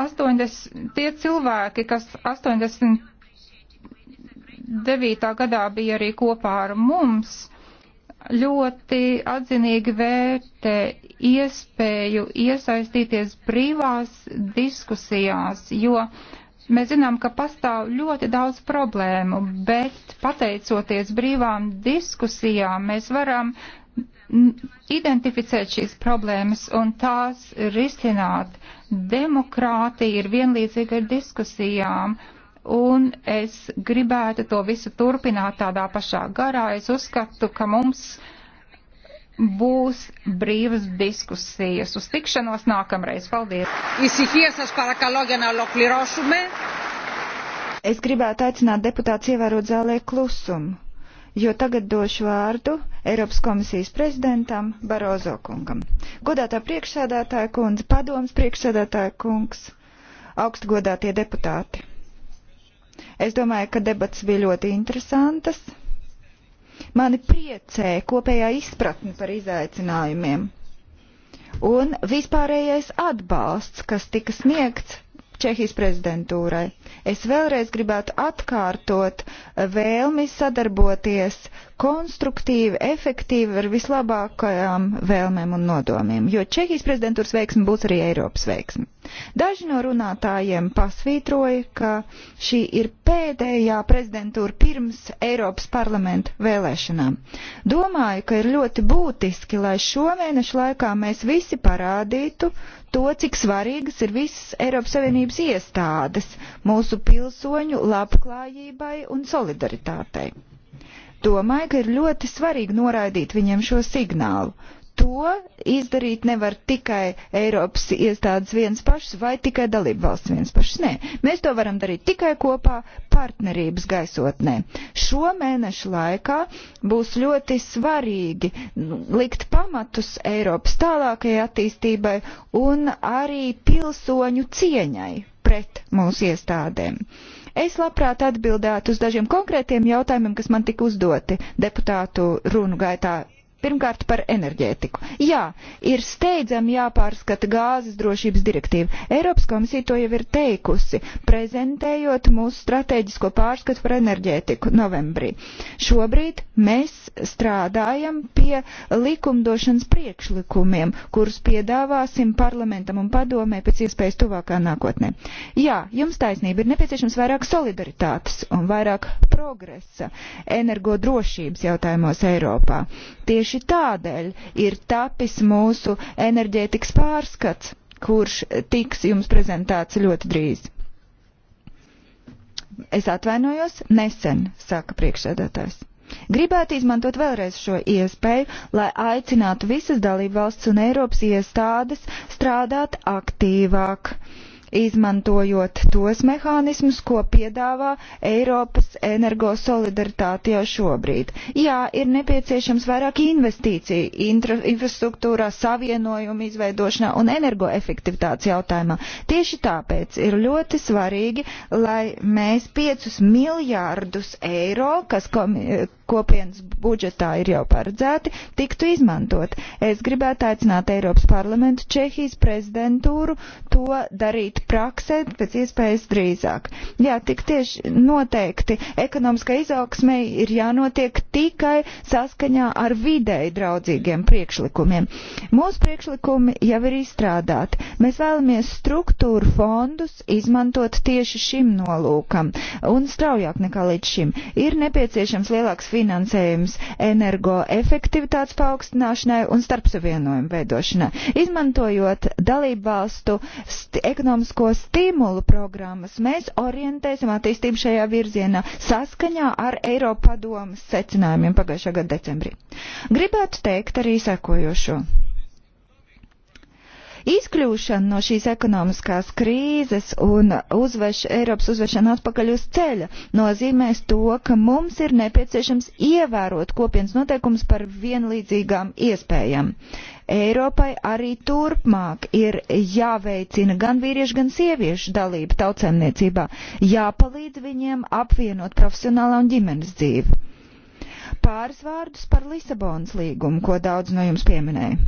80, tie cilvēki, kas 89. gadā bija arī kopā ar mums, ļoti atzinīgi vērtē iespēju iesaistīties brīvās diskusijās, jo uh, Mēs zinām, ka pastāv ļoti daudz problēmu, bet pateicoties brīvām diskusijām, mēs varam identificēt šīs problēmas un tās risināt. Demokrātija ir vienlīdzīga ar diskusijām. Un es gribētu to visu turpināt tādā pašā garā. Es uzskatu, ka mums uh, būs brīvas diskusijas. Uz tikšanos nākamreiz. Paldies! Es gribētu aicināt deputāts ievērot zālē klusumu, jo tagad došu vārdu Eiropas komisijas prezidentam Barozo kungam. Godātā priekšsēdētāja kundze, padoms priekšsēdētāja kungs, augstgodātie deputāti. Es domāju, ka debats bija ļoti interesantas. Mani priecē kopējā izpratne par izaicinājumiem un vispārējais atbalsts, kas tika sniegts Čehijas prezidentūrai. Es vēlreiz gribētu atkārtot vēlmi sadarboties konstruktīvi, efektīvi ar vislabākajām vēlmēm un nodomiem, jo Čehijas prezidentūras veiksme būs arī Eiropas veiksme. Daži no runātājiem pasvītroja, ka šī ir pēdējā prezidentūra pirms Eiropas parlamenta vēlēšanām. Domāju, ka ir ļoti būtiski, lai šomēnešu laikā mēs visi parādītu to, cik svarīgas ir visas Eiropas Savienības iestādes mūsu pilsoņu labklājībai un solidaritātei. Domāju, ka ir ļoti svarīgi noraidīt viņiem šo signālu. To izdarīt nevar tikai Eiropas iestādes viens pašs vai tikai dalību valsts viens pašs. Nē, mēs to varam darīt tikai kopā partnerības gaisotnē. Šo mēnešu laikā būs ļoti svarīgi nu, likt pamatus Eiropas tālākajai attīstībai un arī pilsoņu cieņai pret mūsu iestādēm. Uh, Es labprāt atbildētu uz dažiem konkrētiem jautājumiem, kas man tika uzdoti deputātu runu gaitā Pirmkārt par enerģētiku. Jā, ir steidzami jāpārskata gāzes drošības direktīva. Eiropas komisija to jau ir teikusi, prezentējot mūsu strateģisko pārskatu par enerģētiku novembrī. Šobrīd mēs strādājam pie likumdošanas priekšlikumiem, kurus piedāvāsim parlamentam un padomē pēc iespējas tuvākā nākotnē. Jā, jums taisnība ir nepieciešams vairāk solidaritātes un vairāk progresa energodrošības jautājumos Eiropā. Tieši tādēļ ir tapis mūsu enerģētikas pārskats, kurš tiks jums prezentēts ļoti drīz. Es atvainojos nesen, saka priekšsēdētājs. Gribētu izmantot vēlreiz šo iespēju, lai aicinātu visas dalību valsts un Eiropas iestādes strādāt aktīvāk izmantojot tos mehānismus, ko piedāvā Eiropas energosolidaritāte jau šobrīd. Jā, ir nepieciešams vairāk investīciju infra infrastruktūrā, savienojumu izveidošanā un energoefektivitātes jautājumā. Tieši tāpēc ir ļoti svarīgi, lai mēs 5 miljārdus eiro, kas komisija kopienas budžetā ir jau paredzēti, tiktu izmantot. Es gribētu aicināt Eiropas parlamentu, Čehijas prezidentūru to darīt praksē pēc iespējas drīzāk. Jā, tik tieši noteikti ekonomiskai izaugsmai ir jānotiek tikai saskaņā ar vidēji draudzīgiem priekšlikumiem. Mūsu priekšlikumi jau ir izstrādāti. Mēs vēlamies struktūru fondus izmantot tieši šim nolūkam un straujāk nekā līdz šim. Ir nepieciešams lielāks finansējums finansējums energoefektivitātes paaugstināšanai un starpsavienojumu veidošanai, izmantojot dalību valstu st ekonomisko stimulu programmas. Mēs orientēsim attīstību šajā virzienā saskaņā ar Eiropa padomas secinājumiem pagājušā gada decembrī. Gribētu teikt arī sekojošo. Izkļūšana no šīs ekonomiskās krīzes un uzveš, Eiropas uzvešana atpakaļ uz ceļa nozīmēs to, ka mums ir nepieciešams ievērot kopienas noteikums par vienlīdzīgām iespējām. Eiropai arī turpmāk ir jāveicina gan vīriešu, gan sieviešu dalība tautsēmniecībā, jāpalīdz viņiem apvienot profesionālā un ģimenes dzīvi. Pāris vārdus par Lisabonas līgumu, ko daudz no jums pieminēja.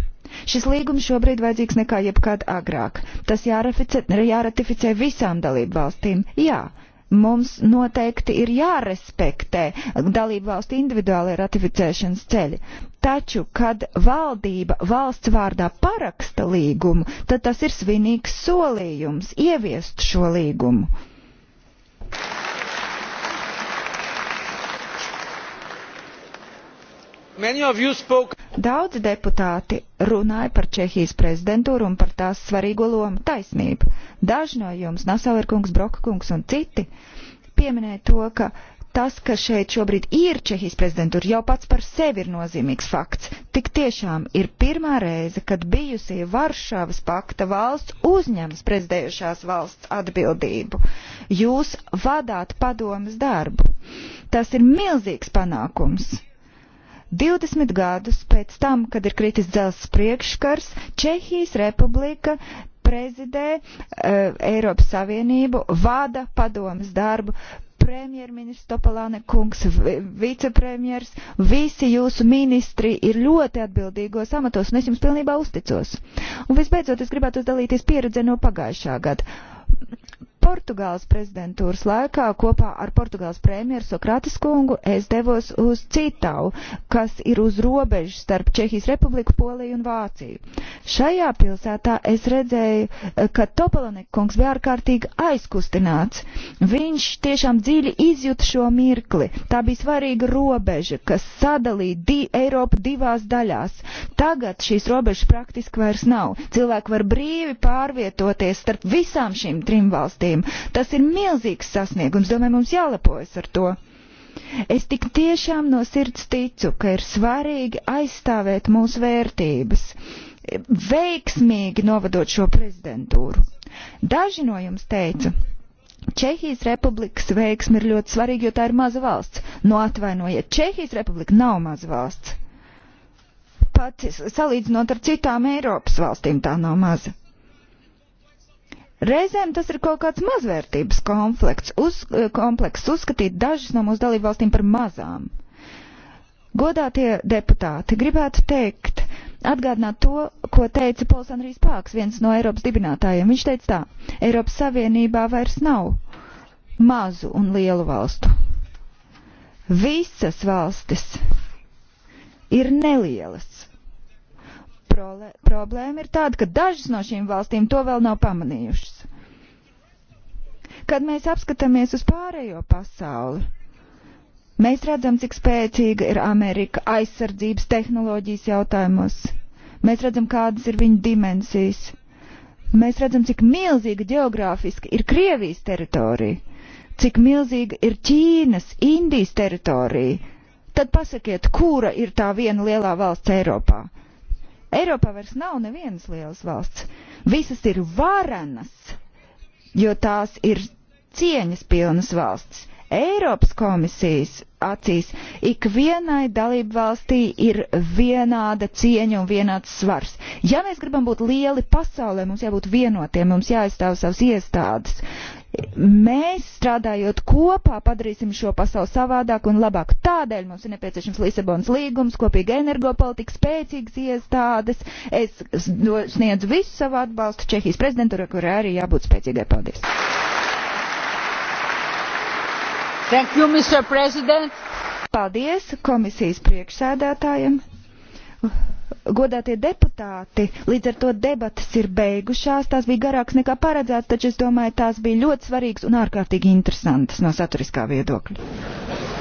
Šis līgums šobrīd vajadzīgs nekā jebkad agrāk. Tas jāratificē visām dalību valstīm. Jā, mums noteikti ir jārespektē dalību valstu individuālajie ratificēšanas ceļi. Taču, kad valdība valsts vārdā paraksta līgumu, tad tas ir svinīgs solījums ieviest šo līgumu. Thank you. Spoke... Daudz deputāti runāja par Čehijas prezidentūru un par tās svarīgo lomu taisnību. Daži no jums, Nasauer kungs, Broka kungs un citi, pieminēja to, ka tas, ka šeit šobrīd ir Čehijas prezidentūra, jau pats par sevi ir nozīmīgs fakts. Tik tiešām ir pirmā reize, kad bijusie Varšavas pakta valsts uzņems prezidējušās valsts atbildību. Jūs vadāt padomas darbu. Tas ir milzīgs panākums 20 gadus pēc tam, kad ir kritis dzelzs priekškars, Čehijas republika prezidē uh, Eiropas Savienību, vada padomas darbu, premjerministrs Topalāne kungs, vicepremjers, visi jūsu ministri ir ļoti atbildīgos amatos, un es jums pilnībā uzticos. Un visbeidzot, es gribētu dalīties pieredze no pagājušā gada Portugāles prezidentūras laikā kopā ar Portugāles premjeru Sokratis kungu es devos uz Citau, kas ir uz robežas starp Čehijas republiku, Poliju un Vāciju. Šajā pilsētā es redzēju, ka Topolanek kungs bija ārkārtīgi aizkustināts. Viņš tiešām dziļi izjut šo mirkli. Tā bija svarīga robeža, kas sadalīja di Eiropu divās daļās. Tagad šīs robežas praktiski vairs nav. Cilvēki var brīvi pārvietoties starp visām šīm trim valstīm valstīm. Tas ir milzīgs sasniegums, domāju, mums jālepojas ar to. Es tik tiešām no sirds ticu, ka ir svarīgi aizstāvēt mūsu vērtības, veiksmīgi novadot šo prezidentūru. Daži no jums teica, Čehijas republikas veiksmi ir ļoti svarīgi, jo tā ir maza valsts. Nu atvainojiet, Čehijas republika nav maza valsts. Pat salīdzinot ar citām Eiropas valstīm tā nav maza. Reizēm tas ir kaut kāds mazvērtības konflikts, uz, eh, komplekss uzskatīt dažas no mūsu dalībvalstīm par mazām. Godātie deputāti, gribētu teikt, atgādināt to, ko teica Pols Andrijs Pāks, viens no Eiropas dibinātājiem. Viņš teica tā, Eiropas Savienībā vairs nav mazu un lielu valstu. Visas valstis ir nelielas problēma ir tāda, ka dažas no šīm valstīm to vēl nav pamanījušas. Kad mēs apskatāmies uz pārējo pasauli, mēs redzam, cik spēcīga ir Amerika aizsardzības tehnoloģijas jautājumos. Mēs redzam, kādas ir viņa dimensijas. Mēs redzam, cik milzīga geogrāfiski ir Krievijas teritorija, cik milzīga ir Ķīnas, Indijas teritorija. Tad pasakiet, kura ir tā viena lielā valsts Eiropā? Eiropā vairs nav nevienas lielas valsts. Visas ir varenas, jo tās ir cieņas pilnas valsts. Eiropas komisijas acīs ikvienai dalību valstī ir vienāda cieņa un vienāds svars. Ja mēs gribam būt lieli pasaulē, mums jābūt vienotiem, mums jāizstāv savas iestādes mēs strādājot kopā padarīsim šo pasauli savādāku un labāku. Tādēļ mums ir nepieciešams Lisabonas līgums, kopīga energopolitika, spēcīgas iestādes. Es sniedzu visu savu atbalstu Čehijas prezidentūrai, kurai arī jābūt spēcīgai. Paldies! Thank you, Mr. President. Paldies komisijas priekšsēdētājiem. Uh. Godātie deputāti, līdz ar to debatas ir beigušās, tās bija garākas nekā paredzēts, taču es domāju, tās bija ļoti svarīgas un ārkārtīgi interesantas no saturiskā viedokļa.